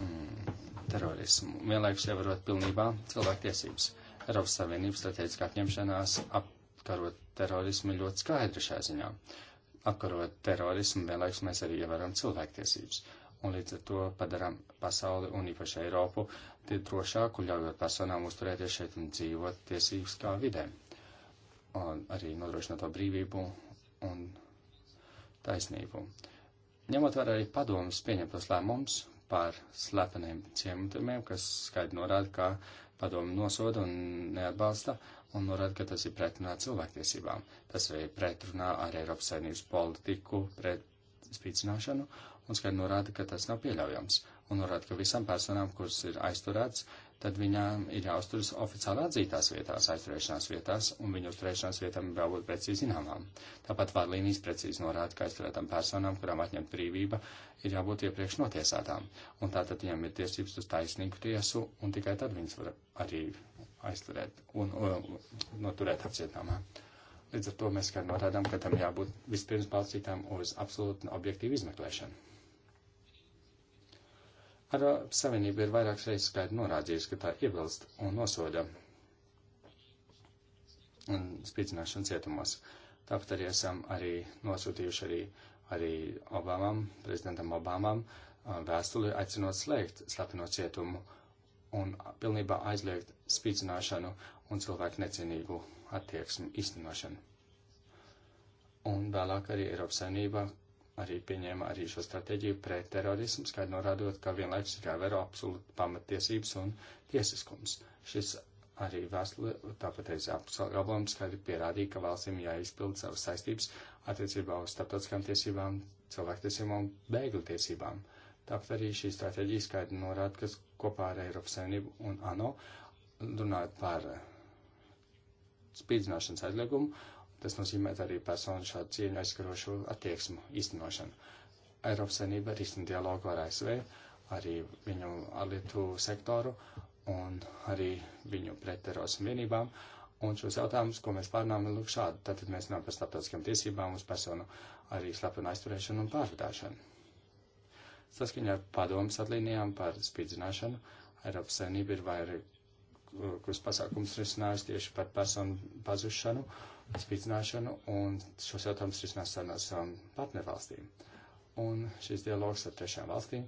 mm, terorismu, vienlaikus ievarot pilnībā cilvēktiesības. Eiropas Savienības strateģiskā apņemšanās apkarot terorismu ļoti skaidri šajā ziņā apkarot terorismu, vienlaikus mēs arī ievēram cilvēktiesības. Un līdz ar to padaram pasauli un īpaši Eiropu drošāku, ļaujot personām uzturēties šeit un dzīvot tiesības kā vidē. Un arī nodrošinot to brīvību un taisnību. Ņemot vērā arī padomus pieņemtos lēmumus par slepeniem ciematiem, kas skaidri norāda, ka padomu nosoda un neatbalsta uh, un norāda, ka tas ir pretrunā cilvēktiesībām. Tas ir pretrunā ar Eiropas saimnības politiku pret spīdzināšanu, un skaidri norāda, ka tas nav pieļaujams. Un norāda, ka visām personām, kuras ir aizturēts, tad viņām ir jāuzturas oficiāli atzītās vietās, aizturēšanās vietās, un viņu uzturēšanās vietām ir jābūt precīzi zināmām. Tāpat vārlīnijas precīzi norāda, ka aizturētām personām, kurām atņemta brīvība, ir jābūt iepriekš notiesātām, un tātad viņām ir tiesības uz taisnīgu tiesu, un tikai tad viņas var arī aizturēt un, un, uh, un noturēt apcietinājumā. Līdz ar to mēs kā norādām, ka tam jābūt vispirms balstītām uz absolūtu un objektīvu izmeklēšanu. Ar uh, savienību ir vairākas reizes skaidri norādījis, ka tā iebilst un nosoda un spīdzināšanu cietumos. Tāpat arī esam arī nosūtījuši arī, arī Obamam, prezidentam Obamam, uh, vēstuli aicinot slēgt slepeno cietumu uh, un pilnībā aizliegt spīdzināšanu un cilvēku necienīgu attieksmi īstenošanu. Un vēlāk arī Eiropas Savienība arī pieņēma arī šo stratēģiju pret terorismu, skaidri norādot, ka vienlaikus ir jāvēro absolūti pamatiesības un tiesiskums. Šis arī vēstule, tāpat arī apgalvojums, skaidri pierādīja, ka valstīm jāizpild savas saistības attiecībā uz starptautiskām tiesībām, cilvēktiesībām un bēgļu tiesībām. tiesībām Tāpat arī šī stratēģija skaidri norāda, kas kopā ar Eiropas Savienību un ANO runājot par eh, spīdzināšanas aizliegumu, tas nozīmē arī personu šādu cieņu aizskarošu attieksmu īstenošanu. Eiropas Savienība ir īstenot dialogu ar ASV, arī viņu ārlietu sektoru un arī viņu pretterosim vienībām. Un šos jautājumus, ko mēs pārnām, ir lūk šādi. Tātad mēs runājam par starptautiskiem tiesībām uz personu arī slepenu aizturēšanu un pārvadāšanu. Saskaņā ar padomas atlīnijām par spīdzināšanu Eiropas Savienība ir vairākus pasākums risinājusi tieši par personu pazušanu, spīdzināšanu, un šos jautājumus risinās ar savām partnervalstīm. Un šis dialogs ar trešām valstīm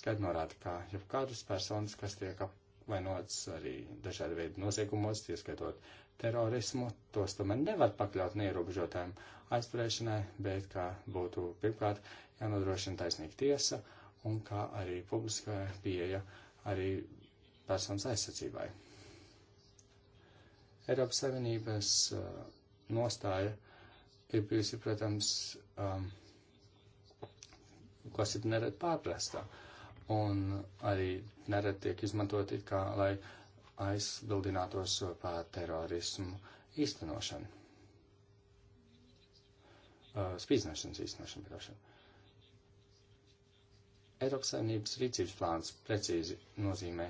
skaidri norāda, ka jau kādas personas, kas tiek apvainotas arī dažādi veidi noziegumos, ieskaitot terorismu, tos tomēr nevar pakļaut neierobežotām aizturēšanai, bet kā būtu pirmkārt jānodrošina taisnīga tiesa, un kā arī publiskā pieeja arī personas aizsardzībai. Eiropas Savienības uh, nostāja ir bijusi, protams, um, kas ir nerad pārprastā, un arī nerad tiek izmantot it kā, lai aizbildinātos pār terorismu īstenošanu. Uh, spīdzināšanas īstenošanu, pirošanu. Eiropas Savienības rīcības plāns precīzi nozīmē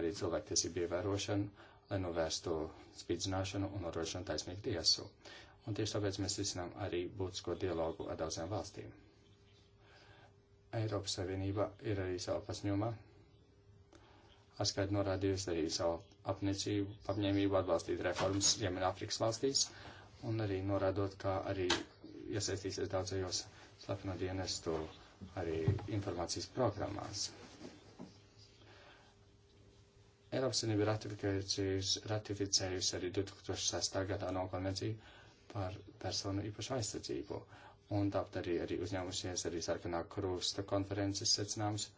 arī cilvēktiesību ievērošanu, lai novērstu spīdzināšanu un norošanu taisnīgu tiesu. Un tieši tāpēc mēs risinām arī būtisko dialogu ar daudzām valstīm. Eiropas Savienība ir arī savu paziņojumā atskaidri norādījusi arī savu apniecību, apņēmību atbalstīt reformas Ziemeļāfrikas valstīs un arī norādot, ka arī iesaistīsies daudzajos slepeno dienestu uh, arī informācijas programmās. Eiropas Savienība ir ratificējusi, ratificējusi arī 2006. gadā no konvenciju par personu īpašu aizsardzību, un tāpat arī, arī uzņēmusies arī sarkanā krusta konferences secinājums,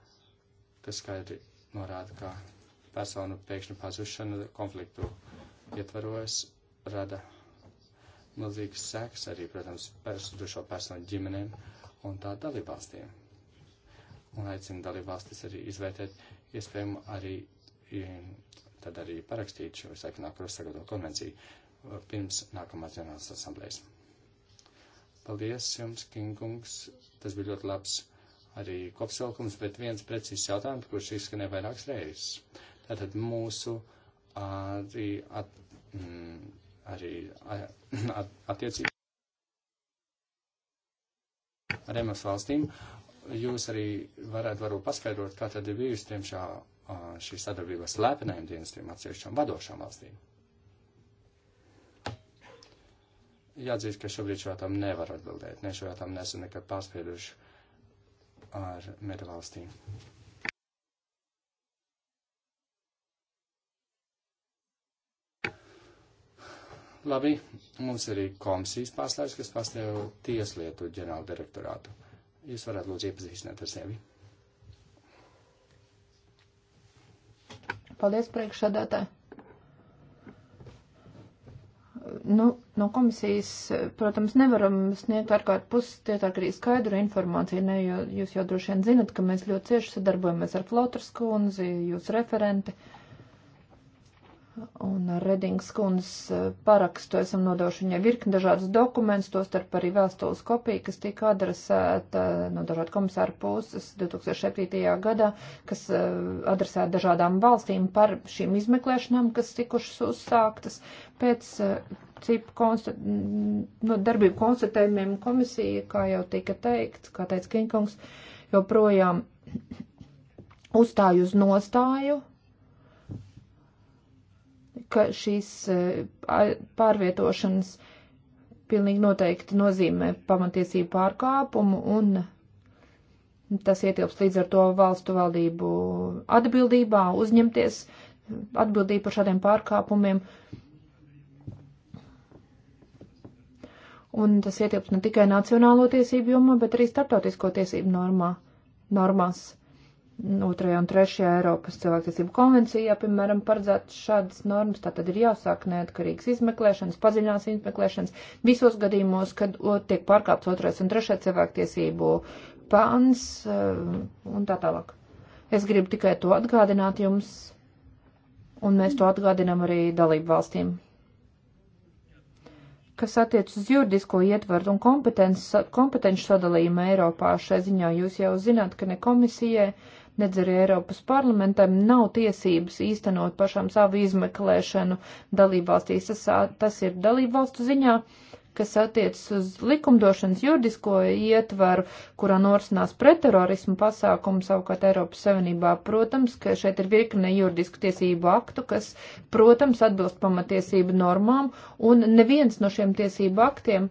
kas skaidri norāda, ka personu pēkšņu pazušana konfliktu ietvaros rada milzīgas sekas arī, protams, pers, dušo personu ģimenēm un tā dalībvalstiem. Un aicinu dalībvalstis arī izvērtēt iespējumu arī, tad arī parakstīt šo saiknāko sagatavot konvenciju uh, pirms nākamās ģenerālas asamblējas. Paldies jums, Kingungs, tas bija ļoti labs arī kopsaukums, bet viens precīzs jautājums, kurš izskanēja vairākas reizes. Tātad mūsu arī, at, mm, arī at, attiecības ar EMAS valstīm. Jūs arī varētu varbūt paskaidrot, kā tad ir bijusi tiemšā šī sadarbība ar slēpenajiem dienestiem atsevišķām vadošām valstīm. Jāatzīst, ka šobrīd šo jautājumu nevar atbildēt. Ne šo jautājumu nesu nekad pārspieduši ar medvalstīm. Labi, mums ir arī komisijas pārstāvis, kas pārstāv tieslietu ģenerālu direktorātu. Jūs varat lūdzu iepazīstināt ar sevi. Paldies, priekšsādātāji. Nu, no komisijas, protams, nevaram sniegt ārkārt pustiet arī skaidru informāciju, ne, jo jūs jau droši vien zinat, ka mēs ļoti cieši sadarbojamies ar Flotras kundzi, jūs referenti. Uh, Un ar Redings kundzes eh, parakstu esam nodoši viņai virkni dažādas dokumentus, tostarp arī vēstules kopiju, kas tika adresēta no dažādu komisāru puses 2007. gadā, kas eh, adresēta dažādām valstīm par šīm izmeklēšanām, kas tikušas uzsāktas. Pēc eh, cipu konstat mm, no nu, darbību konstatējumiem komisija, kā jau tika teikts, kā teica Kinkungs, joprojām uzstāju uz nostāju ka šīs e, pārvietošanas pilnīgi noteikti nozīmē pamatiesību pārkāpumu un tas ietilps līdz ar to valstu valdību atbildībā uzņemties atbildību par šādiem pārkāpumiem. Un tas ietilps ne tikai nacionālo tiesību jomā, bet arī starptautisko tiesību normā, normās otrajā un trešajā Eiropas cilvēktiesību konvencijā, piemēram, paredzētas šādas normas, tātad ir jāsāk neatkarīgas izmeklēšanas, padziļinās izmeklēšanas visos gadījumos, kad tiek pārkāpts otrais un trešais cilvēktiesību pāns e, un tā tālāk. Es gribu tikai to atgādināt jums, un mēs to atgādinam arī dalību valstīm. Kas attiec uz juridisko ietvaru un kompetenci sadalījumu Eiropā, šai ziņā jūs jau zināt, ka ne komisijai, uh, nedz arī Eiropas parlamentam nav tiesības īstenot pašām savu izmeklēšanu dalībvalstīs. Tas, tas ir dalībvalstu ziņā, kas attiecas uz likumdošanas juridisko ietvaru, kurā norisinās pretterorismu pasākumu savukārt Eiropas Savienībā. Protams, ka šeit ir virkne juridisku tiesību aktu, kas, protams, atbilst pamatiesību normām, un neviens no šiem tiesību aktiem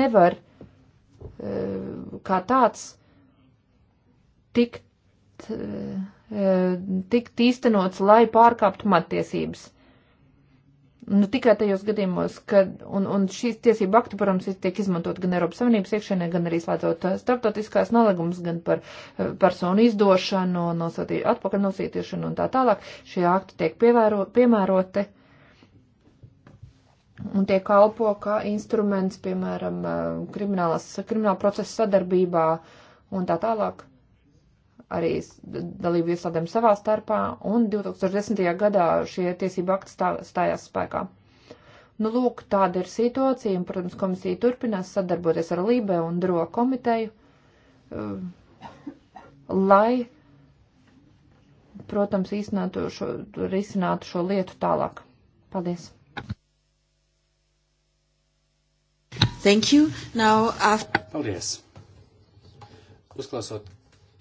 nevar e, kā tāds tikt, eh, tikt īstenots, lai pārkāptu matiesības. Nu, tikai tajos gadījumos, kad un, un šīs tiesība akti, protams, tiek izmantot gan Eiropas Savienības iekšienē, gan arī slēdzot eh, starptautiskās nolīgumus, gan par eh, personu izdošanu, nosatī, atpakaļ nosītīšanu un tā tālāk. Šie akti tiek pievēro, piemēroti un tie kalpo kā instruments, piemēram, kriminālas, krimināla procesa sadarbībā un tā tālāk arī dalību iestādēm savā starpā, un 2010. gadā šie tiesību akti stā, stājās spēkā. Nu, lūk, tāda ir situācija, un, protams, komisija turpinās sadarboties ar Lībe un Dro komiteju, um, lai, protams, īstenātu šo, risinātu šo lietu tālāk. Paldies! Thank you. Now, after... Paldies! Uzklausot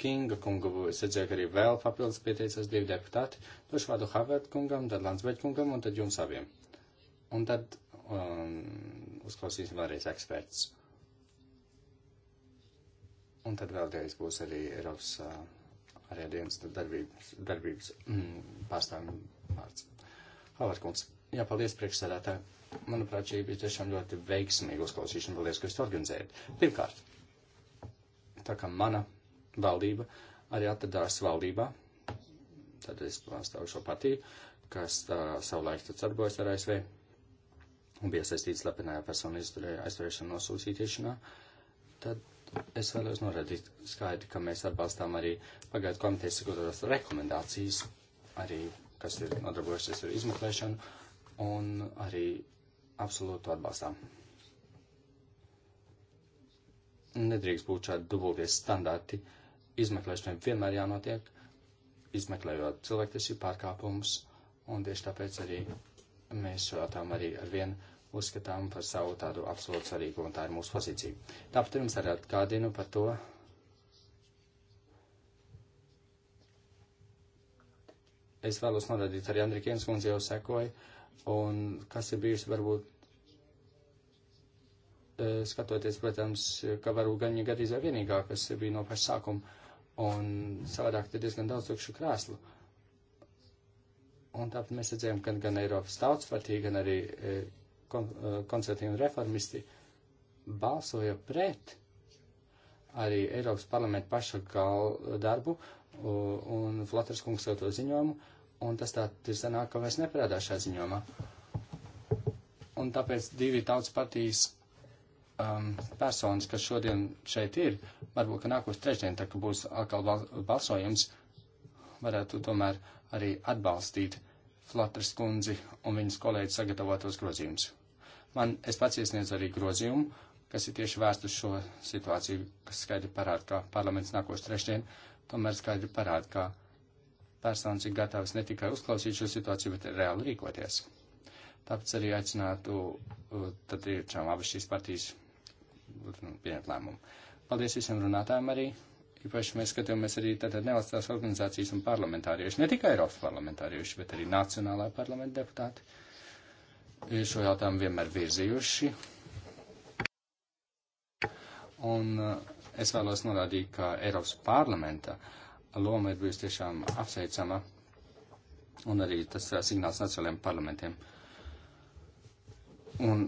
Kinga kungu es redzēju, ka arī vēl papildus pieteicās divi deputāti. Došu vārdu Havert kungam, tad Landsbeģ kungam un tad jums abiem. Un tad um, uzklausīsim vēlreiz eksperts. Un tad vēlreiz būs arī Eiropas uh, arī dienas darbības, darbības mm, pārstāvjuma vārds. Havert kungs. Jā, paldies priekšsēdētāji. Manuprāt, šī bija tiešām ļoti veiksmīga uzklausīšana. Paldies, ka jūs to organizējat. Pirmkārt, tā kā mana valdība arī atradās valdībā, tad es pārstāvu šo partiju, kas tā, savulaik tad sarbojas ar ASV un bija saistīts slepenajā personu aizturēšanu nosūsītiešanā, tad es vēlos norādīt skaidri, ka mēs atbalstām arī pagaidu komitejas sekundārās rekomendācijas, arī, kas ir nodarbojušies ar izmeklēšanu, un arī absolūtu atbalstām. Nedrīkst būt šādi dubulties standarti. Uh, izmeklēšanai vienmēr jānotiek, izmeklējot cilvēktiesību pārkāpumus, un tieši tāpēc arī mēs šo jautājumu arī ar vienu uzskatām par savu tādu absolūtu svarīgu, un tā ir mūsu pozīcija. Tāpat jums arī atgādinu par to, es vēlos norādīt arī Andrikienas kundze jau sekoja, un kas ir bijusi varbūt eh, skatoties, protams, ka varbūt gan viņa gadījumā vienīgā, kas bija no paša sākuma un savādāk ir diezgan daudz tukšu krēslu. Un tāpēc mēs redzējām, ka gan Eiropas tautas partija, gan arī e, kon e, konservatīvi un reformisti balsoja pret arī Eiropas parlamentu paša gal darbu un Flotars kungs jau to ziņojumu, un tas tā ir sanāk, ka mēs neprādā šajā ziņojumā. Un tāpēc divi tautas partijas um, personas, kas šodien šeit ir, varbūt, ka nākos trešdien, tad, kad būs atkal balsojums, varētu tomēr arī atbalstīt Flatras kundzi un viņas kolēģi sagatavotos grozījumus. Man, es pats iesniedzu arī grozījumu, kas ir tieši vērsts uz šo situāciju, kas skaidri parāda, ka parlaments nākos trešdien, tomēr skaidri parāda, ka personas ir gatavas ne tikai uzklausīt šo situāciju, bet reāli rīkoties. Tāpēc arī aicinātu, uh, tad ir čām abas šīs partijas Nu, pieņemt lēmumu. Paldies visiem runātājiem arī. Īpaši mēs skatījāmies arī tātad nevalstiskās organizācijas un parlamentārieši, ne tikai Eiropas parlamentārieši, bet arī Nacionālā parlamenta deputāti ir šo jautājumu vienmēr virzījuši. Un uh, es vēlos norādīt, ka Eiropas parlamenta loma ir bijusi tiešām apsveicama un arī tas uh, signāls nacionālajiem parlamentiem. Un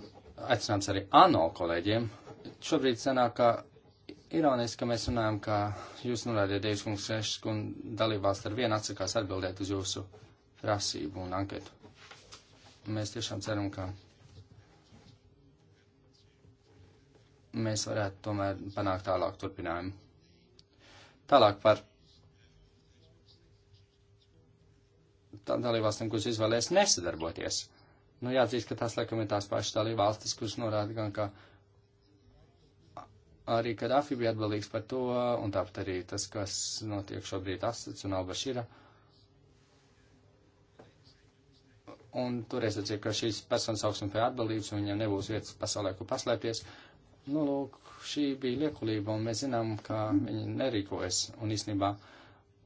aicinājums arī ANO kolēģiem šobrīd sanāk, ka ironiski, ka mēs runājam, ka jūs norādījāt Dievs kungs šešs un dalībvalsts ar vienu atsakās atbildēt uz jūsu prasību un anketu. Mēs tiešām ceram, ka mēs varētu tomēr panākt tālāk turpinājumu. Tālāk par tām dalībvalstīm, kuras izvēlēs nesadarboties. Nu, jāatzīst, ka tās, laikam, ir tās pašas dalībvalstis, kuras norāda gan, ka arī Kadāfi bija atbildīgs par to, un tāpat arī tas, kas notiek šobrīd Asats un Albašīra. Un tur es atceru, ka šīs personas augsim pie atbildības, un viņam nebūs vietas pasaulē, kur paslēpties. Nu, lūk, šī bija liekulība, un mēs zinām, ka mm. viņi nerīkojas, un īstenībā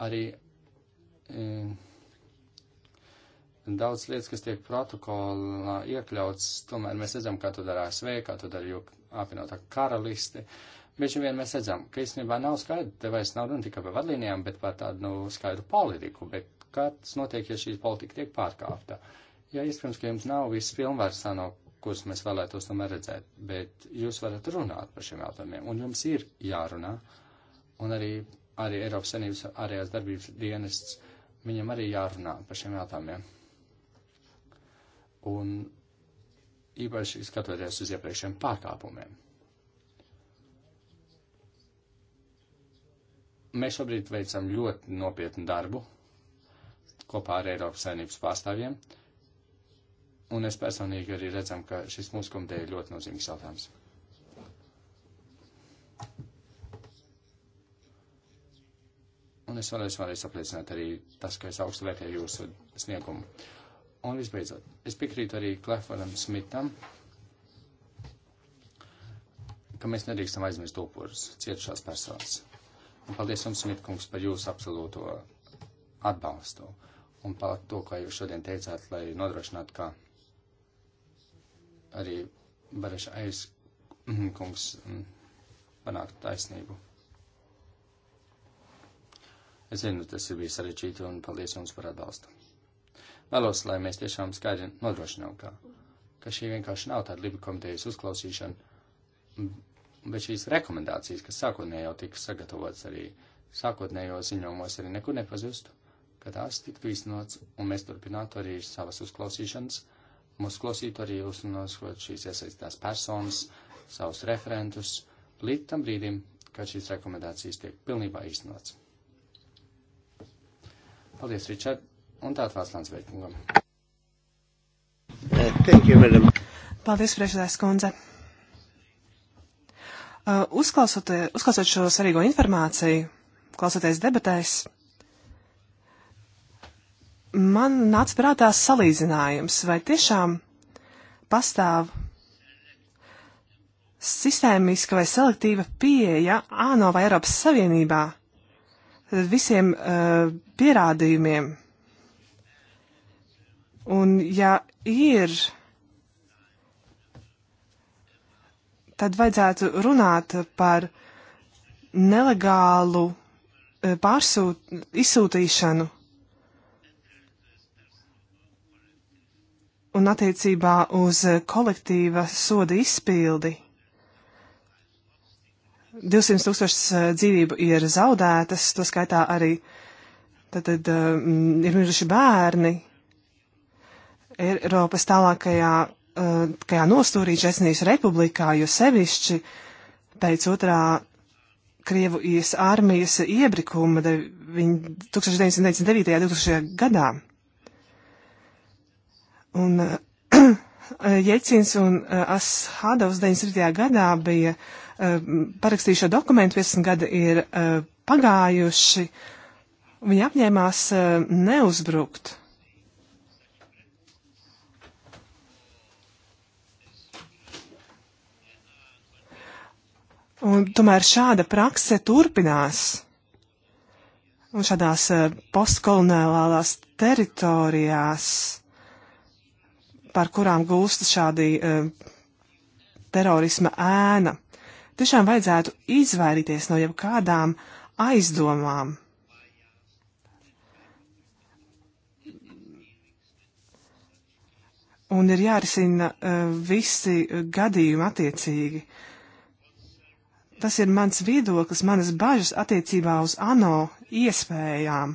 arī. E, daudz lietas, kas tiek protokolā iekļauts, tomēr mēs redzam, kā to dara ASV, kā to dara jau apvienotā karalisti. Bieži vien mēs redzam, ka īstenībā nav skaidri, te vairs nav runa tikai par vadlīnijām, bet par tādu nu, skaidru politiku, bet kāds notiek, ja šī politika tiek pārkāpta. Ja iespējams, ka jums nav viss pilnvars no kurus mēs vēlētos tomēr redzēt, bet jūs varat runāt par šiem jautājumiem, un jums ir jārunā, un arī, arī Eiropas Savienības ārējās darbības dienests, viņam arī jārunā par šiem jautājumiem un īpaši skatoties uz iepriekšējiem pārkāpumiem. Mēs šobrīd veicam ļoti nopietnu darbu kopā ar Eiropas saimnības pārstāvjiem, un es personīgi arī redzam, ka šis mūsu komitē ir ļoti nozīmīgs jautājums. Un es vēlreiz varēju apliecināt arī tas, ka es augstu vērtēju jūsu sniegumu. Un visbeidzot, es piekrītu arī Klefaram Smitam, ka mēs nedrīkstam aizmirst upurus, cietušās personas. Un paldies jums, Smitkungs, par jūsu absolūto atbalstu un par to, kā jūs šodien teicāt, lai nodrošinātu, ka arī Bareša aizkungs mm, panāktu taisnību. Es zinu, tas ir bijis sarežģīti un paldies jums par atbalstu. Vēlos, lai mēs tiešām skaidri nodrošinām, ka, ka šī vienkārši nav tāda Liba komitejas uzklausīšana, mm, bet šīs rekomendācijas, kas sākotnēji jau tika sagatavotas arī sākotnējo ziņojumos, arī nekur nepazustu, ka tās tiktu īstenots un mēs turpinātu arī savas uzklausīšanas, mūs klausītu arī uzklausot šīs iesaistītās personas, savus referentus, līdz tam brīdim, kad šīs rekomendācijas tiek pilnībā īstenots. Paldies, Ričard! Un tā atvērts Lansveikungam. Uh, thank you, madam. Paldies, priekšsēdētājs kundze. Uh, uzklausot, uzklausot šo svarīgo informāciju, klausoties debatēs, man nāca prātā salīdzinājums, vai tiešām pastāv sistēmiska vai selektīva pieeja ANO vai Eiropas Savienībā visiem uh, pierādījumiem Un ja ir, tad vajadzētu runāt par nelegālu e, pārsūt, izsūtīšanu un attiecībā uz kolektīva soda izpildi. 200 tūkstošas e, dzīvību ir zaudētas, to skaitā arī tad, tad, e, ir miruši bērni. Eiropas tālākajā tajā nostūrī Česnijas republikā, jo sevišķi pēc otrā Krievijas armijas iebrikuma 1999. un 2000. gadā. Un Jecins un Ashadovs 97. gadā bija parakstījušo dokumentu, 15 gadi ir pagājuši, viņi apņēmās neuzbrukt Un tomēr šāda prakse turpinās. Un šādās eh, postkoloniālās teritorijās, par kurām gulstas šādi uh, terorisma ēna, tiešām vajadzētu izvairīties no jebkādām aizdomām. Un ir jārisina uh, visi gadījumi attiecīgi. Uh, Tas ir mans viedoklis, manas bažas attiecībā uz ANO iespējām.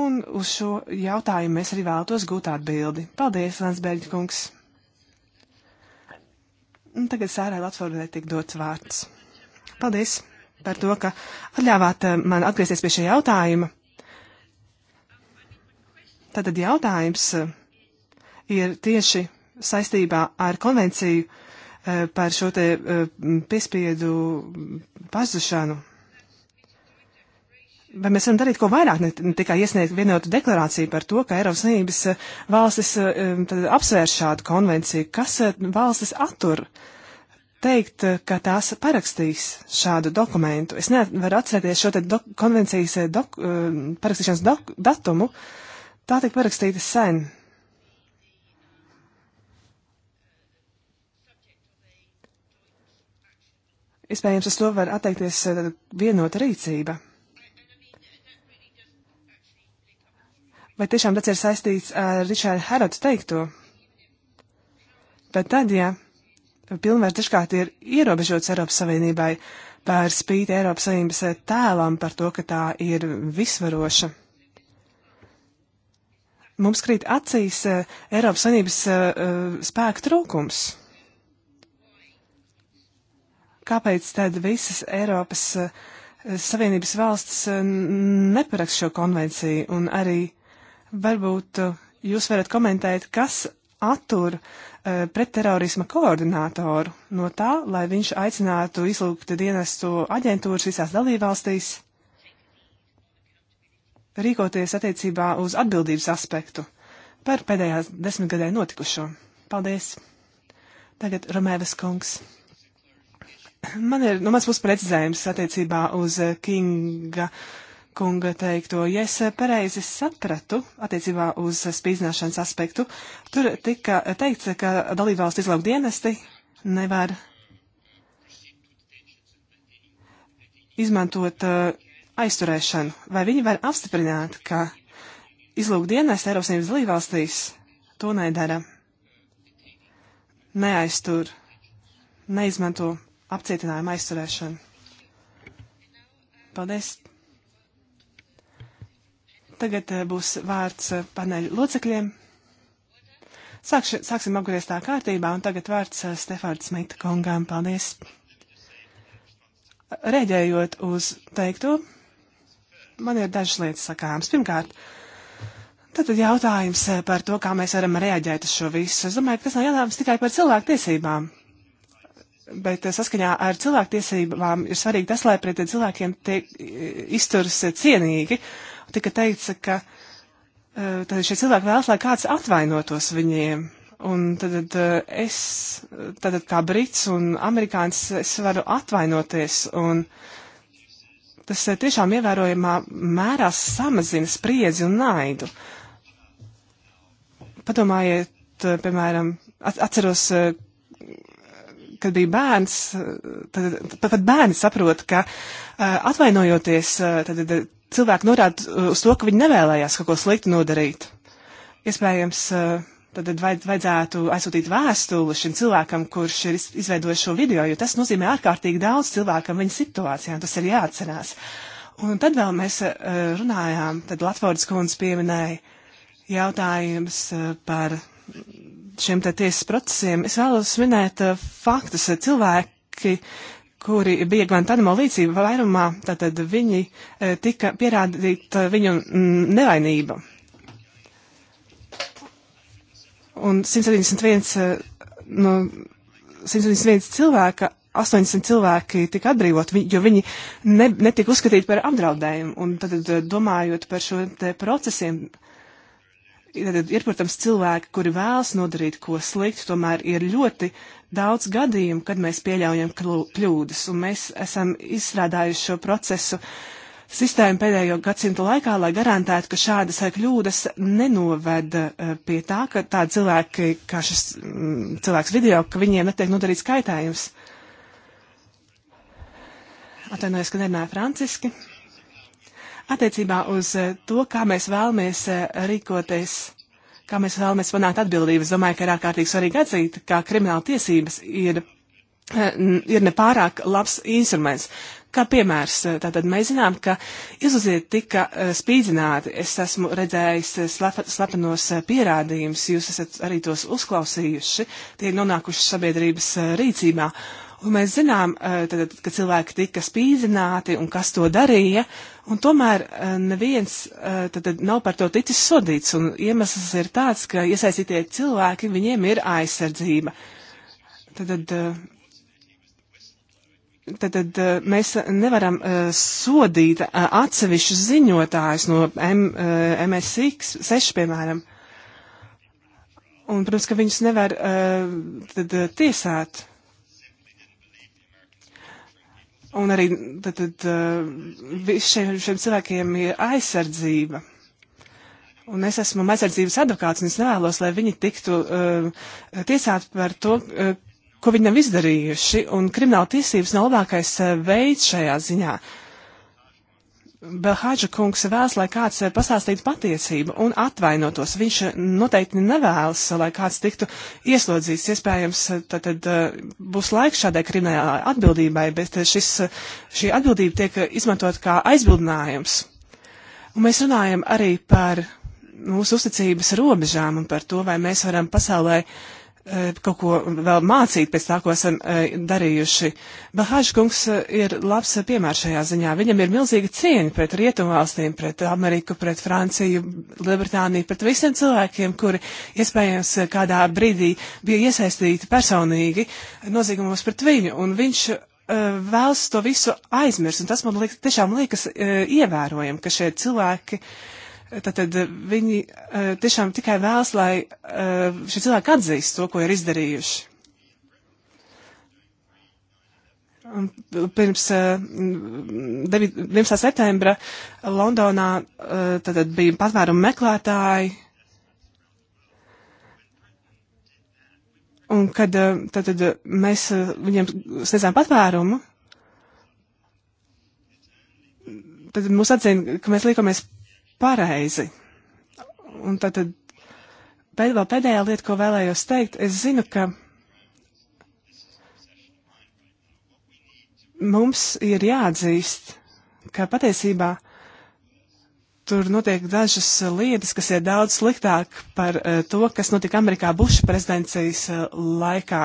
Un uz šo jautājumu mēs arī vēlētos gūt atbildi. Paldies, Lansbērģi kungs! Un tagad sērē Latvijai tiek dots vārds. Paldies par to, ka atļāvāt eh, man atgriezties pie šī jautājuma. Tātad jautājums eh, ir tieši saistībā ar konvenciju Eh, par šo te eh, piespiedu pazušanu. Vai mēs varam darīt ko vairāk, ne tikai iesniegt vienotu deklarāciju par to, ka Eiropas Savienības eh, valstis apsvērs šādu konvenciju? Kas valstis attur teikt, ka tās parakstīs šādu dokumentu? Es nevaru atcerēties šo dok konvencijas dok parakstīšanas dok datumu. Tā tika parakstīta sen. Iespējams, uz to var atteikties eh, vienota rīcība. Vai tiešām tas ir saistīts ar Ričārdu Harrodu teikto? Bet tad, ja pilnvērs dažkārt ir ierobežots Eiropas Savienībai pār spīti Eiropas Savienības eh, tēlam par to, ka tā ir visvaroša. Mums krīt acīs eh, Eiropas Savienības spēku trūkums kāpēc tad visas Eiropas eh, Savienības valstis eh, neparaks šo konvenciju? Un arī varbūt eh, jūs varat komentēt, kas attur pretterorisma koordinātoru no tā, lai viņš aicinātu izlūgt dienestu aģentūras visās dalībvalstīs rīkoties attiecībā uz atbildības aspektu par pēdējās desmitgadē notikušo. Paldies! Tagad Romēvas kungs. Man ir, nu, mans būs precizējums attiecībā uz Kinga kunga teikto, ja es pareizi sapratu attiecībā uz spīdzināšanas aspektu, tur tika teikts, ka dalībvalstu izlaukt dienesti nevar izmantot uh, aizturēšanu. Vai viņi var apstiprināt, ka izlūk dienas Eiropas Savienības dalībvalstīs to nedara? Neaiztur, neizmanto apcietinājuma aizturēšanu. Paldies! Tagad eh, būs vārds eh, paneļu locekļiem. Sākš, sāksim apgrieztā kārtībā, un tagad vārds eh, Stefārds Smita kungām. Paldies! Rēģējot uz teikto, man ir dažas lietas sakāmas. Pirmkārt, Tātad jautājums par to, kā mēs varam reaģēt uz šo visu. Es domāju, ka tas nav jautājums tikai par cilvēku tiesībām bet eh, saskaņā ar cilvēktiesībām ir svarīgi tas, lai pret cilvēkiem tiek eh, izturs cienīgi. Tika teikts, ka eh, tad šie cilvēki vēlas, lai kāds atvainotos viņiem. Un tad, tad es, tad kā brits un amerikānis, es varu atvainoties un tas tiešām ievērojamā mērā samazina spriedzi un naidu. Padomājiet, piemēram, atceros kad bija bērns, tad pat bērni saprot, ka atvainojoties, tad cilvēki norāda uz to, ka viņi nevēlējās kaut ko sliktu nodarīt. Iespējams, tad vajadzētu aizsūtīt vēstuli šim cilvēkam, kurš ir izveidojis šo video, jo tas nozīmē ārkārtīgi daudz cilvēkam viņa situācijām, tas ir jāatcerās. Un tad vēl mēs runājām, tad Latvijas kundze pieminēja jautājums par šiem te tiesas procesiem, es vēlos minēt uh, eh, faktus. Cilvēki, kuri bija Guantanamo līdzība vairumā, tātad viņi uh, tika pierādīta viņu mm, nevainība. Un 171 eh, no 171 cilvēka 80 cilvēki tika atbrīvot, jo viņi ne, netika uzskatīti par apdraudējumu. Un tad domājot par šo te procesiem, uh, ir, protams, cilvēki, kuri vēlas nodarīt ko sliktu, tomēr ir ļoti daudz gadījumu, kad mēs pieļaujam kļūdas, un mēs esam izstrādājuši šo procesu sistēmu pēdējo gadsimtu laikā, lai garantētu, ka šādas eh, kļūdas nenoveda eh, pie tā, ka tādi cilvēki, kā šis mm, cilvēks video, ka viņiem netiek nodarīts kaitējums. Atvainojos, ka nerunāju franciski attiecībā uz eh, to, kā mēs vēlamies eh, rīkoties, kā mēs vēlamies panākt atbildības. Domāju, ka ir ārkārtīgi svarīgi atzīt, ka krimināla tiesības ir, eh, ir nepārāk labs instruments. Kā piemērs, tātad mēs zinām, ka izlaziet tika spīdzināti. Es esmu redzējis slepenos pierādījumus, jūs esat arī tos uzklausījuši, tie ir nonākuši sabiedrības rīcībā. Un mēs zinām, tad, kad cilvēki tika spīdzināti un kas to darīja, Un tomēr eh, neviens eh, tad, tad nav par to ticis sodīts, un iemesls ir tāds, ka iesaistītie cilvēki, viņiem ir aizsardzība. Tad, tad, eh, tad mēs nevaram sodīt atsevišķus ziņotājus no M, MSX 6, piemēram. Un, protams, ka viņus nevar tad tiesāt. Un arī tad, tad uh, šiem, šiem cilvēkiem ir aizsardzība. Un es esmu aizsardzības advokāts, un es nevēlos, lai viņi tiktu uh, tiesāti par to, uh, ko viņi nav izdarījuši. Un krimināla tiesības nav labākais uh, veids šajā ziņā. Uh, Belhāģa kungs vēlas, lai kāds eh, pastāstītu patiesību un atvainotos. Viņš eh, noteikti nevēlas, lai kāds tiktu ieslodzīts. Iespējams, eh, tad, tad būs laiks šādai kriminālai atbildībai, bet šis, šī atbildība tiek izmantot kā aizbildinājums. Un mēs runājam arī par mūsu uzticības robežām un par to, vai mēs varam pasaulē uh, E, kaut ko vēl mācīt pēc tā, ko esam e, darījuši. Bahāžkungs e, ir labs piemērs šajā ziņā. Viņam ir milzīga cieņa pret rietumvalstīm, pret Ameriku, pret Franciju, Lielbritāniju, pret visiem cilvēkiem, kuri iespējams kādā brīdī bija iesaistīti personīgi noziegumos pret viņu. Un viņš vēlas to visu aizmirst, un tas man liek, tiešām liekas ievērojami, ka šie cilvēki uh, Tātad viņi eh, tiešām tikai vēlas, lai eh, šie cilvēki atzīst to, ko ir izdarījuši. Pirms 11. Eh, septembra Londonā tātad bija patvērumu meklētāji, Un kad tad, mēs viņiem sniedzām patvērumu, tad mūs atzina, ka mēs liekomies pareizi. Un tad, tad pēd, vēl pēdējā lieta, ko vēlējos teikt, es zinu, ka mums ir jāatzīst, ka patiesībā tur notiek dažas lietas, kas ir daudz sliktāk par uh, to, kas notika Amerikā Buša prezidencijas uh, eh, laikā.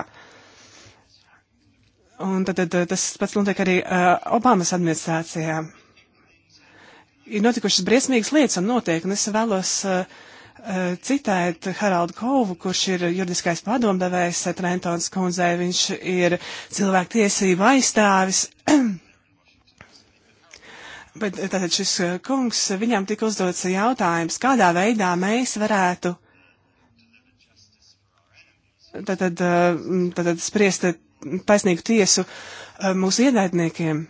Un tad, tad tas pats notiek arī uh, Obamas administrācijā ir notikušas briesmīgas lietas un notiek, un es vēlos uh, uh citēt Haraldu Kovu, kurš ir juridiskais padomdevējs Trentons kundzei, viņš ir cilvēktiesība aizstāvis. Bet eh, tātad šis eh, kungs, viņam tika uzdots jautājums, kādā veidā mēs varētu tātad, eh, tātad spriest taisnīgu tiesu mūsu ienaidniekiem.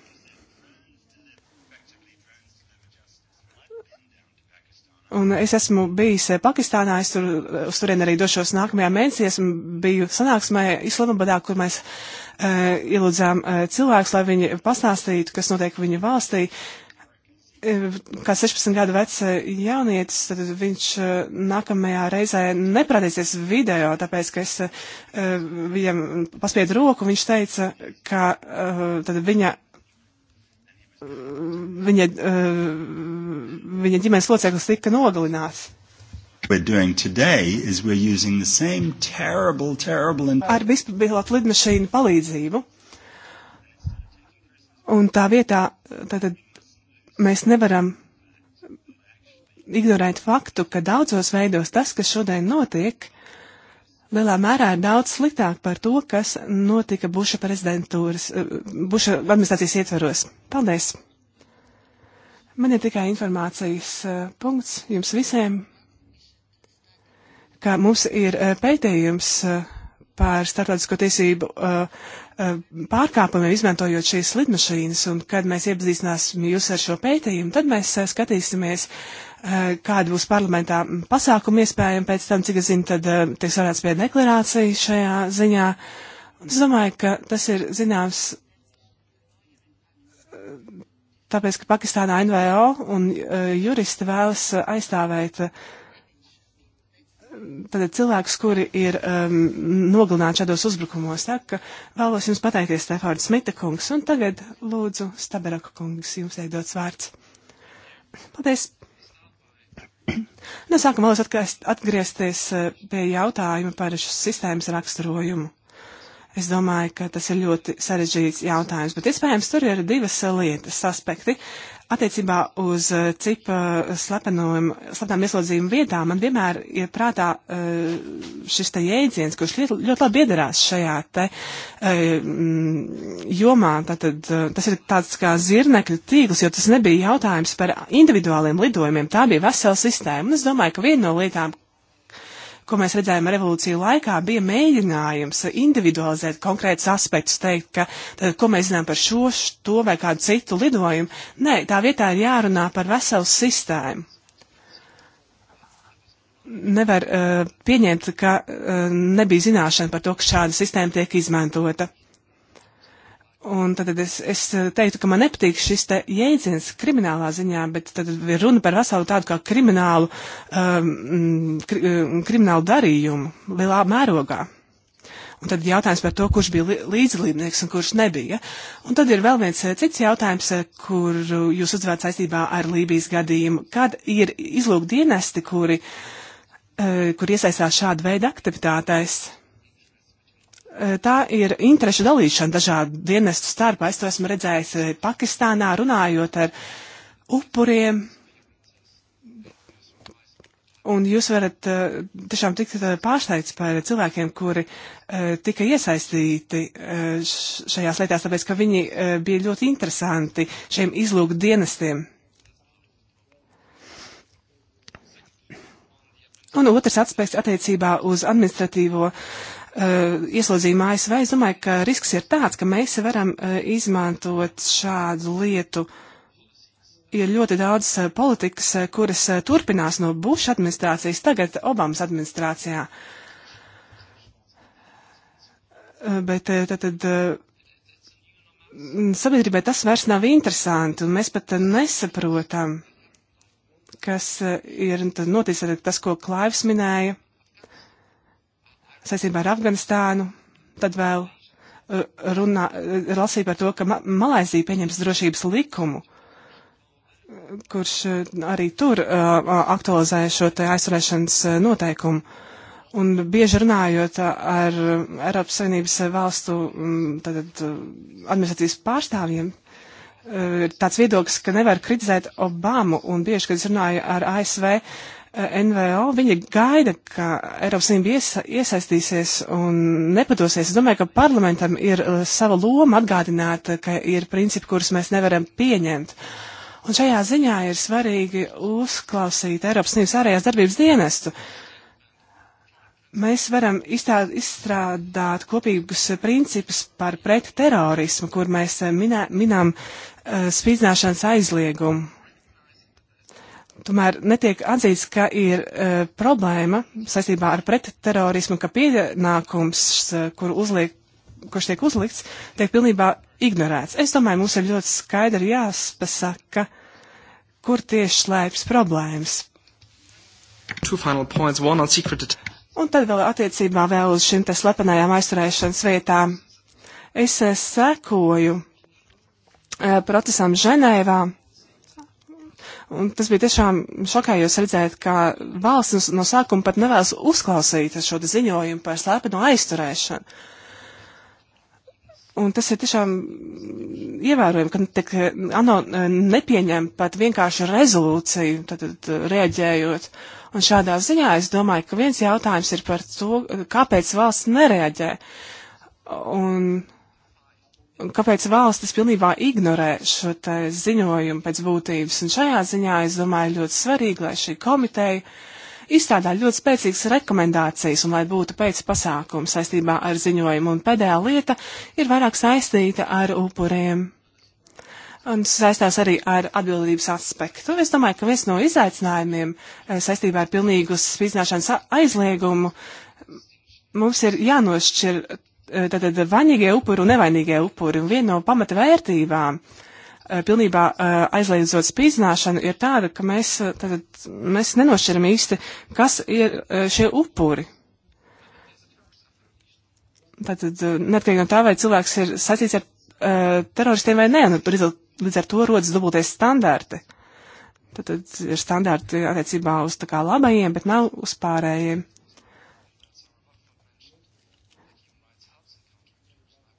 Un es esmu bijis eh, Pakistānā, es tur, eh, uz turien arī došos nākamajā mēnesī, esmu biju sanāksmē Islamabadā, kur mēs uh, ielūdzām uh, cilvēkus, lai viņi pastāstītu, kas notiek viņu valstī. Uh, kā 16 gadu vecs jaunietis, tad viņš uh, nākamajā reizē neprādīsies video, tāpēc, ka es uh, viņam paspiedu roku, viņš teica, ka uh, tad viņa viņa, eh, viņa ģimenes loceklis tika nogalināts. Terrible, terrible and... Ar vispilot lidmašīnu palīdzību. Un tā vietā tātad mēs nevaram ignorēt faktu, ka daudzos veidos tas, kas šodien notiek, lielā mērā ir daudz sliktāk par to, kas notika Buša prezidentūras, eh, Buša administrācijas ietveros. Paldies! Man ir tikai informācijas eh, punkts jums visiem, ka mums ir eh, pētījums par starptautisko tiesību pārkāpumiem, izmantojot šīs lidmašīnas, un kad mēs iepazīstināsim jūs ar šo pētījumu, tad mēs skatīsimies, Eh, kāda būs parlamentā pasākuma iespējama pēc tam, cik es zinu, tad eh, tiek sarāds pie deklarācijas šajā ziņā. Un es domāju, ka tas ir zināms, eh, tāpēc, ka Pakistānā NVO un juristi vēlas aizstāvēt tātad cilvēkus, kuri ir um, nogalināti šādos uzbrukumos. Tā ka vēlos jums pateikties, Stefāna Smita kungs, un tagad lūdzu Staberaka kungs, jums tiek dots vārds. Paldies! No nu, sākuma vēlos atgriezt, atgriezties eh, pie jautājuma par šas sistēmas raksturojumu. Es domāju, ka tas ir ļoti sarežģīts jautājums, bet iespējams tur ir divas eh, lietas, aspekti, Attiecībā uz eh, cipa eh, slepenām ieslodzījuma vietām man vienmēr ir prātā eh, šis te jēdziens, kurš ļoti, ļoti labi iedarās šajā te mm, jomā. Tātad tas ir tāds kā zirnekļu tīkls, jo tas nebija jautājums par individuāliem lidojumiem. Tā bija vesela sistēma. Un es domāju, ka viena no lietām, ko mēs redzējām revolūciju laikā, bija mēģinājums individualizēt konkrētus aspektus, teikt, ka, tad, ko mēs zinām par šo, to vai kādu citu lidojumu. Nē, tā vietā ir jārunā par veselu sistēmu. Nevar uh, pieņemt, ka uh, nebija zināšana par to, ka šāda sistēma tiek izmantota. Un tad es, es teiktu, ka man nepatīk šis te jēdziens kriminālā ziņā, bet tad ir runa par veselu tādu kā kriminālu, um, kri, um, kriminālu darījumu lielā mērogā. Un tad jautājums par to, kurš bija līdzlīdnieks un kurš nebija. Un tad ir vēl viens eh, cits jautājums, eh, kur jūs uzdevat saistībā ar Lībijas gadījumu. Kad ir izlūk dienesti, kuri, uh, kur iesaistās šāda veida aktivitātēs? Eh, tā ir interešu dalīšana dažādu dienestu starpā. Es to esmu redzējis eh, Pakistānā, runājot ar upuriem. Un jūs varat eh, tiešām tikt pārsteigts par cilvēkiem, kuri tika iesaistīti šajās lietās, tāpēc, ka viņi bija ļoti interesanti šiem izlūku dienestiem. Un otrs atspēks attiecībā uz administratīvo uh, Eh, ieslodzījuma ASV, es domāju, ka risks ir tāds, ka mēs varam eh, izmantot šādu lietu. Ir ļoti daudz eh, politikas, kuras turpinās no Buša administrācijas, tagad Obamas administrācijā. Bet tad, tad sabiedrībai tas vairs nav interesanti, un mēs pat nesaprotam, kas ir noticis, tas, ko Klaivs minēja saistībā ar Afganistānu, tad vēl uh, runā, uh, lasīja par to, ka Ma Malaisija pieņems drošības likumu, kurš uh, arī tur uh, aktualizē šo te aizturēšanas noteikumu. Un bieži runājot ar Eiropas Savienības valstu mm, tātad, administratīvas pārstāvjiem, ir tāds viedoklis, ka nevar kritizēt Obamu, un bieži, kad es runāju ar ASV, uh, NVO, viņa gaida, ka Eiropas Savienība iesa, iesaistīsies un nepadosies. Es domāju, ka parlamentam ir uh, sava loma atgādināt, ka ir principi, kurus mēs nevaram pieņemt. Un šajā ziņā ir svarīgi uzklausīt Eiropas Savienības ārējās darbības dienestu. Mēs varam izstrādāt, izstrādāt kopīgus principus par pretterorismu, kur mēs minē, uh, minam uh, spīdzināšanas aizliegumu tomēr netiek atzīts, ka ir uh, problēma saistībā ar pretterorismu, ka pienākums, uh, kur uzliek, kurš tiek uzlikts, tiek pilnībā ignorēts. Es domāju, mums ir ļoti skaidri jāspasaka, kur tieši slēpjas problēmas. Points, Un tad vēl attiecībā vēl uz šim te slepenajām aizturēšanas vietām. Es uh, sekoju uh, procesam Ženēvā. Un tas bija tiešām šokējoši redzēt, ka valsts no sākuma pat nevēlas uzklausīt šo ziņojumu par slēpeno aizturēšanu. Un tas ir tiešām ievērojami, ka tiek, ANO e, nepieņem pat vienkārši rezolūciju, tad, tad e, reaģējot. Un šādā ziņā es domāju, ka viens jautājums ir par to, kāpēc valsts nereaģē. Un kāpēc valstis pilnībā ignorē šo ziņojumu pēc būtības. Un šajā ziņā, es domāju, ļoti svarīgi, lai šī komiteja izstrādā ļoti spēcīgas rekomendācijas un lai būtu pēc pasākumu saistībā ar ziņojumu. Un pēdējā lieta ir vairāk saistīta ar upuriem. Un saistās arī ar atbildības aspektu. Es domāju, ka viens no izaicinājumiem eh, saistībā ar pilnīgu spīdzināšanas aizliegumu mums ir jānošķir Eh, tātad vainīgie upuri un nevainīgie upuri. Un viena no pamata vērtībām, eh, pilnībā eh, aizliedzot spīdzināšanu, ir tāda, ka mēs, tātad, mēs nenošķiram īsti, kas ir šie upuri. Tātad, neatkarīgi no tā, vai cilvēks ir sacīts ar uh, teroristiem vai nē, un līdz ar to rodas dubultais standarti. Tātad ir standarti attiecībā uz tā kā labajiem, bet nav uz pārējiem.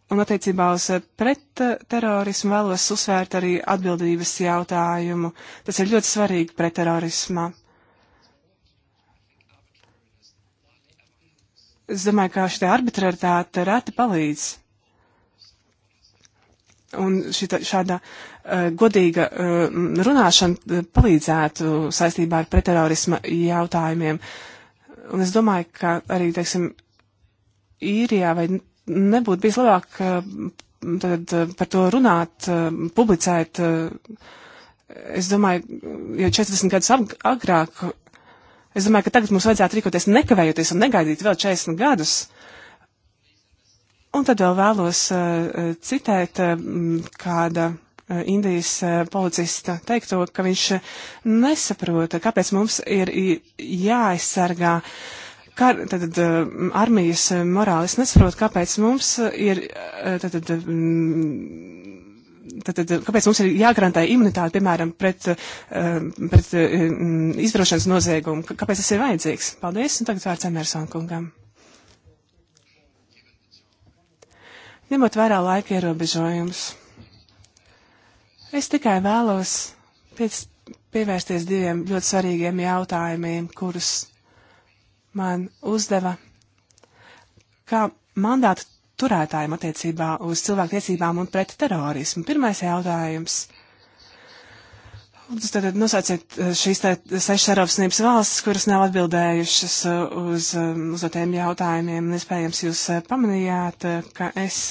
Un attiecībā uz eh, pretterorismu vēlos uzsvērt arī atbildības jautājumu. Tas ir ļoti svarīgi pretterorismā. Es domāju, ka šī arbitraritāte reti palīdz. Un šita, šāda uh, godīga uh, runāšana palīdzētu saistībā ar pretterorisma jautājumiem. Un es domāju, ka arī, teiksim, īrijā vai nebūtu bijis labāk eh, tad, eh, par to runāt, eh, publicēt. Es domāju, jo 40 gadus agrāk, es domāju, ka tagad mums vajadzētu rīkoties nekavējoties un negaidīt vēl 40 gadus. Un tad vēl vēlos citēt kāda Indijas policista teikto, ka viņš nesaprota, kāpēc mums ir jāaizsargā uh, kar, tātad, armijas morālis nesaprot, kāpēc mums uh, ir, uh, tātad, tātad, kāpēc mums ir jāgarantē imunitāte, piemēram, pret, uh, pret izdarošanas noziegumu, kāpēc tas ir vajadzīgs. Paldies, un tagad vārds Emersona kungam. Ņemot vērā laika ierobežojums, es tikai vēlos pēc, pievērsties diviem ļoti svarīgiem jautājumiem, kurus man uzdeva, kā mandātu turētājiem attiecībā uz cilvēktiesībām un pret terorismu. Pirmais jautājums. Lūdzu, tad nosauciet eh, šīs sešas Eiropas Savienības valstis, kuras nav atbildējušas eh, uz eh, uzdotiem jautājumiem. Iespējams, jūs pamanījāt, ka es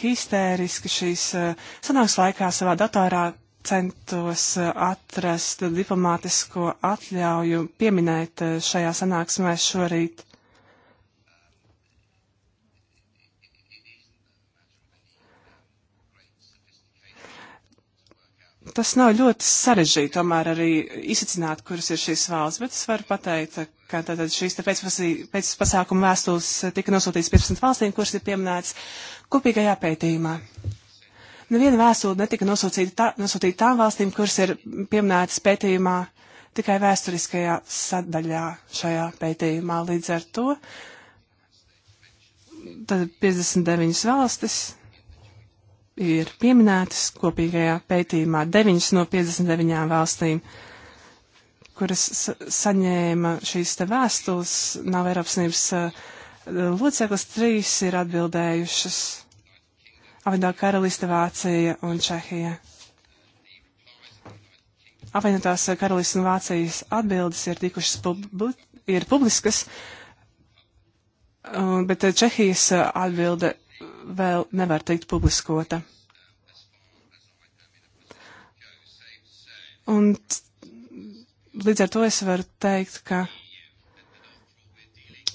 histēriski šīs sanāks laikā savā datorā centos eh, atrast diplomātisko atļauju pieminēt eh, šajā sanāksmē šorīt. Tas nav ļoti sarežģīti tomēr arī izsacināt, kuras ir šīs valsts, bet es varu pateikt, ka tātad šīs te pēcpasākuma vēstules tika nosūtītas 15 valstīm, kuras ir pieminētas kopīgajā pētījumā. Neviena vēstule netika nosūtīta, tā, nosūtīta tām valstīm, kuras ir pieminētas pētījumā, tikai vēsturiskajā sadaļā šajā pētījumā. Līdz ar to tad 59 valstis ir pieminētas kopīgajā pētījumā 9 no 59 valstīm, kuras sa saņēma šīs te vēstules, nav Eiropas Savienības uh, loceklis, 3 ir atbildējušas apvienotā karaliste Vācija un Čehija. Apvienotās karalistes un Vācijas atbildes ir tikušas publi ir publiskas, uh, bet Čehijas atbilde vēl nevar teikt publiskota. Un līdz ar to es varu teikt, ka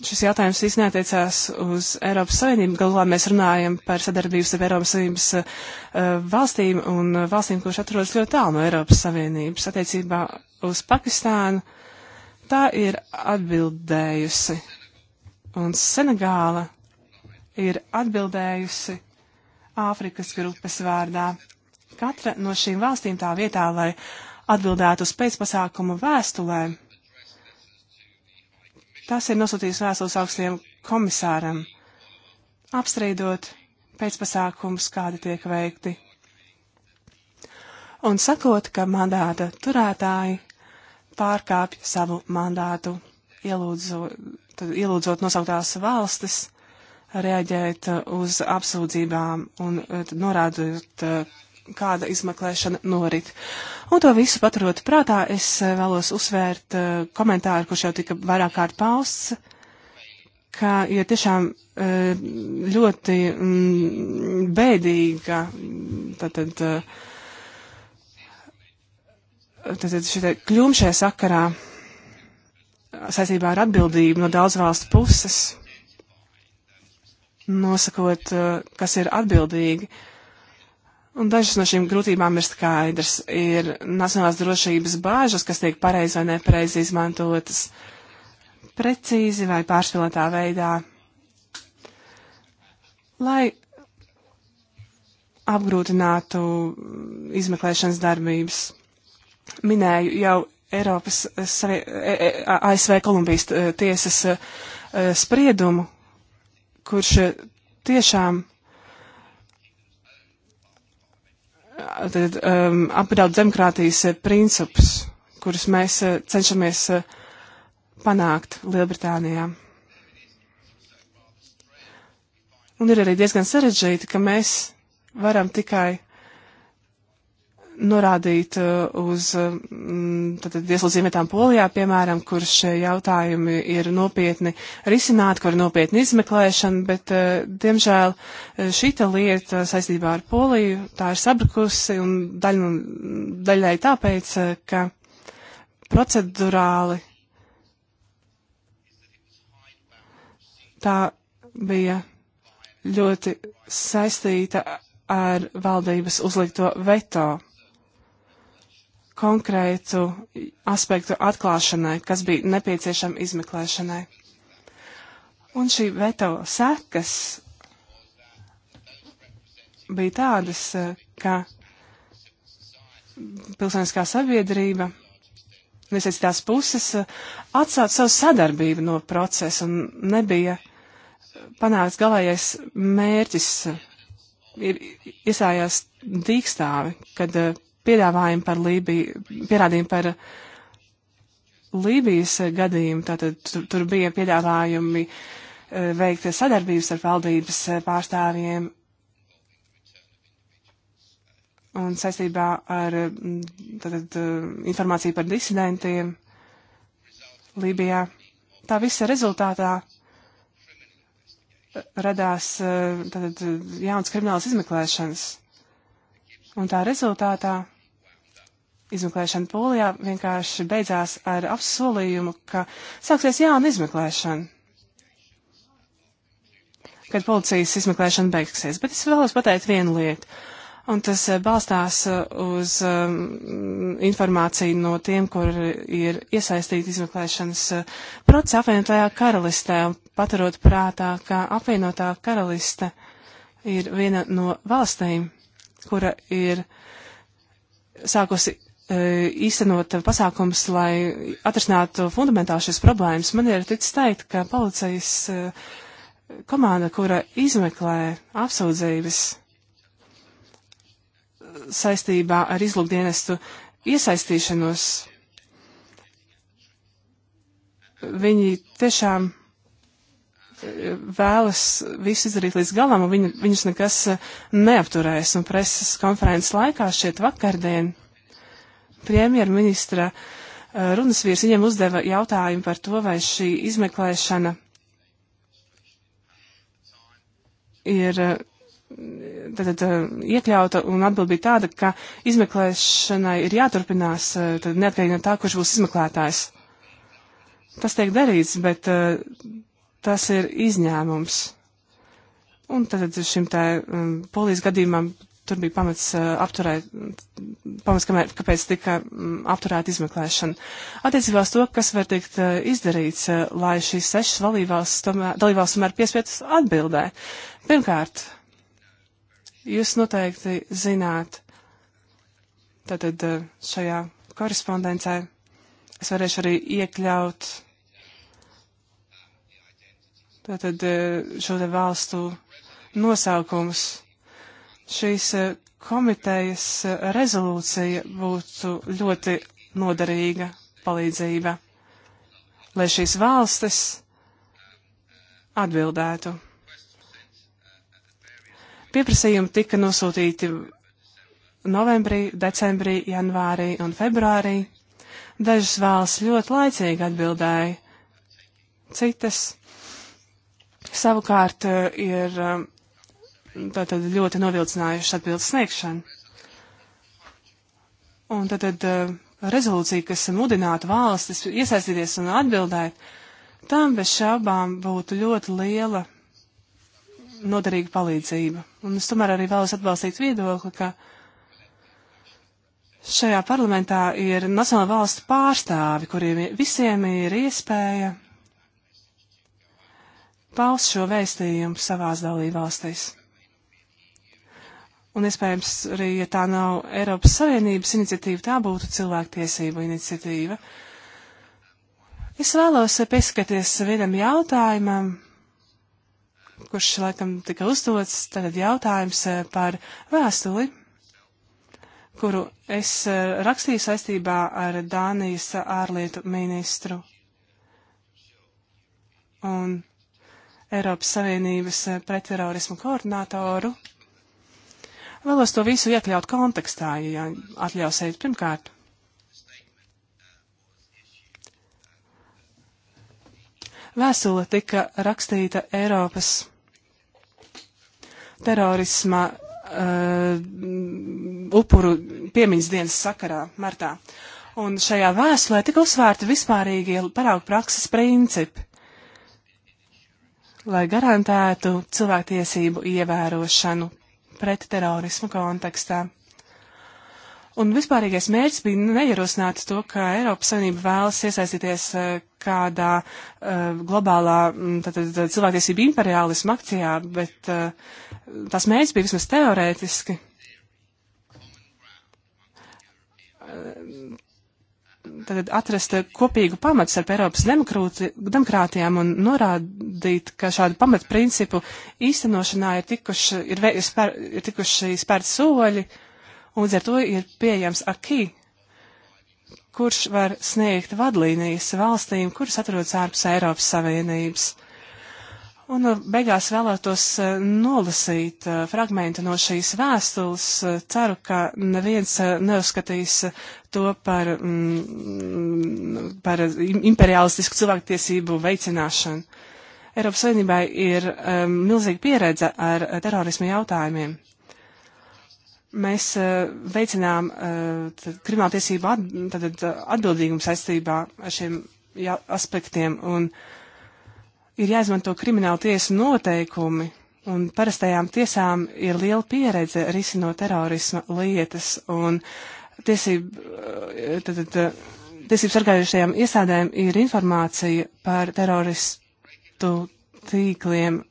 šis jautājums īstenībā attiecās uz Eiropas Savienību. Galvā mēs runājam par sadarbības ar Eiropas Savienības uh, valstīm un valstīm, kurš atrodas ļoti tālu no Eiropas Savienības. Attiecībā uz Pakistānu tā ir atbildējusi. Un Senegāla ir atbildējusi Āfrikas grupas vārdā. Katra no šīm valstīm tā vietā, lai atbildētu uz pēcpasākumu vēstulēm Tas ir nosūtījis vēstules augstiem komisāram, apstrīdot pēcpasākums, kādi tiek veikti, un sakot, ka mandāta turētāji pārkāpj savu mandātu, ielūdzot, ielūdzot nosauktās valstis reaģēt uz apsūdzībām un eh, norādot, eh, kāda izmeklēšana norit. Un to visu paturot prātā, es eh, vēlos uzsvērt uh, komentāru, kurš jau tika vairāk kārt pausts, ka ir tiešām uh, ļoti mm, bēdīga tātad, tātad šī kļūmšajā sakarā saistībā ar atbildību no daudz valstu puses, nosakot, uh, kas ir atbildīgi. Uh, Un dažas no šīm grūtībām ir skaidrs. Ir nacionālās drošības bāžas, kas tiek pareizi vai nepareizi izmantotas, precīzi vai pārspīlētā veidā. Lai apgrūtinātu izmeklēšanas darbības, minēju jau Eiropas eh, Savie, eh, eh, ASV Kolumbijas tiesas spriedumu, kurš tiešām tad, um, apdraud demokrātijas eh, principus, kurus mēs eh, cenšamies eh, panākt Lielbritānijā. Un ir arī diezgan sarežģīti, ka mēs varam tikai norādīt uh, uz uh, ieslodzījumietām Polijā, piemēram, kur šie uh, jautājumi ir nopietni risināti, kur ir nopietni izmeklēšana, bet, diemžēl, šīta lieta saistībā ar Poliju tā ir sabrukusi un daļ, nu, daļai tāpēc, ka procedurāli tā bija ļoti saistīta ar valdības uzlikto veto konkrētu aspektu atklāšanai, kas bija nepieciešama izmeklēšanai. Un šī veto sekas bija tādas, ka pilsoniskā sabiedrība, visais tās puses, atsāca savu sadarbību no procesa un nebija panāks galējais mērķis ir iesājās dīkstāvi, kad uh, piedāvājumu par Lībiju, pierādījumu par Lībijas gadījumu. Tātad tur, tur bija piedāvājumi e, veikt sadarbības ar valdības pārstāvjiem un saistībā ar tātad, e, informāciju par disidentiem Lībijā. Tā visa rezultātā radās e, tātad, jauns krimināls izmeklēšanas. Un tā rezultātā izmeklēšana Polijā vienkārši beidzās ar apsolījumu, ka sāksies jauna izmeklēšana, kad policijas izmeklēšana beigsies. Bet es vēlos pateikt vienu lietu. Un tas eh, balstās eh, uz um, informāciju no tiem, kur ir iesaistīti izmeklēšanas eh, procesa apvienotajā karalistē, paturot prātā, ka apvienotā karaliste ir viena no valstīm, kura ir sākusi E, īstenot pasākums, lai atrisinātu fundamentāli šīs problēmas. Man ir ticis teikt, ka policijas e, komanda, kura izmeklē apsūdzības saistībā ar izlūkdienestu iesaistīšanos, viņi tiešām e, vēlas visu izdarīt līdz galam, un viņu, viņus nekas neapturēs. Un preses konferences laikā šeit vakardien premjerministra eh, runas vīrs viņam uzdeva jautājumu par to, vai šī izmeklēšana ir eh, tad, eh, iekļauta un atbild bija tāda, ka izmeklēšanai ir jāturpinās tad, neatkarīgi no tā, kurš būs izmeklētājs. Tas tiek darīts, bet tas ir izņēmums. Un tad šim tā mm, polijas gadījumam tur bija pamats uh, apturēt, pamats, kamēr, kāpēc tika mm, apturēta izmeklēšana. Attiecībā uz to, kas var tikt uh, izdarīts, uh, lai šīs sešas dalībvalsts tomēr, dalībvalsts tomēr piespietas atbildē. Pirmkārt, jūs noteikti zināt, tātad šajā korespondencē es varēšu arī iekļaut tātad šo te valstu nosaukums šīs eh, komitejas eh, rezolūcija būtu ļoti noderīga palīdzība, lai šīs valstis atbildētu. Pieprasījumi tika nosūtīti novembrī, decembrī, janvārī un februārī. Dažas valsts ļoti laicīgi atbildēja, citas savukārt eh, ir tātad ļoti novilcinājuši atbildes sniegšanu. Un tātad eh, rezolūcija, kas mudinātu valstis iesaistīties un atbildēt, tam bez šaubām būtu ļoti liela noderīga palīdzība. Un es tomēr arī vēlos atbalstīt viedokli, ka šajā parlamentā ir nacionāla valstu pārstāvi, kuriem visiem ir iespēja paust šo vēstījumu savās dalībvalstīs. Un iespējams arī, ja tā nav Eiropas Savienības iniciatīva, tā būtu cilvēktiesību iniciatīva. Es vēlos pieskaties vienam jautājumam, kurš laikam tika uzdots, tad jautājums eh, par vēstuli, kuru es eh, rakstīju saistībā ar Dānijas ārlietu ministru un Eiropas Savienības eh, pretterorismu koordinātoru. Vēlos to visu iekļaut kontekstā, ja atļausiet pirmkārt. Vēstule tika rakstīta Eiropas terorisma uh, upuru piemiņas dienas sakarā, martā. Un šajā vēstulē tika uzsvērti vispārīgie paraugu prakses principi, lai garantētu cilvēktiesību ievērošanu pret terorismu kontekstā. Un vispārīgais mērķis bija neierosināt to, ka Eiropas Savienība vēlas iesaistīties eh, kādā uh, globālā tātad, mm, cilvēktiesība imperiālisma akcijā, bet uh, tas mērķis bija vismaz teorētiski tagad atrast kopīgu pamatu starp Eiropas demokrātijām un norādīt, ka šādu pamatprincipu īstenošanā ir tikuši, ir, vē, ir, spēr, ir tikuši spērti soļi, un līdz ar to ir pieejams akī, kurš var sniegt vadlīnijas valstīm, kuras atrodas ārpus Eiropas Savienības. Un uh, beigās vēlētos uh, nolasīt uh, fragmentu no šīs vēstules. Ceru, ka neviens neuzskatīs to par, mm, par imperialistisku cilvēktiesību veicināšanu. Eiropas Savienībai ir um, milzīga pieredze ar terorismu jautājumiem mēs uh, veicinām uh, krimināltiesību at, atbildīgumu saistībā ar šiem jā, aspektiem. Un ir jāizmanto krimināla tiesa noteikumi, un parastajām tiesām ir liela pieredze risinot terorisma lietas, un tiesību, eh, tad, tad, eh, tiesību sargājušajām iestādēm ir informācija par teroristu tīkliem,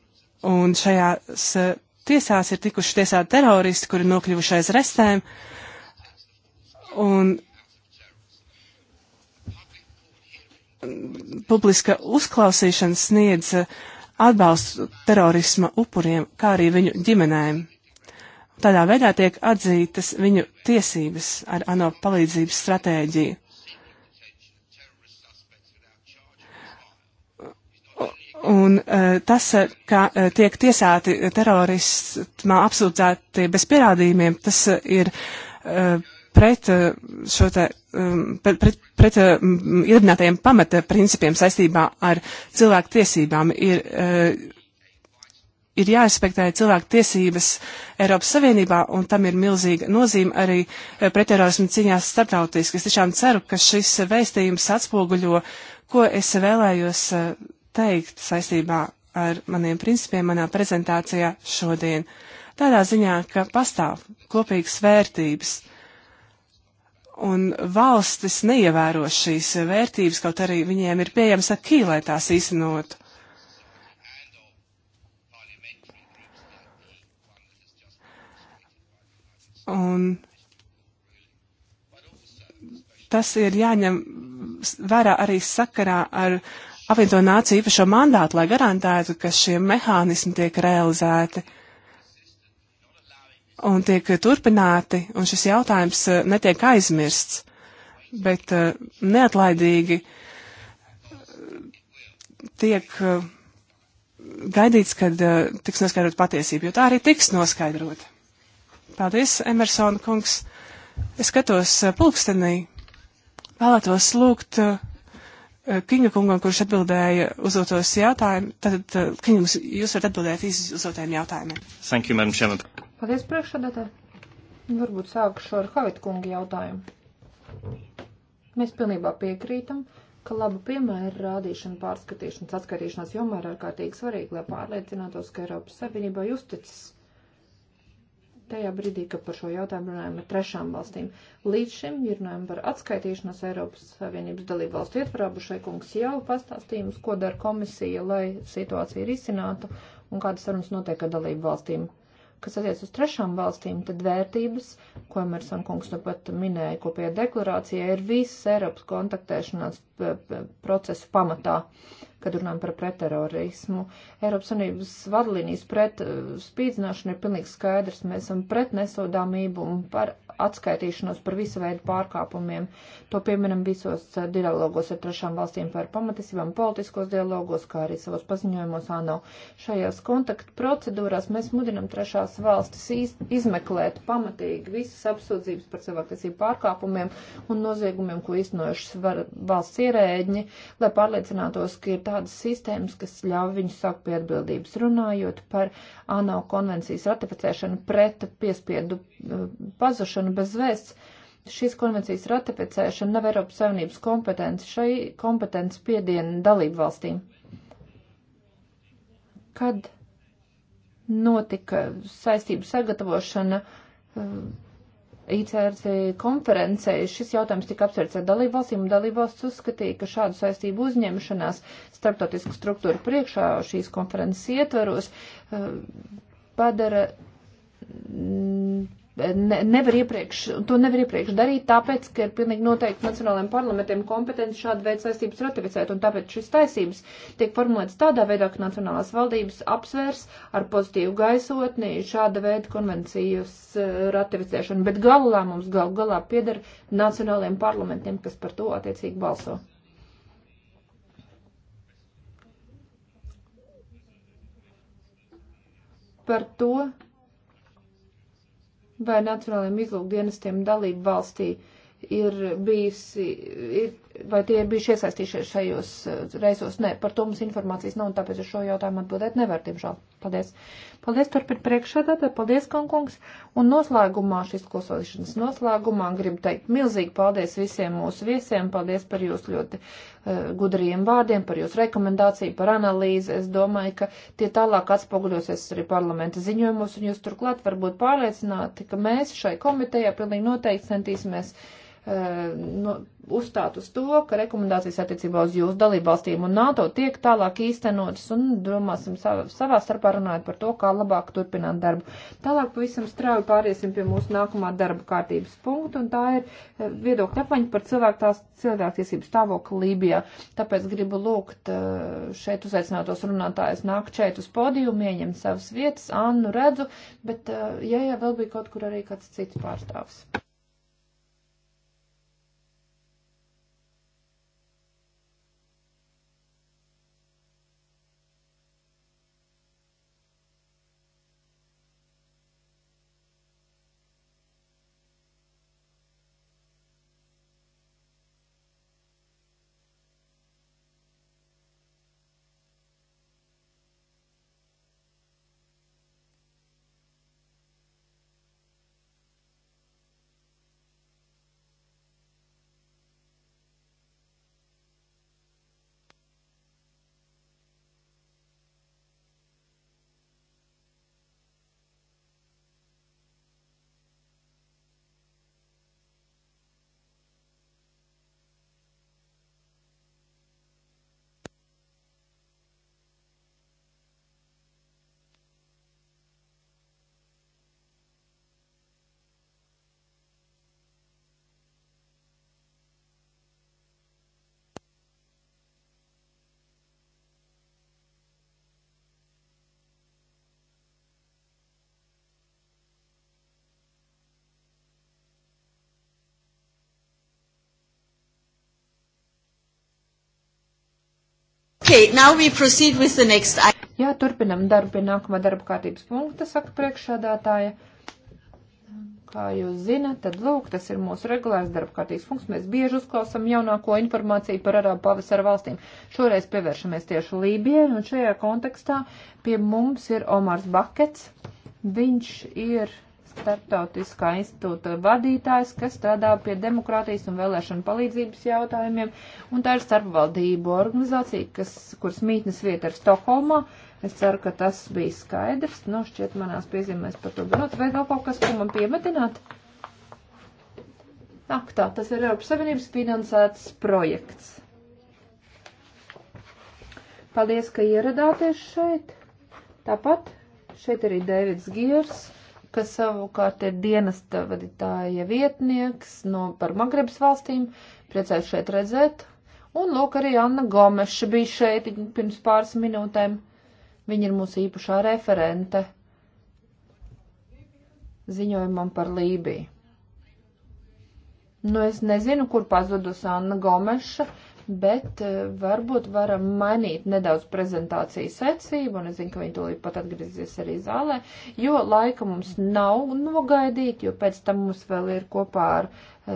un šajās eh, tiesās ir tikuši tiesāti teroristi, kuri nokļuvuši aiz restēm, un publiska uzklausīšana sniedz eh, atbalstu terorisma upuriem, kā arī viņu ģimenēm. Tādā veidā tiek atzītas viņu tiesības ar ANO palīdzības stratēģiju. Un eh, tas, eh, ka tiek tiesāti terorismā apsūdzēti bez pierādījumiem, tas ir pret šo te Um, pret, pret, um, pret iedibinātajiem pamata principiem saistībā ar cilvēku tiesībām ir, uh, ir jārespektē cilvēku tiesības Eiropas Savienībā, un tam ir milzīga nozīme arī uh, pretterorismu cīņās starptautiski. Es tiešām ceru, ka šis vēstījums atspoguļo, ko es vēlējos uh, teikt saistībā ar maniem principiem manā prezentācijā šodien. Tādā ziņā, ka pastāv kopīgas vērtības Un valstis neievēro šīs vērtības, kaut arī viņiem ir pieejams akī, lai tās īstenotu. Un tas ir jāņem vērā arī sakarā ar apvienoto nāciju īpašo mandātu, lai garantētu, ka šie mehānismi tiek realizēti. Uh, un tiek turpināti, un šis jautājums eh, netiek aizmirsts, bet eh, neatlaidīgi eh, tiek gaidīts, kad tiks noskaidrot patiesību, jo tā arī tiks noskaidrot. Paldies, Emersona kungs. Es skatos pulkstenī. Vēlētos lūgt Kiņa kungam, kurš atbildēja uz tos jautājumus. Tad, Kiņa, jūs varat atbildēt uz tiem jautājumiem. Thank you, Madam Chairman. Paldies priekšsādātā. Varbūt sākšu ar Havit kunga jautājumu. Mēs pilnībā piekrītam, ka labu piemēru rādīšana, pārskatīšanas, atskaitīšanās jomā ir ārkārtīgi svarīgi, lai pārliecinātos, ka Eiropas Savienībā justicis tajā brīdī, kad par šo jautājumu runājam ar trešām valstīm. Līdz šim runājam par atskaitīšanos Eiropas Savienības dalību valstu ietvarā, bušai kungs jau pastāstījums, ko dara komisija, lai situāciju risinātu un kādas sarunas notiek ar dalību valstīm Kas attiec uz trešām valstīm, tad vērtības, ko Emerson kungs nu pat minēja kopējā deklarācijā, ir visas Eiropas kontaktēšanās procesu pamatā. Uh, kad runājam par pretterorismu. Eiropas Savienības vadlīnijas pret eh, spīdzināšanu ir pilnīgi skaidrs. Mēs esam pret nesodāmību un par atskaitīšanos par visu veidu pārkāpumiem. To pieminam visos eh, dialogos ar trešām valstīm par pamatisībām, politiskos dialogos, kā arī savos paziņojumos ANO. Šajās kontaktu procedūrās mēs mudinam trešās valstis izmeklēt pamatīgi visas apsūdzības par cilvēktiesību pārkāpumiem un noziegumiem, ko iznojušas valsts ierēģi, lai pārliecinātos, ka ir tā tādas sistēmas, kas ļauj viņu sākt pie atbildības. Runājot par ANO konvencijas ratificēšanu pret piespiedu uh, pazušanu bez vēsts, šīs konvencijas ratificēšana nav Eiropas Savienības kompetence, šai kompetence piediena dalību valstīm. Kad notika saistību sagatavošana uh, ICRC konferencē šis jautājums tika apsvērts ar dalībvalstīm, un dalībvalsts uzskatīja, ka šādu saistību uzņemšanās starptautisku struktūru priekšā šīs konferences ietvaros eh, padara mm, ne, nevar iepriekš, to nevar iepriekš darīt, tāpēc, ka ir pilnīgi noteikti nacionālajiem parlamentiem kompetenci šādu veidu saistības ratificēt, un tāpēc šis taisības tiek formulēts tādā veidā, ka nacionālās valdības apsvērs ar pozitīvu gaisotni šāda veida konvencijas eh, ratificēšanu, bet galu lēmums galu galā pieder nacionālajiem parlamentiem, kas par to attiecīgi balso. Par to vai Nacionālajiem izlūkdienestiem dalību valstī ir bijusi, ir, vai tie ir bijuši iesaistījušies šajos eh, reisos. Nē, par to mums informācijas nav, un tāpēc uz šo jautājumu atbildēt nevar, diemžēl. Paldies. Paldies turpin priekšsēdētāji, paldies, Kankungs. Un noslēgumā šīs klausīšanas noslēgumā gribu teikt milzīgi paldies visiem mūsu viesiem, paldies par jūsu ļoti uh, gudriem vārdiem, par jūsu rekomendāciju, par analīzi. Es domāju, ka tie tālāk atspoguļosies arī parlamenta ziņojumos, un jūs turklāt varbūt pārliecināti, ka mēs šai komitejā pilnīgi noteikti centīsimies Ehm, no, nu, uzstāt uz to, ka rekomendācijas attiecībā uz jūsu dalībvalstīm un NATO tiek tālāk īstenotas un domāsim savā, savā starpā runājot par to, kā labāk turpināt darbu. Tālāk pavisam strauji pāriesim pie mūsu nākamā darba kārtības punkta un tā ir eh, viedokļa apaņa par cilvēku tās cilvēktiesību stāvokli Lībijā. Tāpēc gribu lūgt eh, šeit uzaicinātos runātājus nākt šeit uz podiumu, ieņemt savas vietas, Annu redzu, bet eh, ja, ja vēl bija kaut kur arī kāds cits pārstāvs. Okay, now we proceed with the next item. Jā, turpinam darbu pie nākamā darba kārtības punkta, saka priekšādātāja. Kā jūs zinat, tad lūk, tas ir mūsu regulārs darba kārtības punkts. Mēs bieži uzklausam jaunāko informāciju par arābu pavasara valstīm. Šoreiz pievēršamies tieši Lībijai, un šajā kontekstā pie mums ir Omars Bakets. Viņš ir starptautiskā institūta vadītājs, kas strādā pie demokrātijas un vēlēšanu palīdzības jautājumiem, un tā ir starpvaldību organizācija, kas, kuras mītnes vieta ir Stokholmā. Es ceru, ka tas bija skaidrs. Nu, šķiet manās piezīmēs par to vienot. Vai vēl kaut kas, ko man piemetināt? Ak, tā, tas ir Eiropas Savienības finansēts projekts. Paldies, ka ieradāties šeit. Tāpat šeit arī Dēvids Giers kas savukārt ir dienesta vadītāja vietnieks no par Magrebas valstīm. Priecājos šeit redzēt. Un lūk, arī Anna Gomeša bija šeit pirms pāris minūtēm. Viņa ir mūsu īpašā referente ziņojumam par Lībiju. Nu, es nezinu, kur pazudus Anna Gomeša, bet eh, varbūt varam mainīt nedaudz prezentācijas secību, un es zinu, ka viņi tūlīt pat atgriezīsies arī zālē, jo laika mums nav nogaidīt, jo pēc tam mums vēl ir kopā ar eh,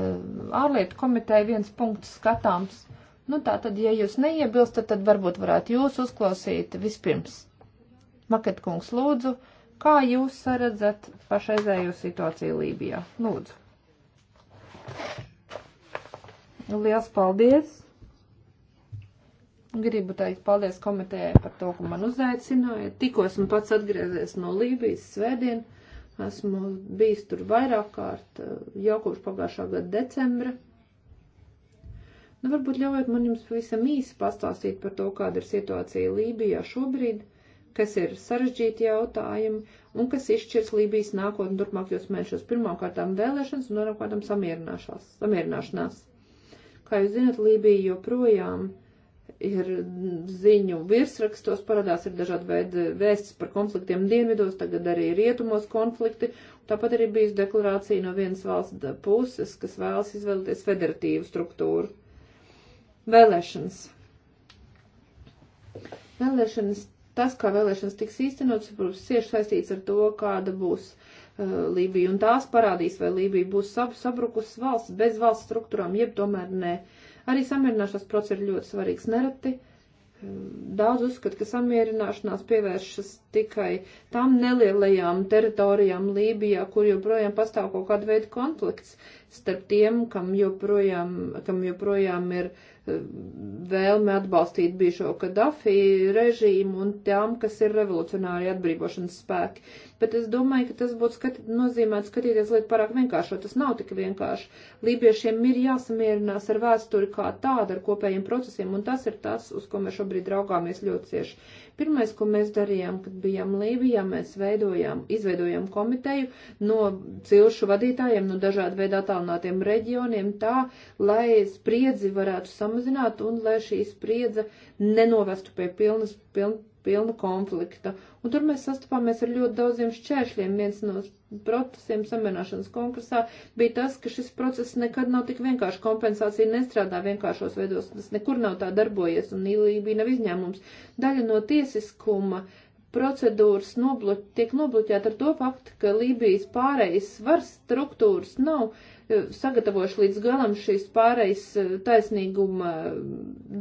ārlietu komiteju viens punkts skatāms. Nu tā tad, ja jūs neiebilstat, tad varbūt varētu jūs uzklausīt vispirms. Maketkungs, lūdzu, kā jūs saredzat pašreizējo situāciju Lībijā? Lūdzu. Liels paldies! Gribu teikt paldies komitējai par to, ka man uzaicināja. Tikko esmu pats atgriezies no Lībijas svētdien. Esmu bijis tur vairāk kārt eh, jau kopš pagājušā gada decembra. Nu, varbūt ļaujiet man jums pavisam īsi pastāstīt par to, kāda ir situācija Lībijā šobrīd, kas ir sarežģīti jautājumi un kas izšķirs Lībijas nākotni turpmākajos mēnešos. Pirmkārtām vēlēšanas un otrkārtām samierināšanās. Kā jūs zinat, Lībija joprojām. Uh, ir ziņu virsrakstos, parādās ir dažādi veidi vēstis par konfliktiem dienvidos, tagad arī rietumos konflikti. Tāpat arī bijis deklarācija no vienas valsts puses, kas vēlas izvēlēties federatīvu struktūru. Vēlēšanas. Vēlēšanas, tas, kā vēlēšanas tiks īstenots, protams, cieši saistīts ar to, kāda būs uh, Lībija, un tās parādīs, vai Lībija būs sab sabrukusi valsts bez valsts struktūrām, jeb tomēr ne. Uh, Arī samierināšanās process ir ļoti svarīgs nereti. Um, daudz uzskata, ka samierināšanās pievēršas tikai tām nelielajām teritorijām Lībijā, kur joprojām pastāv kaut kāda veida konflikts starp tiem, kam joprojām, kam joprojām ir um, vēlme atbalstīt bijušo Kadafi režīmu un tām, kas ir revolucionāri atbrīvošanas spēki bet es domāju, ka tas būtu skat, nozīmēt skatīties lietu pārāk vienkāršo. Tas nav tik vienkārši. Lībiešiem ir jāsamierinās ar vēsturi kā tādu, ar kopējiem procesiem, un tas ir tas, uz ko mēs šobrīd raugāmies ļoti cieši. Pirmais, ko mēs darījām, kad bijām Lībijā, mēs veidojām, izveidojām komiteju no cilšu vadītājiem, no dažādu veidu attālinātiem reģioniem tā, lai spriedzi varētu samazināt un lai šī spriedze nenovestu pie pilnas, piln, pilna konflikta. Un tur mēs sastapāmies ar ļoti daudziem šķēršļiem. Viens no procesiem samierināšanas konkursā bija tas, ka šis process nekad nav tik vienkārši. Kompensācija nestrādā vienkāršos veidos, tas nekur nav tā darbojies, un Lībija nav izņēmums. Daļa no tiesiskuma procedūras nobloķ, tiek nobloķēta ar to faktu, ka Lībijas pārējais varas struktūras nav sagatavojuši līdz galam šīs pārejas e, taisnīguma e,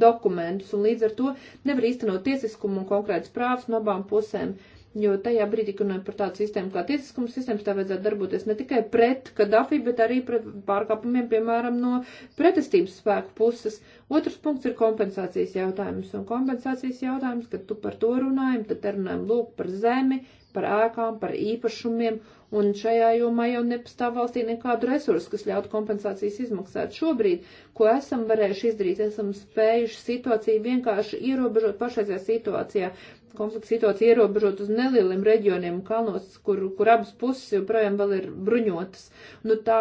dokumentus, un līdz ar to nevar īstenot tiesiskumu un konkrētas prāvas no abām pusēm. Jo tajā brīdī, kad runājam par tādu sistēmu kā tiesiskums sistēmas, tā vajadzētu darboties ne tikai pret Kadafi, bet arī pret pārkāpumiem, piemēram, no pretestības spēku puses. Otrs punkts ir kompensācijas jautājums. Un kompensācijas jautājums, kad tu par to runājam, tad runājam lūk par zemi, par ēkām, par īpašumiem un šajā jomā jau nepastāv valstī nekādu resursu, kas ļautu kompensācijas izmaksāt. Šobrīd, ko esam varējuši izdarīt, esam spējuši situāciju vienkārši ierobežot pašreizajā situācijā. Konflikta situācija ierobežot uz nelieliem reģioniem kalnos, kur, kur abas puses joprojām vēl ir bruņotas. Nu, tā,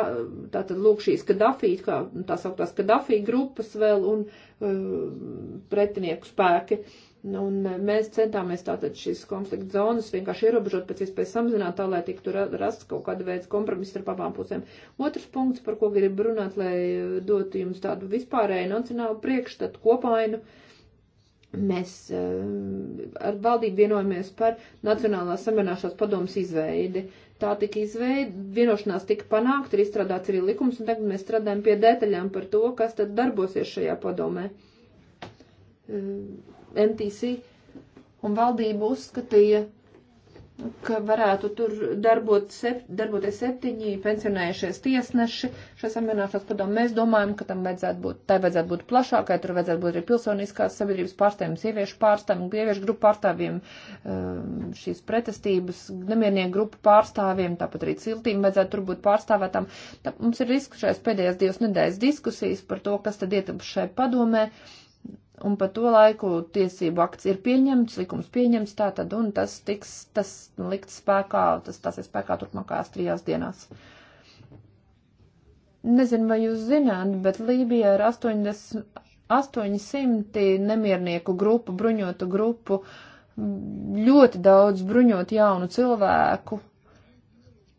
tā tad lūk šīs Kadafī, kā tā sauktās Kadafī grupas vēl un uh, pretinieku spēki. Uh, Nu, un mēs centāmies tātad šīs konflikta zonas vienkārši ierobežot pēc iespējas samazināt, tā lai tiktu rasts kaut kāda veida kompromiss starp abām pusēm. Otrs punkts, par ko gribu runāt, lai dotu jums tādu vispārēju nacionālu priekšstatu kopainu. Mēs eh, ar valdību vienojamies par Nacionālās samierināšanās padomas izveidi. Tā tika izveida, vienošanās tika panākt, ir izstrādāts arī likums, un tagad mēs strādājam pie detaļām par to, kas tad darbosies šajā padomē eh, NTC un valdība uzskatīja, ka varētu tur darbot sept, darboties septiņi pensionējušies tiesneši šajā samierināšanās padomu. Mēs domājam, ka tam vajadzētu būt, tai vajadzētu būt plašākai, tur vajadzētu būt arī pilsoniskās sabiedrības pārstāvjiem, sieviešu pārstāvjiem, sieviešu grupu pārstāvjiem, um, šīs pretestības, nemiernieku grupu pārstāvjiem, tāpat arī ciltīm vajadzētu tur būt pārstāvētām. Tā, mums ir risks šajās pēdējās divas nedēļas diskusijas par to, kas tad ietilpst šai padomē. Uh, un pa to laiku tiesību akts ir pieņemts, likums pieņemts, tā tad, un tas tiks, tas likt spēkā, tas tās ir spēkā turpmākās trijās dienās. Nezinu, vai jūs zināt, bet Lībijā ir 80, 800 nemiernieku grupu, bruņotu grupu, ļoti daudz bruņot jaunu cilvēku,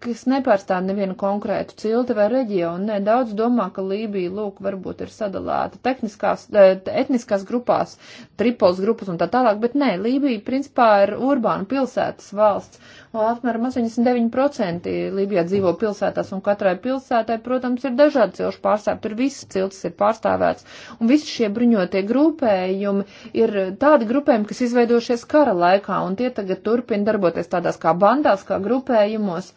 kas nepārstāv nevienu konkrētu cilti vai reģionu. Nē, daudz domā, ka Lībija, lūk, varbūt ir sadalīta tehniskās, e, etniskās grupās, tripols grupas un tā tālāk, bet nē, Lībija principā ir urbāna pilsētas valsts, un apmēram 89% Lībijā dzīvo pilsētās, un katrai pilsētai, protams, ir dažādi cilšu pārstāvji, tur viss cilts ir pārstāvēts, un visi šie bruņotie grupējumi ir tādi grupējumi, kas izveidojušies kara laikā, un tie tagad turpina darboties tādās kā bandās, kā grupējumos.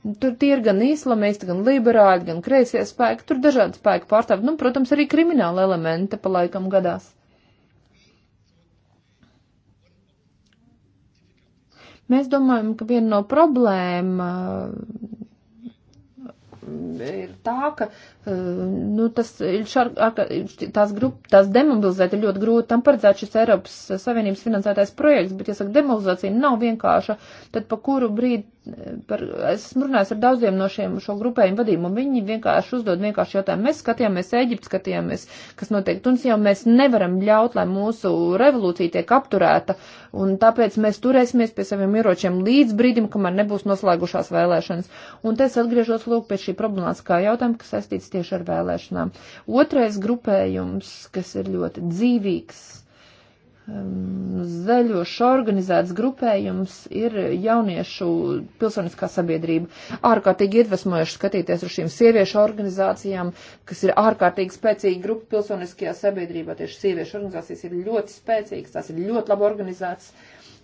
Tur tie ir gan islamisti, gan liberāļi, gan kreisie spēki, tur dažādi spēki pārstāv. Nu, protams, arī krimināla elementa pa laikam gadās. Mēs domājam, ka viena no problēma uh, ir tā, ka nu, tas ir šar, tās, grup, tās demobilizēt ir ļoti grūti. Tam paredzēts šis Eiropas Savienības finansētais projekts, bet, ja saka, demobilizācija nav vienkārša, tad pa kuru brīdi, par, es esmu runājis ar daudziem no šiem šo grupējumu vadību, un viņi vienkārši uzdod vienkārši jautājumu. Mēs skatījāmies Eģipts, skatījāmies, kas notiek Tunisijā, un mēs nevaram ļaut, lai mūsu revolūcija tiek apturēta, un tāpēc mēs turēsimies pie saviem ieročiem līdz brīdim, kamēr nebūs noslēgušās vēlēšanas. Un te es atgriežos lūk pie šī problemātiskā jautājuma, kas saistīts saistīts tieši ar vēlēšanām. Otrais grupējums, kas ir ļoti dzīvīgs, um, zaļošs organizēts grupējums ir jauniešu pilsoniskā sabiedrība. Ārkārtīgi iedvesmojuši skatīties uz šīm sieviešu organizācijām, kas ir ārkārtīgi spēcīga grupa pilsoniskajā sabiedrībā. Tieši sieviešu organizācijas ir ļoti spēcīgas, tās ir ļoti labi organizētas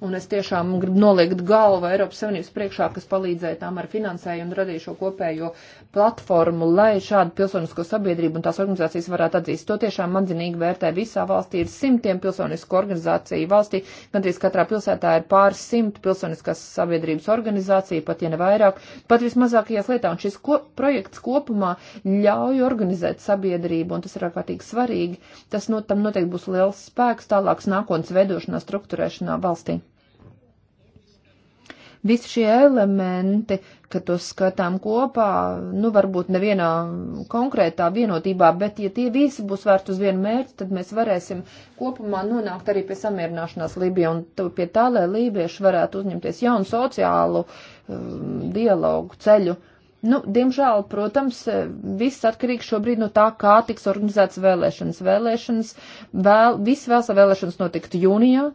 Un es tiešām gribu nolikt galvu Eiropas Savienības priekšā, kas palīdzēja tām ar finansējumu un radīja šo kopējo platformu, lai šādu pilsonisko sabiedrību un tās organizācijas varētu atzīst. To tiešām atzinīgi vērtē visā valstī. Ir simtiem pilsonisko organizāciju valstī. Gandrīz katrā pilsētā ir pāris simt pilsoniskās sabiedrības organizāciju, pat ja ne vairāk, pat vismazākajās lietā. Un šis ko projekts kopumā ļauj organizēt sabiedrību, un tas ir ārkārtīgi svarīgi. Tas no, tam noteikti būs liels spēks tālāks nākotnes veidošanā, struktūrēšanā valstī. Visi šie elementi, kad tos skatām kopā, nu varbūt nevienā konkrētā vienotībā, bet ja tie visi būs vērti uz vienu mērķi, tad mēs varēsim kopumā nonākt arī pie samierināšanās Lībijā un pie tā, lai lībieši varētu uzņemties jaunu sociālu um, dialogu ceļu. Nu, diemžēl, protams, viss atkarīgs šobrīd no tā, kā tiks organizētas vēlēšanas. Vēlēšanas, vēl, viss vēl savēlēšanas notikt jūnijā,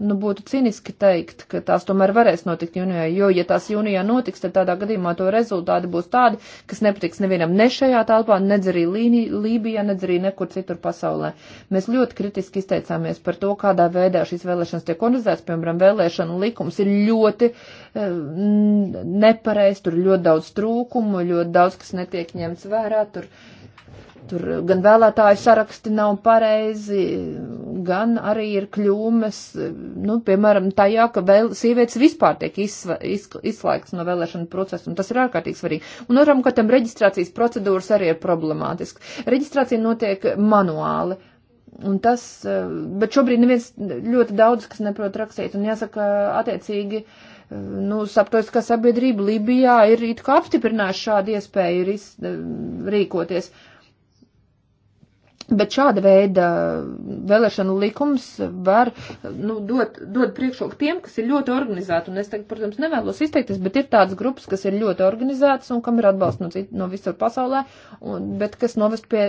nu, būtu ciniski teikt, ka tās tomēr varēs notikt jūnijā, jo, ja tās jūnijā notiks, tad tādā gadījumā to rezultāti būs tādi, kas nepatiks nevienam ne šajā telpā, nedz arī Lībijā, nedz arī nekur citur pasaulē. Mēs ļoti kritiski izteicāmies par to, kādā veidā šīs vēlēšanas tiek organizētas, piemēram, vēlēšana likums ir ļoti eh, nepareizs, tur ir ļoti daudz trūkumu, ļoti daudz, kas netiek ņemts vērā, tur tur gan vēlētāju saraksti nav pareizi, gan arī ir kļūmes, nu, piemēram, tajā, ka vēl sievietes vispār tiek izsva, iz, izslēgts no vēlēšana procesa, un tas ir ārkārtīgi svarīgi. Un oram, ka tam reģistrācijas procedūras arī ir problemātiski. Reģistrācija notiek manuāli. Un tas, bet šobrīd neviens ļoti daudz, kas neprot rakstīt, un jāsaka, attiecīgi, nu, saprotas, ka sabiedrība Libijā ir it kā apstiprinājusi šādu iespēju rīkoties. Uh, Bet šāda veida vēlēšanu likums var nu, dot, dot priekšroku tiem, kas ir ļoti organizēti. Un es, tagad, protams, nevēlos izteikties, bet ir tādas grupas, kas ir ļoti organizētas un kam ir atbalsts no, cita, no visur pasaulē, un, bet kas novest pie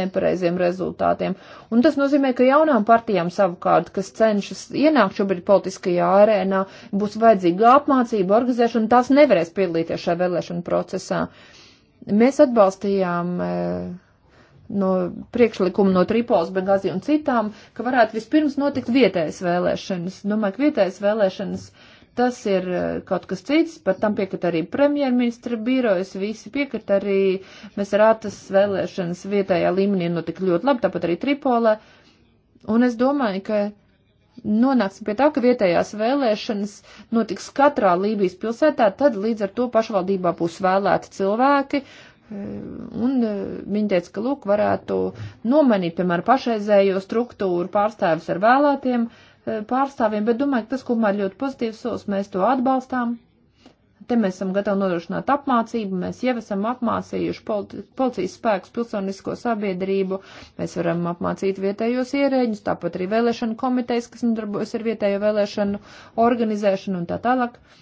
nepareiziem rezultātiem. Un tas nozīmē, ka jaunām partijām savukārt, kas cenšas ienākt šobrīd politiskajā arēnā, būs vajadzīga apmācība, organizēšana, tās nevarēs piedalīties šajā vēlēšanu procesā. Mēs atbalstījām. E, no priekšlikumu no Tripols, Bengāzi un citām, ka varētu vispirms notikt vietējas vēlēšanas. Domāju, ka vietējas vēlēšanas tas ir eh, kaut kas cits, par tam piekrita arī premjerministra birojas, visi piekrita arī, mēs rātas vēlēšanas vietējā līmenī notika ļoti labi, tāpat arī Tripolē. Un es domāju, ka nonāksim pie tā, ka vietējās vēlēšanas notiks katrā Lībijas pilsētā, tad līdz ar to pašvaldībā būs vēlēti cilvēki, Eh, un eh, viņi teica, ka, lūk, varētu nomanīt, piemēram, pašreizējo struktūru pārstāvis ar vēlētiem eh, pārstāvjiem, bet domāju, ka tas kopumā ir ļoti pozitīvs solis, mēs to atbalstām. Te mēs esam gatavi nodrošināt apmācību, mēs jau esam apmācījuši politi, policijas spēkus, pilsonisko sabiedrību, mēs varam apmācīt vietējos ierēģus, tāpat arī vēlēšanu komitejas, kas nodarbojas ar vietējo vēlēšanu organizēšanu un tā tālāk. Uh,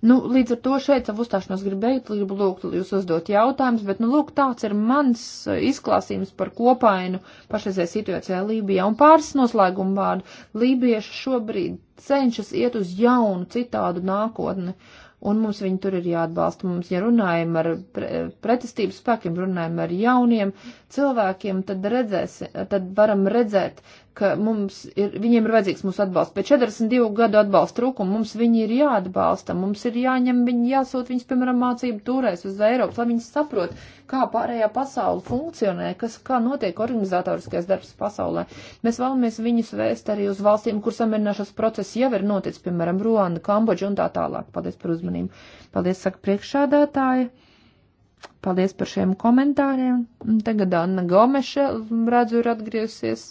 Nu, līdz ar to šeit savu uzstāšanos gribēju, gribu lūgt jūs uzdot jautājumus, bet, nu, lūk, tāds ir mans uh, izklāsījums par kopainu pašreizē situācijā Lībijā. Un pāris noslēgumu vārdu lībieši šobrīd cenšas iet uz jaunu, citādu nākotni. Un mums viņi tur ir jāatbalsta. Mums, ja runājam ar pre, pretestības spēkiem, runājam ar jauniem cilvēkiem, tad, redzēs, tad varam redzēt, ka mums ir, viņiem ir vajadzīgs mūsu atbalsts. Pēc 42 gadu atbalsta trūkuma mums viņi ir jāatbalsta, mums ir jāņem viņi, jāsūt viņus, piemēram, mācību turēs uz Eiropas, lai viņi saprot, kā pārējā pasaule funkcionē, kas, kā notiek organizatoriskais darbs pasaulē. Mēs vēlamies viņus vēst arī uz valstīm, kur samierināšanas process jau ir noticis, piemēram, Ruanda, Kambodža un tā tālāk. Paldies par uzmanību. Paldies, saka priekšādātāja. Paldies par šiem komentāriem. Tagad Anna Gomeša, redzu, ir atgriezusies.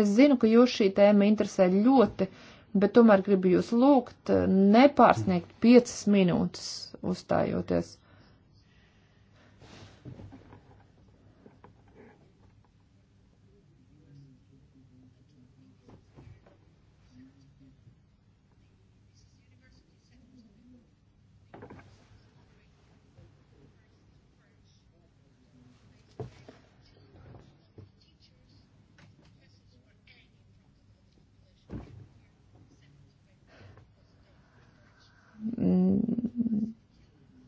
Es zinu, ka jūs šī tēma interesē ļoti, bet tomēr gribu jūs lūgt eh, nepārsniegt piecas minūtes uzstājoties. Mm,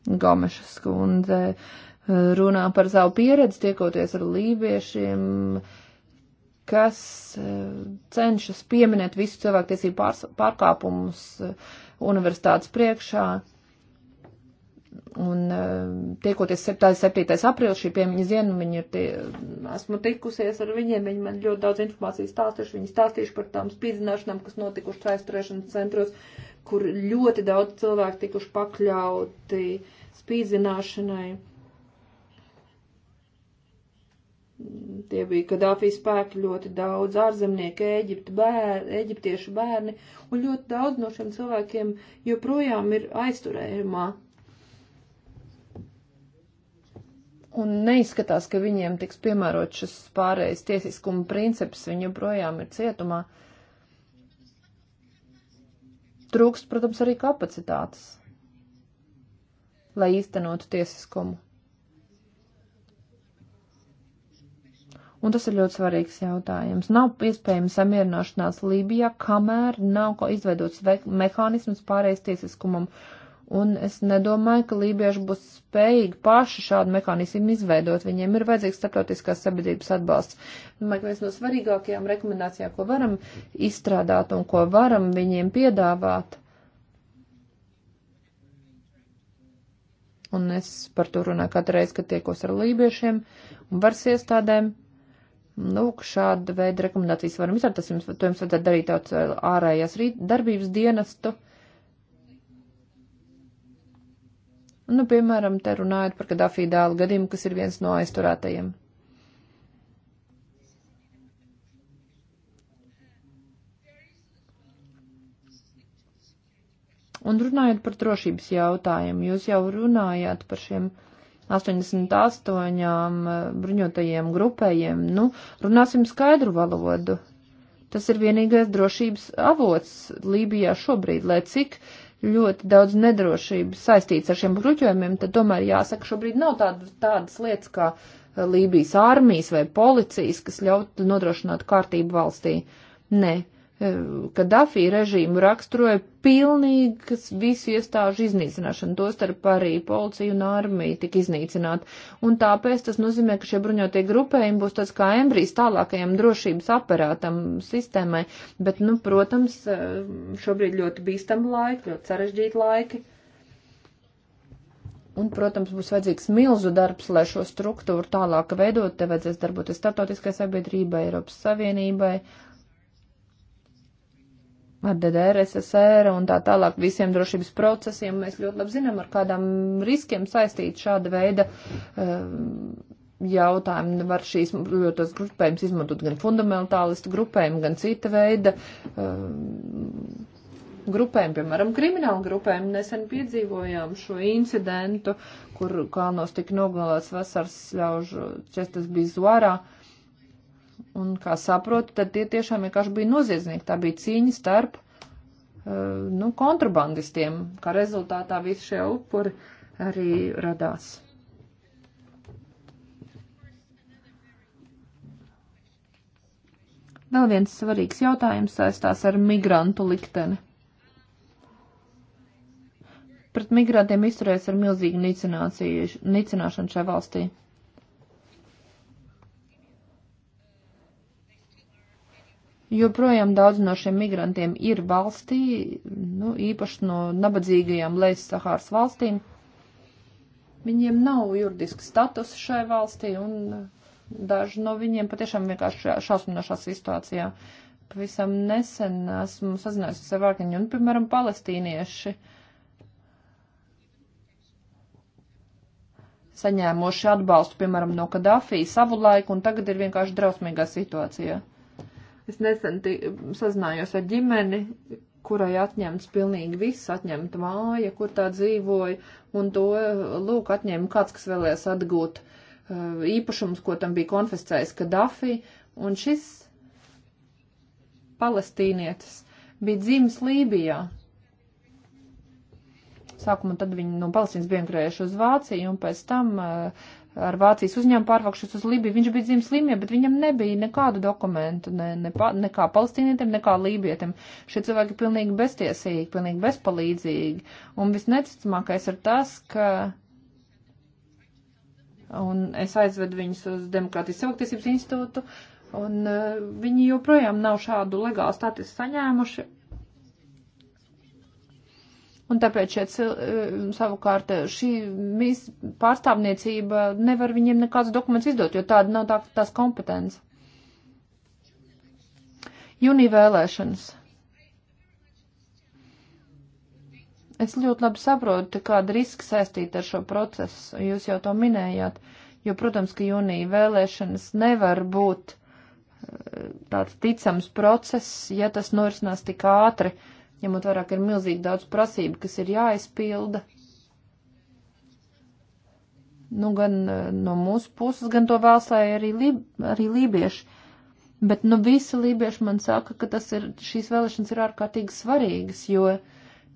Gomeša skundze eh, runā par savu pieredzi tiekoties ar lībiešiem, kas eh, cenšas pieminēt visu cilvēktiesību pārkāpumus eh, universitātes priekšā. Un tiekoties 7. aprīlis šī piemiņas diena, viņi ir tie, esmu tikusies ar viņiem, viņi man ļoti daudz informācijas stāstījuši, viņi stāstījuši par tām spīdzināšanām, kas notikušas aizturēšanas centros, kur ļoti daudz cilvēku tikuši pakļauti spīdzināšanai. Tie bija Kadāfijas spēki, ļoti daudz ārzemnieku, Eģipti bēr, eģiptiešu bērni, un ļoti daudz no šiem cilvēkiem joprojām ir aizturējumā. Un neizskatās, ka viņiem tiks piemērot šis pārējais tiesiskuma princips, viņi joprojām ir cietumā. Uh, Trūkst, protams, arī kapacitātes, lai īstenotu tiesiskumu. Un tas ir ļoti svarīgs jautājums. Nav iespējama samierināšanās Lībijā, kamēr nav ko izveidots mehānisms pārējais tiesiskumam. Uh, Un es nedomāju, ka lībieši būs spējīgi paši šādu mehānismu izveidot. Viņiem ir vajadzīgs starptautiskās sabiedrības atbalsts. Domāju, ka viens no svarīgākajām rekomendācijām, ko varam izstrādāt un ko varam viņiem piedāvāt, un es par to runāju katru reizi, kad tiekos ar lībiešiem un varas iestādēm, Nu, šāda veida rekomendācijas varam izdarīt, tas jums, to jums vajadzētu darīt tāds eh, ārējās darbības dienestu. Uh, Nu, piemēram, te runājot par Kadafī dēlu gadījumu, kas ir viens no aizturētajiem. Un runājot par drošības jautājumu, jūs jau runājāt par šiem 88 eh, bruņotajiem grupējiem. Nu, runāsim skaidru valodu. Tas ir vienīgais drošības avots Lībijā šobrīd, lai cik uh, ļoti daudz nedrošības saistīts ar šiem bruķojumiem, tad tomēr jāsaka, šobrīd nav tāda, tādas lietas kā eh, Lībijas armijas vai policijas, kas ļautu nodrošināt kārtību valstī. Nē, Kadafī režīmu raksturoja pilnīgas visu iestāžu iznīcināšana, tostarp arī policija un armija tika iznīcināta. Un tāpēc tas nozīmē, ka šie bruņotie grupējumi būs tāds kā embrijs tālākajam drošības aparātam sistēmai, bet, nu, protams, šobrīd ļoti bīstam laiki, ļoti sarežģīti laiki. Un, protams, būs vajadzīgs milzu darbs, lai šo struktūru tālāk veidot, te vajadzēs darboties starptautiskai sabiedrībai, Eiropas Savienībai. Uh, ar DDR, SSR un tā tālāk visiem drošības procesiem. Mēs ļoti labi zinām, ar kādām riskiem saistīt šāda veida um, jautājumi. Var šīs tos grupējums izmantot gan fundamentālistu grupējumu, gan cita veida um, grupējumu, piemēram, kriminālu grupējumu. Nesen piedzīvojām šo incidentu, kur kalnos tika nogalāts vasaras ļaužu čestas bija zuārā Un, kā saprotu, tad tie tiešām vienkārši bija noziedznieki. Tā bija cīņa starp, eh, nu, kontrabandistiem, kā rezultātā visi šie upuri arī radās. Vēl viens svarīgs jautājums saistās ar migrantu likteni. Pret migrantiem izturēs ar milzīgu nicināšanu šajā valstī. joprojām daudz no šiem migrantiem ir valstī, nu, īpaši no nabadzīgajām lejas Sahāras valstīm. Viņiem nav juridiska statusa šai valstī, un daži no viņiem patiešām vienkārši šausminošā situācijā. Pavisam nesen esmu sazinājusies ar vārkiņu, un, piemēram, palestīnieši saņēmoši atbalstu, piemēram, no Kadafī savu laiku, un tagad ir vienkārši drausmīgā situācijā. Es nesen sazinājos ar ģimeni, kurai atņemts pilnīgi viss, atņemta māja, kur tā dzīvoja, un to, lūk, atņēma kāds, kas vēlējās atgūt uh, īpašums, ko tam bija konfiscējis Kadafi, un šis palestīnietis bija dzimis Lībijā. Sākumā tad viņi no Palestīnas bija migrējuši uz Vāciju, un pēc tam uh, ar Vācijas uzņēmumu pārvākšanos uz Libiju. Viņš bija dzimis Lībijā, bet viņam nebija nekādu dokumentu, ne, ne, pa, ne kā palestīnietim, ne kā lībietim. Šie cilvēki ir pilnīgi beztiesīgi, pilnīgi bezpalīdzīgi. Un visneticamākais ir tas, ka. Un es aizvedu viņus uz Demokrātijas cilvēktiesības institūtu, un uh, viņi joprojām nav šādu legālu statusu saņēmuši, Un tāpēc šeit e, savukārt e, šī pārstāvniecība nevar viņiem nekāds dokuments izdot, jo tāda nav tā, tās kompetence. Jūnija vēlēšanas. Es ļoti labi saprotu, kāda riska saistīta ar šo procesu. Jūs jau to minējāt, jo, protams, ka jūnija vēlēšanas nevar būt e, tāds ticams process, ja tas norisinās tik ātri. Uh, ņemot vairāk ir milzīgi daudz prasību, kas ir jāizpilda. Nu, gan eh, no mūsu puses, gan to vēlas, lai arī, lib, arī lībieši. Bet, nu, visi lībieši man saka, ka tas ir, šīs vēlēšanas ir ārkārtīgi svarīgas, jo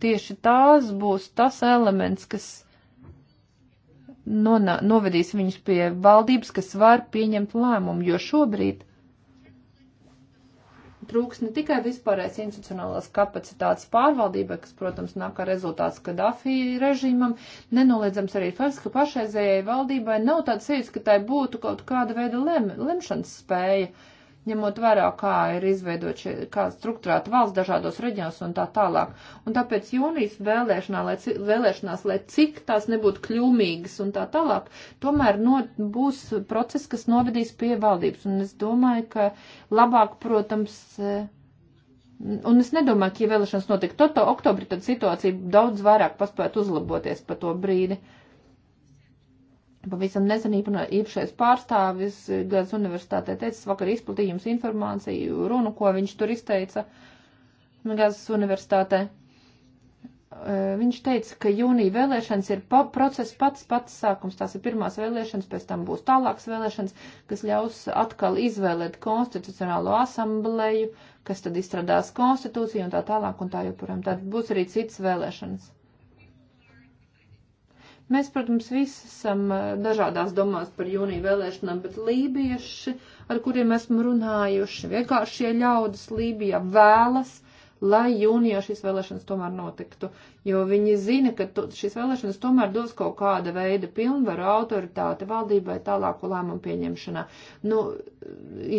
tieši tās būs tas elements, kas nonā, novedīs viņus pie valdības, kas var pieņemt lēmumu, jo šobrīd trūks ne tikai vispārējais institucionālās kapacitātes pārvaldība, kas, protams, nāk kā rezultāts Kadafī režīmam, nenoliedzams arī fakts, ka pašreizējai valdībai nav tāds sajūta, ka tai būtu kaut kāda veida lem, lemšanas spēja. Uh, ņemot vērā, kā ir izveidot šie, kā struktūrēt valsts dažādos reģionos un tā tālāk. Un tāpēc jūnijas vēlēšanā, lai, vēlēšanās, lai cik tās nebūtu kļūmīgas un tā tālāk, tomēr no, būs process, kas novedīs pie valdības. Un es domāju, ka labāk, protams, e, Un es nedomāju, ka, ja vēlēšanas notika to, to oktobrī, tad situācija daudz vairāk paspētu uzlaboties pa to brīdi. Uh, Pavisam nesen īpašais pārstāvis Gāzes universitātē teica, vakar izplatīja jums informāciju, runu, ko viņš tur izteica Gāzes universitātē. Viņš teica, ka jūnija vēlēšanas ir pa, process pats pats sākums. Tās ir pirmās vēlēšanas, pēc tam būs tālākas vēlēšanas, kas ļaus atkal izvēlēt konstitucionālo asambleju, kas tad izstrādās konstitūciju un tā tālāk un tā joprojām. Tad būs arī cits vēlēšanas. Mēs, protams, visi esam eh, dažādās domās par jūniju vēlēšanām, bet lībieši, ar kuriem esmu runājuši, vienkāršie ļaudis Lībijā vēlas lai jūnijā šīs vēlēšanas tomēr notiktu, jo viņi zina, ka to, šīs vēlēšanas tomēr dos kaut kāda veida pilnvaru autoritāti valdībai tālāku lēmumu pieņemšanā. Nu,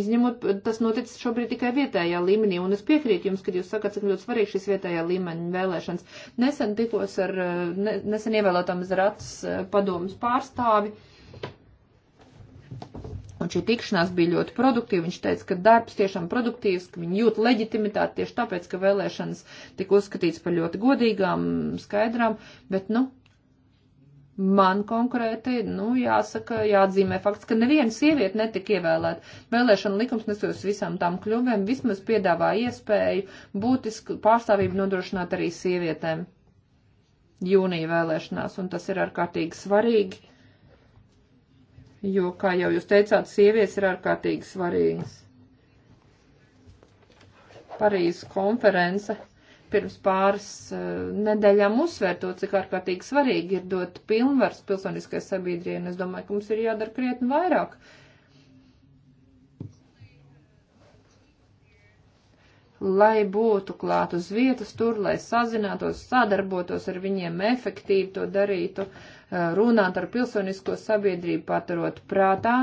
izņemot, tas noticis šobrīd tikai vietējā līmenī, un es piekrītu jums, kad jūs sakat, cik ļoti svarīgi šīs vietējā līmeņa vēlēšanas. Nesen tikos ar, ne, nesen ievēlētām Zrats eh, padomus pārstāvi. Un šī tikšanās bija ļoti produktīva. Viņš teica, ka darbs tiešām produktīvs, ka viņi jūt leģitimitāti tieši tāpēc, ka vēlēšanas tika uzskatīts par ļoti godīgām, skaidrām, bet, nu, man konkrēti, nu, jāsaka, jāatzīmē fakts, ka neviena sieviete netika ievēlēta. Vēlēšana likums nesos visām tām kļuvēm, vismaz piedāvā iespēju būtisku pārstāvību nodrošināt arī sievietēm jūnija vēlēšanās, un tas ir ārkārtīgi svarīgi jo, kā jau jūs teicāt, sievietes ir ārkārtīgi svarīgas. Parīzes konference pirms pāris uh, nedēļām uzsvēr to, cik ārkārtīgi svarīgi ir dot pilnvars pilsoniskai sabiedrībai, un es domāju, ka mums ir jādara krietni vairāk. lai būtu klāt uz vietas tur, lai sazinātos, sadarbotos ar viņiem efektīvi to darītu. Uh, runāt ar pilsonisko sabiedrību, paturot prātā,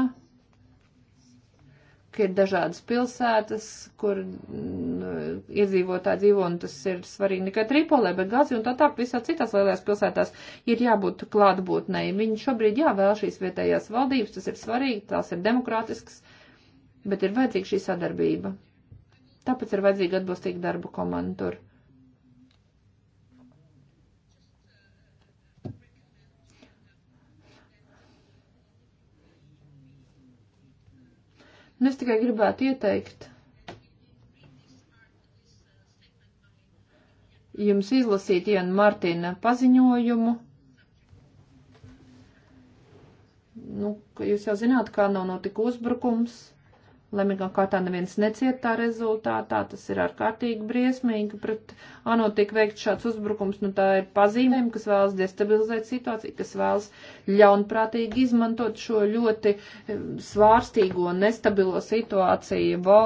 ka ir dažādas pilsētas, kur mm, iedzīvotāji dzīvo, un tas ir svarīgi ne tikai Tripolē, bet Gazi un tā tā visā citās lielajās pilsētās ir jābūt klātbūtnei. Viņi šobrīd jāvēl šīs vietējās valdības, tas ir svarīgi, tās ir demokrātiskas, bet ir vajadzīga šī sadarbība. Tāpēc ir vajadzīga atbilstīga darba komanda tur. Un nu, es tikai gribētu ieteikt jums izlasīt Iena Martina paziņojumu. Nu, jūs jau zināt, kā nav notika uzbrukums. Lemīgā kārtā neviens neciet tā rezultātā, tas ir ārkārtīgi briesmīgi, ka pret ANO tiek veikt šāds uzbrukums, nu tā ir pazīmēm, kas vēlas destabilizēt situāciju, kas vēlas ļaunprātīgi izmantot šo ļoti eh, svārstīgo, nestabilo situāciju. Vo,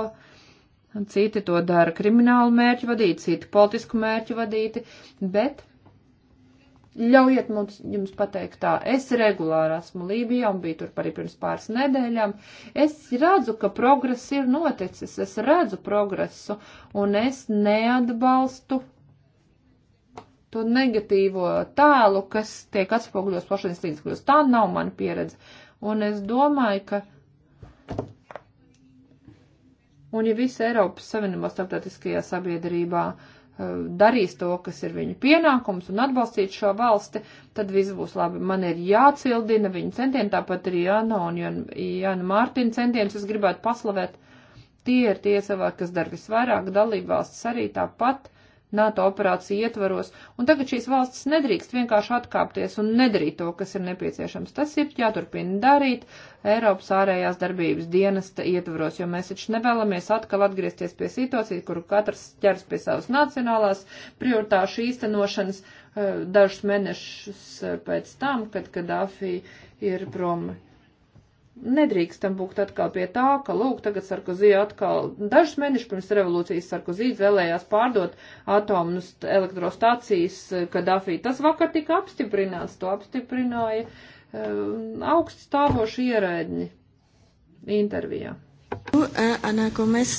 citi to dara kriminālu mērķu vadīti, citi politisku mērķu vadīti, bet Ļaujiet mums jums pateikt tā, es regulāri esmu Lībijā un biju tur arī pirms pāris nedēļām. Es redzu, ka progress ir noticis, es redzu progresu un es neatbalstu to negatīvo tēlu, kas tiek atspoguļos plašsaziņas līdzekļos. Tā nav mana pieredze. Un es domāju, ka. Un ja visa Eiropas Savienībā starptautiskajā sabiedrībā uh, darīs to, kas ir viņu pienākums un atbalstīt šo valsti, tad viss būs labi. Man ir jācildina viņu centieni, tāpat arī Jāna un Jāna Mārtiņa centienus es gribētu paslavēt. Tie ir tie cilvēki, kas dar visvairāk, dalībvalstis arī tāpat. NATO operāciju ietvaros, un tagad šīs valstis nedrīkst vienkārši atkāpties un nedarīt to, kas ir nepieciešams. Tas ir jāturpina darīt Eiropas ārējās darbības dienesta ietvaros, jo mēs taču nevēlamies atkal atgriezties pie situācijas, kur katrs ķers pie savas nacionālās prioritāšu īstenošanas eh, dažus mēnešus eh, pēc tam, kad Gaddafi ir prom nedrīkstam būt atkal pie tā, ka, lūk, tagad Sarkozī atkal dažus mēnešus pirms revolūcijas Sarkozī vēlējās pārdot atomus elektrostācijas Kadafī. Tas vakar tika apstiprināts, to apstiprināja um, augsts stāvoši ierēdņi intervijā. Uh, Anā Gomes.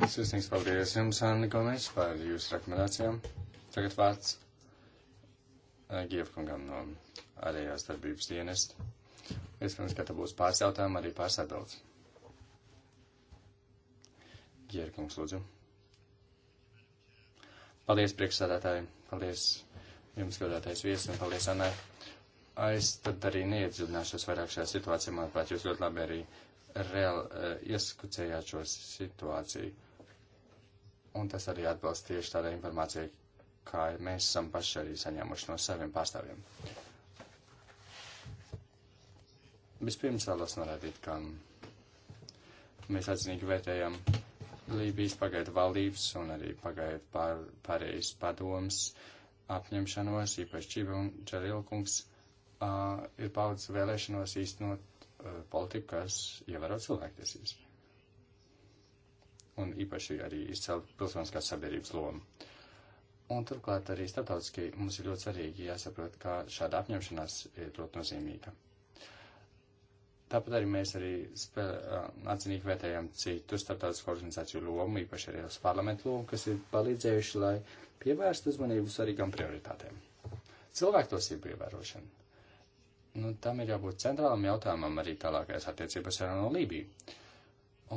Es visnīgs paldies jums, Anna Gomes, par jūsu rekomendācijām. Tagad vārds uh, Gievkungam no ārējās darbības dienesta. Es domāju, ka tā būs pāris jautājumu, arī pāris atbildes. Ģērkungs, lūdzu. Paldies, priekšsādātāji. Paldies jums, godātais viesis, un paldies, Anē. Es tad arī neiedziļināšos vairāk šajā situācijā. Manuprāt, jūs ļoti labi arī reāli uh, eh, ieskucējāt šo situāciju. Un tas arī atbalst tieši tādai informācijai, kā mēs esam paši arī saņēmuši no saviem pārstāvjiem. Uh, Vispirms vēlos norādīt, ka mēs atzinīgi vērtējam Lībijas pagaidu valdības un arī pagaidu pār, pārējais padoms apņemšanos, īpaši Čiba un Čarilkungs uh, ir paudzes vēlēšanos īstenot uh, politiku, kas ievēro cilvēktiesības. Un īpaši arī izcelt pilsoniskās sabiedrības lomu. Un turklāt arī starptautiski mums ir ļoti svarīgi jāsaprot, ka šāda apņemšanās ir ļoti nozīmīga. Tāpat arī mēs arī atzinīgi vērtējam citu starptautisko organizāciju lomu, īpaši arī uz parlamentu lomu, kas ir palīdzējuši, lai pievērstu uzmanību svarīgām prioritātēm. Cilvēktosību ievērošana. Nu, tam ir jābūt centrālam jautājumam arī tālākajās attiecībās ar no Lībiju.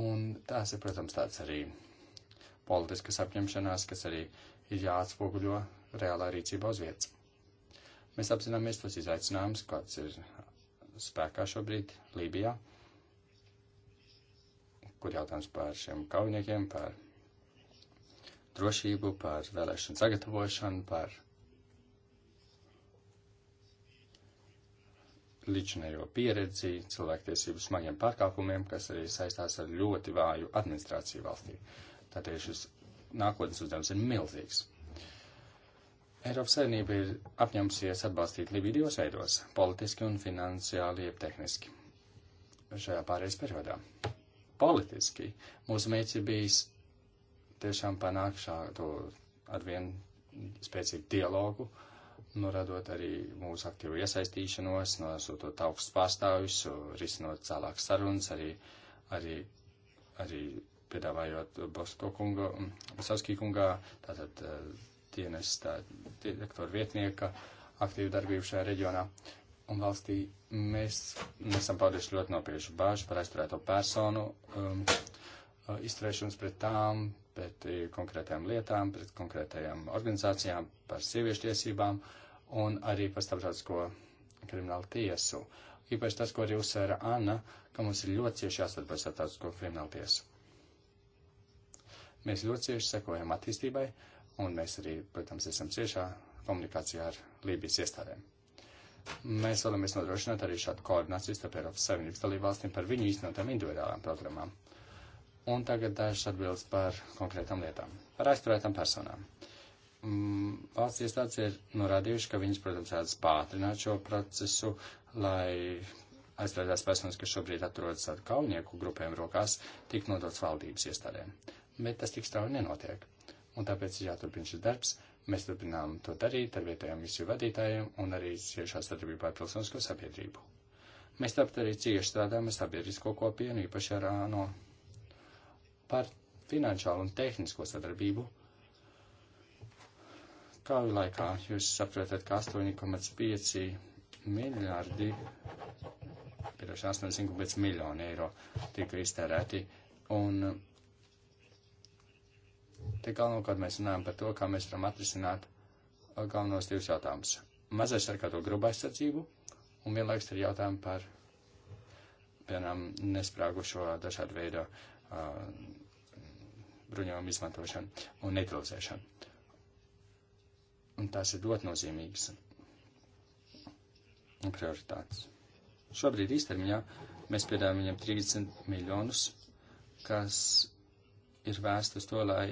Un tās ir, protams, tāds arī politiskas apņemšanās, kas arī ir jāatspoguļo reālā rīcībā uz vietas. Mēs apzināmies tos izaicinājumus, kāds ir spēkā šobrīd Lībijā, kur jautājums par šiem kaujiniekiem, par drošību, par vēlēšanu sagatavošanu, par līdzinējo pieredzi, cilvēktiesību smagiem pārkāpumiem, kas arī saistās ar ļoti vāju administrāciju valstī. Tātad šis nākotnes uzdevums ir milzīgs. Eiropas Savienība ir apņemsies atbalstīt Libiju divos veidos - politiski un finansiāli, jeb tehniski. Šajā pārējais periodā. Politiski mūsu mērķis ir bijis tiešām panākt šādu arvien spēcīgu dialogu, norādot arī mūsu aktīvu iesaistīšanos, nosūtot augstus pārstāvjus, risinot cēlākas sarunas, arī, arī, arī piedāvājot Bosko kunga, Saskie kungā, tātad dienestā, direktora vietnieka aktīvu darbību šajā reģionā. Un valstī mēs esam pauduši ļoti nopietnu bāžu par aizturēto personu um, uh, izturēšanos pret tām, pret eh, konkrētajām lietām, pret konkrētajām organizācijām, par sieviešu tiesībām un arī par starptautisko kriminālu tiesu. Īpaši tas, ko arī uzsvēra Anna, ka mums ir ļoti cieši jāsadarbojas ar starptautisko kriminālu tiesu. Mēs ļoti cieši sekojam attīstībai, uh, un mēs arī, protams, esam ciešā komunikācijā ar Lībijas iestādēm. Mēs vēlamies nodrošināt arī šādu koordināciju starp Eiropas Savienības dalībvalstīm par viņu īstenotām individuālām programmām. Un tagad dažas atbildes par konkrētām lietām. Par aizturētām personām. Mm, valsts iestādes ir norādījuši, ka viņas, protams, vēlas pātrināt šo procesu, lai aizturētās personas, kas šobrīd atrodas ar kaunieku grupēm rokās, tik nodots valdības iestādēm. Bet tas tik strauji nenotiek un tāpēc ir jāturpina šis darbs. Mēs turpinām to darīt ar vietējiem misiju vadītājiem un arī ciešā sadarbībā ar pilsonisko sabiedrību. Mēs tāpat arī cieši strādājam ar sabiedrisko kopienu, īpaši ar ANO par finanšālu un tehnisko sadarbību. Kauju laikā jūs saprotat, ka 8,5 miljardi, piroši 8,5 miljoni eiro tika iztērēti, un Te galvenokārt mēs runājam par to, kā mēs varam atrisināt uh, galvenos divus jautājumus. Mazais ar kādu grubu aizsardzību un vienlaiks ir jautājumi par, piemēram, nesprāgušo dažādu veidu uh, bruņojumu izmantošanu un neutralizēšanu. Un tās ir ļoti nozīmīgas prioritātes. Šobrīd īstermiņā mēs piedāvājam viņam 30 miljonus, kas ir vērsti uz to, lai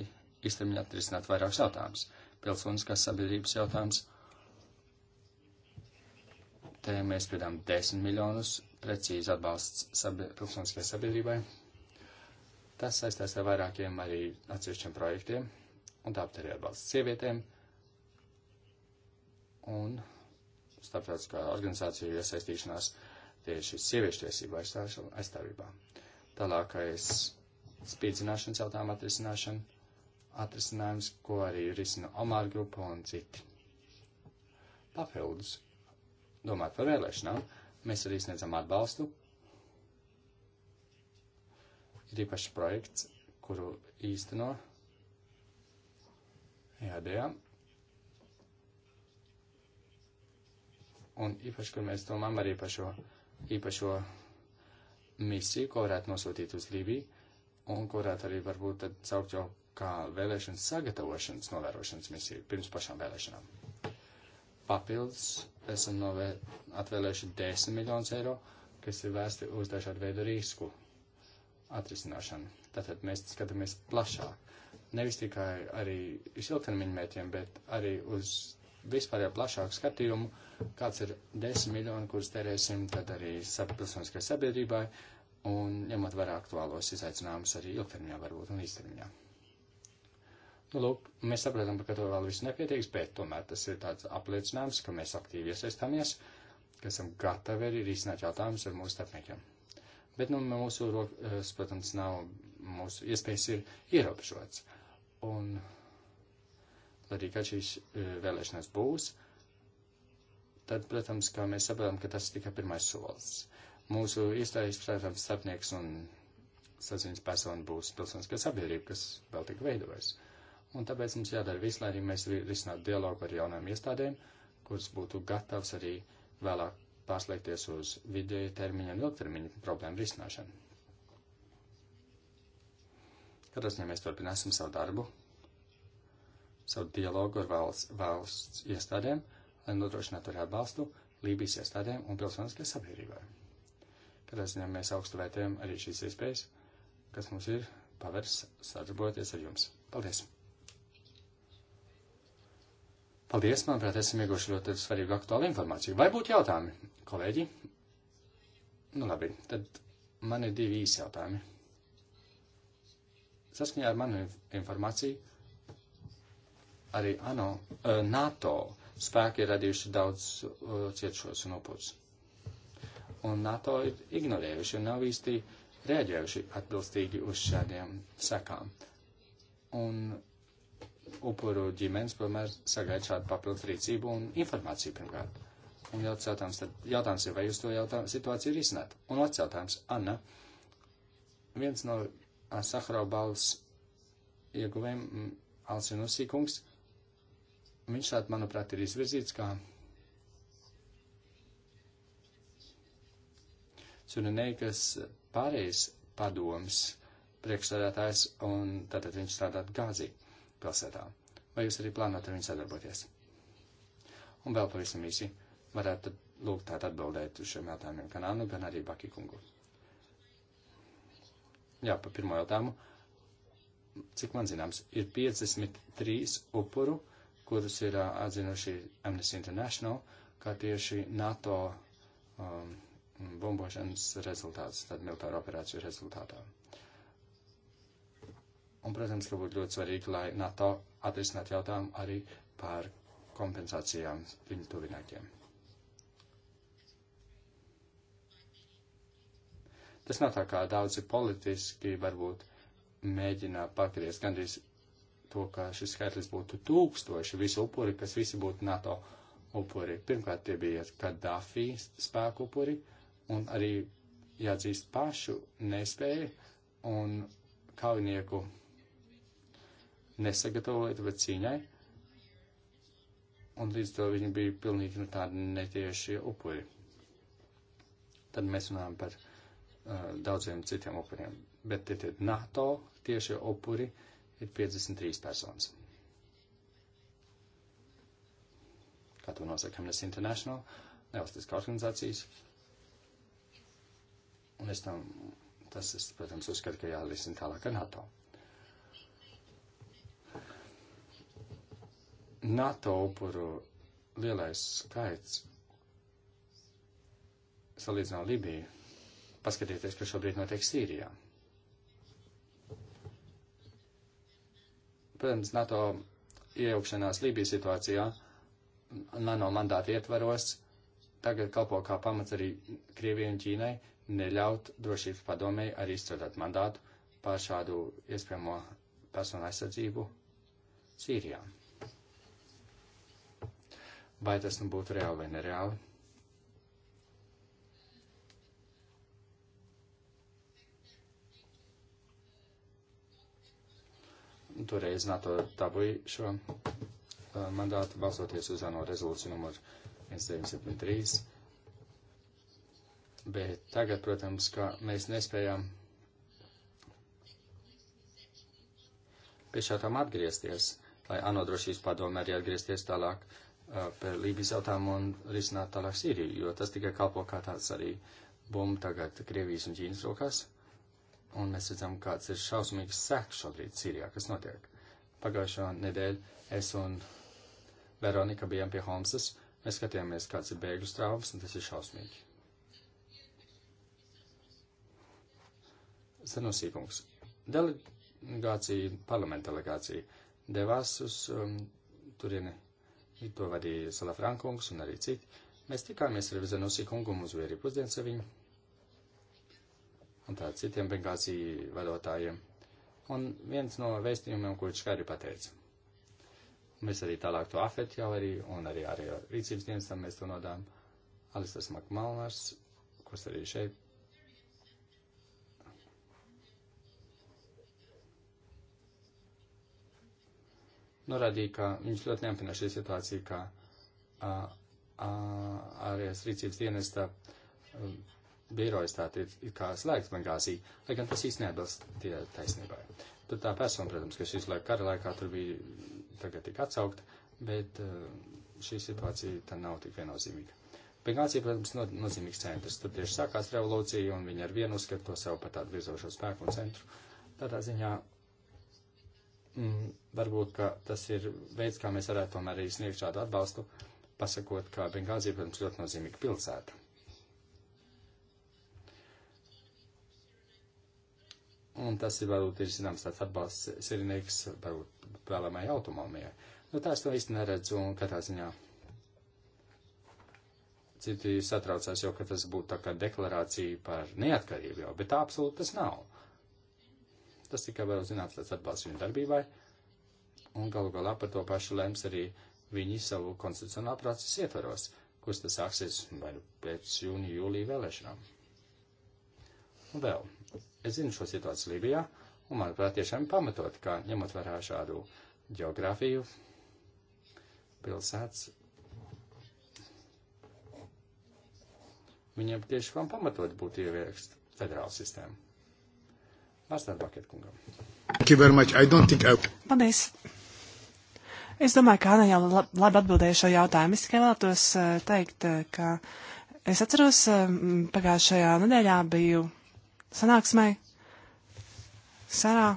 īstenībā atrisināt vairākus jautājumus. Pilsoniskās sabiedrības jautājums. Te mēs piedām 10 miljonus precīzi atbalsts sabi pilsoniskajai sabiedrībai. Tas saistās ar vairākiem arī atsevišķiem projektiem, un tāpat arī atbalsts sievietēm un starptautiskā organizācija iesaistīšanās tieši sieviešu tiesību aizstāvībā. Tālākais spīdzināšanas jautājuma atrisināšana atrisinājums, ko arī risina Omar grupa un citi. Papildus, domājot par vēlēšanām, mēs arī sniedzam atbalstu. Ir īpašs projekts, kuru īsteno jādējā. E un īpaši, kur mēs domājam arī par šo īpašo misiju, ko varētu nosūtīt uz Lībiju, un ko varētu arī varbūt tad saukt jau kā vēlēšana sagatavošanas novērošanas misiju pirms pašām vēlēšanām. Papildus esam novē, atvēlējuši 10 miljonus eiro, kas ir vērsti uz dažādu veidu risku atrisināšanu. Tātad mēs skatāmies plašāk. Nevis tikai arī uz ilgtermiņa mērķiem, bet arī uz vispārējā plašāku skatījumu, kāds ir 10 miljoni, kurus tērēsim tad arī pilsoniskai sabiedrībai un ņemot vērā aktuālos izaicinājumus arī ilgtermiņā varbūt un īstermiņā. Nu, lūk, mēs saprotam, ka to vēl viss nepietiks, bet tomēr tas ir tāds apliecinājums, ka mēs aktīvi iesaistāmies, ka esam gatavi arī risināt jautājumus ar mūsu starpniekiem. Bet, nu, mūsu rokas, protams, nav, mūsu iespējas ir ierobežotas. Un, lai arī kā šīs e, vēlēšanas būs, tad, protams, kā mēs saprotam, ka tas ir tikai pirmais solis. Mūsu iestājas, protams, starpnieks un saziņas persona būs pilsoniskā sabiedrība, kas vēl tik veidojas. Uh, un tāpēc mums jādara viss, lai arī mēs risinātu dialogu ar jaunām iestādēm, kuras būtu gatavs arī vēlāk pārslēgties uz vidēja termiņa un ilgtermiņa problēmu risināšanu. Katrā ziņā mēs turpināsim savu darbu, savu dialogu ar valsts, valsts iestādēm, lai nodrošinātu arī atbalstu Lībijas iestādēm un pilsoniskajai sabiedrībai. Katrā ziņā mēs augstu vērtējam arī šīs iespējas, kas mums ir pavērs sadarbojoties ar jums. Paldies! Paldies, manuprāt, esam ieguvuši ļoti svarīgu aktuālu informāciju. Vai būtu jautājumi, kolēģi? Nu labi, tad man ir divi īsi jautājumi. Saskaņā ar manu informāciju arī ANO, eh, NATO spēki ir radījuši daudz eh, cietušos un upurus. Un NATO ir ignorējuši un nav īsti rēģējuši atbilstīgi uz šādiem sekām. Un upuru ģimenes, tomēr sagaida šādu papildus rīcību un informāciju pirmkārt. Un jautājums, tad, jautājums ir, vai jūs to jautā, situāciju risināt? Un otrs jautājums, Anna, viens no Saharau balvas ieguvējiem, Alsinusīkungs, viņš šādi, manuprāt, ir izvirzīts kā Sunaneikas pārējais padoms priekšsēdētājs, un tātad viņš strādā Gāzī pilsētā. Vai jūs arī plānojat ar viņu sadarboties? Un vēl pavisam īsi varētu lūgt tātad atbildēt uz šiem jautājumiem gan Annu, gan arī Baki kungu. Jā, pa pirmo jautājumu. Cik man zināms, ir 53 upuru, kurus ir atzinuši Amnesty International, kā tieši NATO um, bombošanas rezultāts, tad militāra operāciju rezultātā. Uh, Un, protams, ka būtu ļoti svarīgi, lai NATO atrisinātu jautājumu arī par kompensācijām viņu tuvinākiem. Tas nav tā, kā daudzi politiski varbūt mēģina pagriezt gandrīz to, ka šis skaitlis būtu tūkstoši visu upuri, kas visi būtu NATO upuri. Pirmkārt, tie bija Kaddafi spēku upuri un arī jāatzīst pašu nespēju un kaujinieku nesagatavoja to cīņai, un līdz to viņi bija pilnīgi nu, tādi netieši upuri. Tad mēs runājam par uh, daudziem citiem upuriem, bet tie ir NATO tiešie upuri, ir 53 personas. Kā to nosaka Amnesty International, nevalstiskā organizācijas. Un es tam, tas, es, protams, uzskatu, ka jārisina tālāk ar NATO. NATO upuru lielais skaits salīdzinot Libiju. Paskatieties, kas šobrīd notiek Sīrijā. Protams, NATO iejaukšanās Lībijas situācijā, NATO mandāta ietvaros, tagad kalpo kā pamats arī Krievijai un Ķīnai neļaut drošības padomēji arī izstrādāt mandātu pār šādu iespējamo personu aizsardzību Sīrijā vai tas nu būtu reāli vai nereāli. Toreiz NATO dabūja šo uh, mandātu balsoties uz ANO rezolūciju numuru 1973. Bet tagad, protams, ka mēs nespējām pie šādām atgriezties, lai ANO drošības padomē arī atgriezties tālāk par Lībijas jautājumu un risināt tālāk Sīriju, jo tas tikai kalpo kā tāds arī bumba tagad Krievijas un Ķīnas rokās. Un mēs redzam, kāds ir šausmīgs sēks šobrīd Sīrijā, kas notiek. Pagājušo nedēļu es un Veronika bijām pie Homsas, mēs skatījāmies, kāds ir bēgļu strāvas, un tas ir šausmīgi. Senosīkums. Delegācija, parlamenta delegācija devās uz um, turieni to vadīja Salafrankungs un arī citi. Mēs tikāmies ar Vizanosī kungu, mums bija arī pusdienas ar viņu un tā citiem Bengāzī vadotājiem. Un viens no vēstījumiem, ko viņš skaidri pateica. Mēs arī tālāk to afet jau arī, un arī arī ar rīcības dienestam mēs to nodām. Alistars Makmalnars, kurš arī šeit norādīja, ka viņš ļoti neapmienā šī situācija, ka uh, ārējās rīcības dienesta um, birojas tā ir, ir kā slēgts Bengāzī, lai gan tas īsti neatbilst tie taisnībai. Tad tā persona, protams, kas šīs laika kara laikā tur bija, tagad tika atsaukt, bet uh, šī situācija tā nav tik viennozīmīga. Bengāzī, protams, no, nozīmīgs centrs. Tur tieši sākās revolūcija, un viņi ar vienu uzskatu to sev par tādu virzošo spēku un centru. Tādā ziņā Mm, varbūt, ka tas ir veids, kā mēs varētu tomēr arī sniegt šādu atbalstu, pasakot, ka Bengāzija, protams, ļoti nozīmīga pilsēta. Un tas ir varbūt ir zināms tāds atbalsts sirinīgs, varbūt vēlamai autonomijai. Nu, tā es to īsti neredzu un katrā ziņā. Citi satraucās jau, ka tas būtu tā kā deklarācija par neatkarību jau, bet tā absolūti tas nav tas tikai vēl zinātnes atbalsts viņu darbībai, un galu galā par to pašu lems arī viņi savu konstitucionālo procesu ietvaros, kurš tas sāksies vai nu pēc jūnija, jūlija vēlēšanām. Un vēl, es zinu šo situāciju Lībijā, un manuprāt, tiešām pamatot, ka ņemot vērā šādu geogrāfiju, pilsētas, viņiem tieši vēl pamatot būtu ieviekst federālu sistēmu. Arsnēm Paketkungam. Paldies! Es domāju, ka Anna jau labi atbildēja šo jautājumu. Es tikai vēlētos eh, teikt, eh, ka es atceros, eh, pagājušajā nedēļā biju sanāksmē Sarā.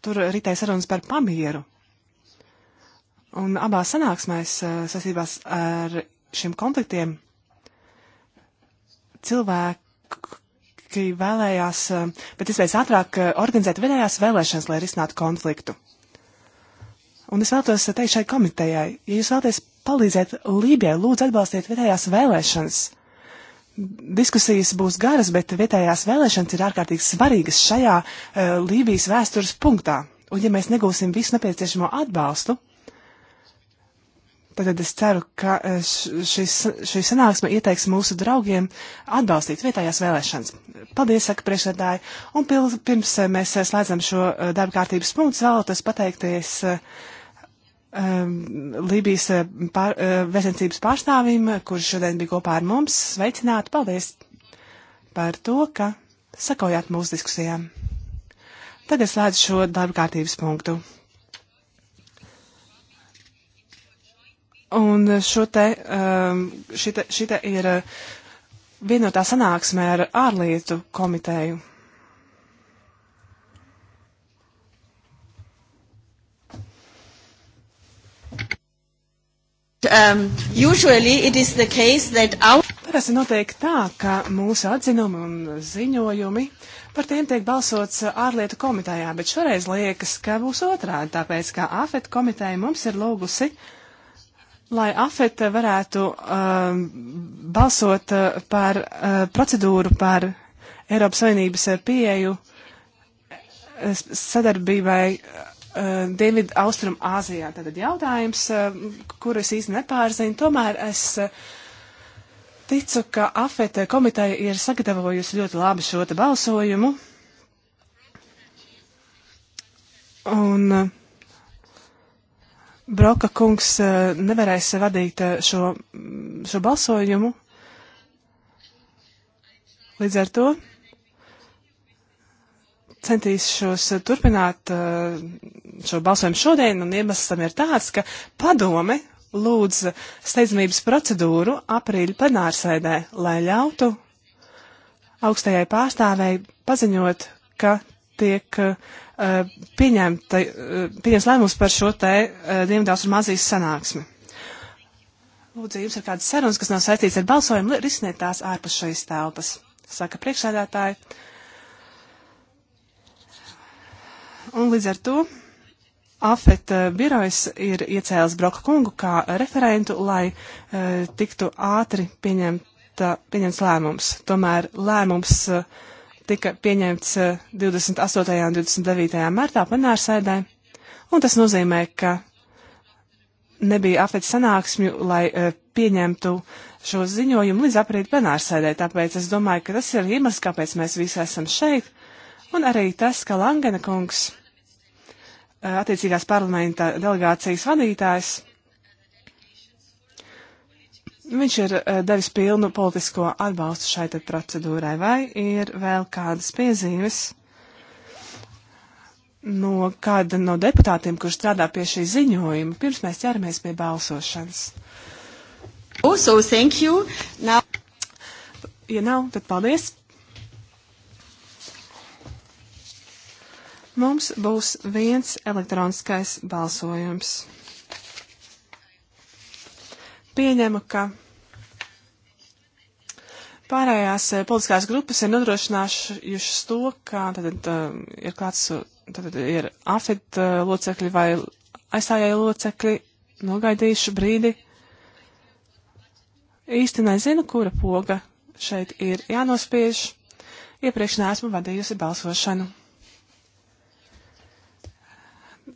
Tur ritēja sarunas par pamieru. Un abās sanāksmēs sasībās ar šiem konfliktiem cilvēku politiķi vēlējās pēc eh, iespējas ātrāk eh, organizēt vēlējās vēlēšanas, lai risinātu konfliktu. Un es vēlos eh, teikt šai komitejai, ja jūs vēlaties palīdzēt Lībijai, lūdzu atbalstiet vietējās vēlēšanas. Diskusijas būs garas, bet vietējās vēlēšanas ir ārkārtīgi svarīgas šajā uh, Lībijas vēstures punktā. Un ja mēs negūsim visu nepieciešamo atbalstu, Tad es ceru, ka eh, šī, šī sanāksme ieteiks mūsu draugiem atbalstīt vietējās vēlēšanas. Paldies, saka priekšsēdāji. Un pil, pirms eh, mēs eh, slēdzam šo darba kārtības punktu, vēlētos pateikties um, ehm, Lībijas pār, vēstniecības pārstāvim, kurš šodien bija kopā ar mums. Sveicināti, paldies par to, ka sakojāt mūsu diskusijām. Tagad slēdz šo darba kārtības punktu. Un šo te, šita, um, šita ir uh, vienotā sanāksme ar ārlietu komiteju. Um, our... Parasti notiek tā, ka mūsu atzinumi un ziņojumi par tiem tiek balsots ārlietu komitejā, bet šoreiz liekas, ka būs otrādi, tāpēc kā AFET komiteja mums ir lūgusi uh, Lai AFET varētu uh, balsot uh, par uh, procedūru par Eiropas Savienības uh, pieeju uh, sadarbībai uh, Dienvidu Austrum Āzijā. Tātad jautājums, uh, kuru es īsti nepārzinu, tomēr es uh, ticu, ka AFET komiteja ir sagatavojusi ļoti labu šo te balsojumu. Un, uh, Broka kungs eh, nevarēs vadīt eh, šo, šo balsojumu. Līdz ar to centīšos eh, turpināt šo balsojumu šodien, un iemesls tam ir tāds, ka padome lūdz steidzamības procedūru aprīļa plenārsēdē, lai ļautu augstajai pārstāvēji paziņot, ka tiek eh, pieņemta, eh, pieņems lēmums par šo te eh, Dienvidās un Mazijas sanāksmi. Lūdzu, jums ir kādas sarunas, kas nav saistīts ar balsojumu, risiniet tās ārpus šīs telpas, saka priekšsēdētāji. Un līdz ar to AFET birojs ir iecēlis Broka kungu kā referentu, lai uh, tiktu ātri pieņemta, pieņemts lēmums. Tomēr lēmums uh, tika pieņemts 28. Eh, un 29. martā plenārsēdē, un tas nozīmē, ka nebija apēc sanāksmju, lai eh, pieņemtu šo ziņojumu līdz aprīt plenārsēdē, tāpēc es domāju, ka tas ir iemesls, kāpēc mēs visi esam šeit, un arī tas, ka Langena kungs, eh, attiecīgās parlamenta delegācijas vadītājs, Viņš ir eh, devis pilnu politisko atbalstu šai procedūrai, vai ir vēl kādas piezīmes? no kāda no deputātiem, kurš strādā pie šī ziņojuma, pirms mēs ķeramies pie balsošanas. Also, thank you. Now... Ja nav, tad paldies. Mums būs viens elektroniskais balsojums pieņemu, ka pārējās eh, politiskās grupas ir nodrošinājušas to, ka tad eh, ir kāds, tad ir afet eh, locekļi vai aizstājēji locekļi, nogaidījuši brīdi. Īsti nezinu, kura poga šeit ir jānospiež. Iepriekš neesmu vadījusi balsošanu.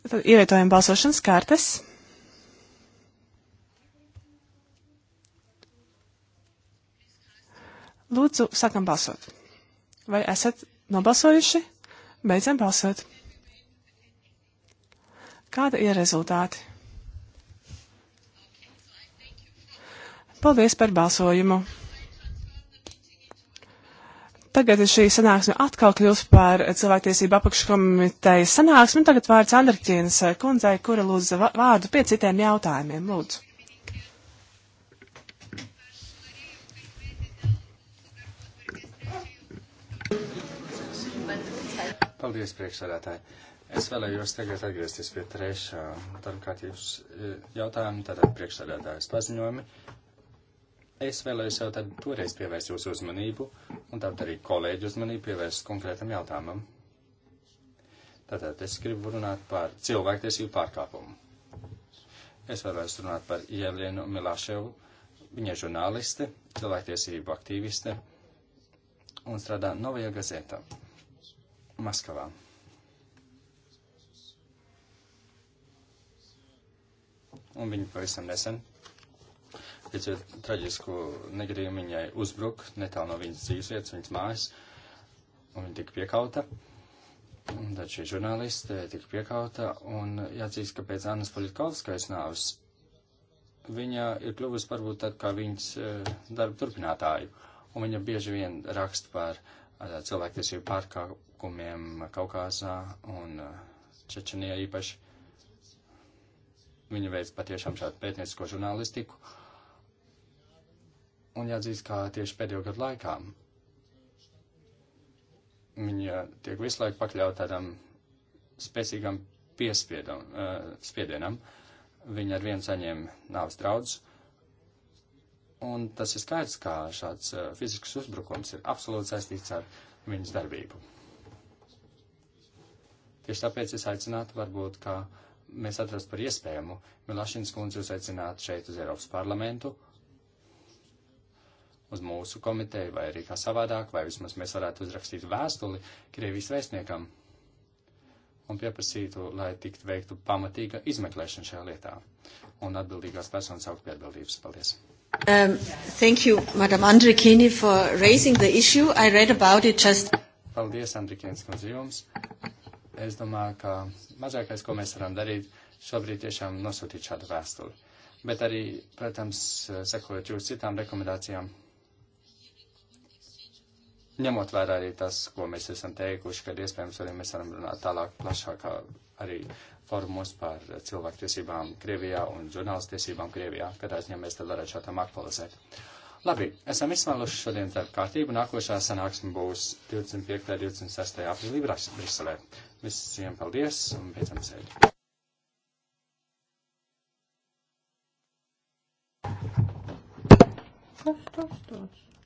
Tad ievietojam balsošanas kartes. Lūdzu, sākam balsot. Vai esat nobalsojuši? Beidzam balsot. Kāda ir rezultāti? Paldies par balsojumu. Tagad šī sanāksme atkal kļūs par cilvēktiesību apakškomitejas sanāksmi. Tagad vārds Andrķīnas kundzei, kura lūdza vārdu pie citiem jautājumiem. Lūdzu. Paldies, priekšsādātāji. Es vēlējos tagad atgriezties pie trešā darbkārtības e, jautājuma, tātad priekšsādātājas paziņojumi. Es vēlējos jau tad toreiz pievērst jūsu uzmanību, un tāpat arī kolēģi uzmanību pievērst konkrētam jautājumam. Tātad es gribu runāt par cilvēktiesību pārkāpumu. Es vēlējos runāt par Ievlienu Milaševu. Viņa ir žurnāliste, cilvēktiesību aktīviste un strādā Novajā gazetā. Maskavā. Un viņi pavisam nesen, pēc traģisku negadījumu viņai uzbruk netālu no viņas dzīves vietas, viņas mājas, un viņa tika piekauta. Un tad šī žurnāliste tika piekauta, un jāatzīst, ka pēc Annas Politkovskas nāves viņa ir kļuvusi varbūt tad kā viņas e, darba turpinātāju, un viņa bieži vien raksta par e, cilvēktiesību pārkāpumu notikumiem Kaukāzā un uh, Čečenijā īpaši. Viņa veids patiešām šādu pētniecisko žurnālistiku. Un jāatzīst, kā tieši pēdējo gadu laikā viņa uh, tiek visu laiku pakļaut tādam spēcīgam piespiedam, uh, spiedienam. Viņa ar vienu saņēma nāves draudus. Un tas ir skaidrs, ka šāds uh, fizisks uzbrukums ir absolūti saistīts ar viņas darbību. Tieši tāpēc es aicinātu varbūt, kā mēs atrast par iespējamu, Milašins kundzi jūs aicinātu šeit uz Eiropas parlamentu, uz mūsu komiteju, vai arī kā savādāk, vai vismaz mēs varētu uzrakstīt vēstuli Krievijas vēstniekam un pieprasītu, lai tiktu veiktu pamatīga izmeklēšana šajā lietā un atbildīgās personas saukt pie atbildības. Paldies! Um, thank you, Madam Andrikini, for raising the issue. I read about it just. Paldies, Andrikins, kundze jums es domāju, ka mazākais, ko mēs varam darīt, šobrīd tiešām nosūtīt šādu vēstuli. Bet arī, protams, sekojot jūsu citām rekomendācijām, ņemot vērā arī tas, ko mēs esam teikuši, kad iespējams arī mēs varam runāt tālāk plašākā arī formos par cilvēktiesībām Krievijā un žurnālistiesībām Krievijā, kādā ziņā mēs tad varētu šo tam aktualizēt. Labi, esam izsmēluši šodien tādu kārtību. Nākošā sanāksme būs 25. un 26. aprīlī Briselē. Visiem paldies un beidzam sēdi. Kas tas tāds?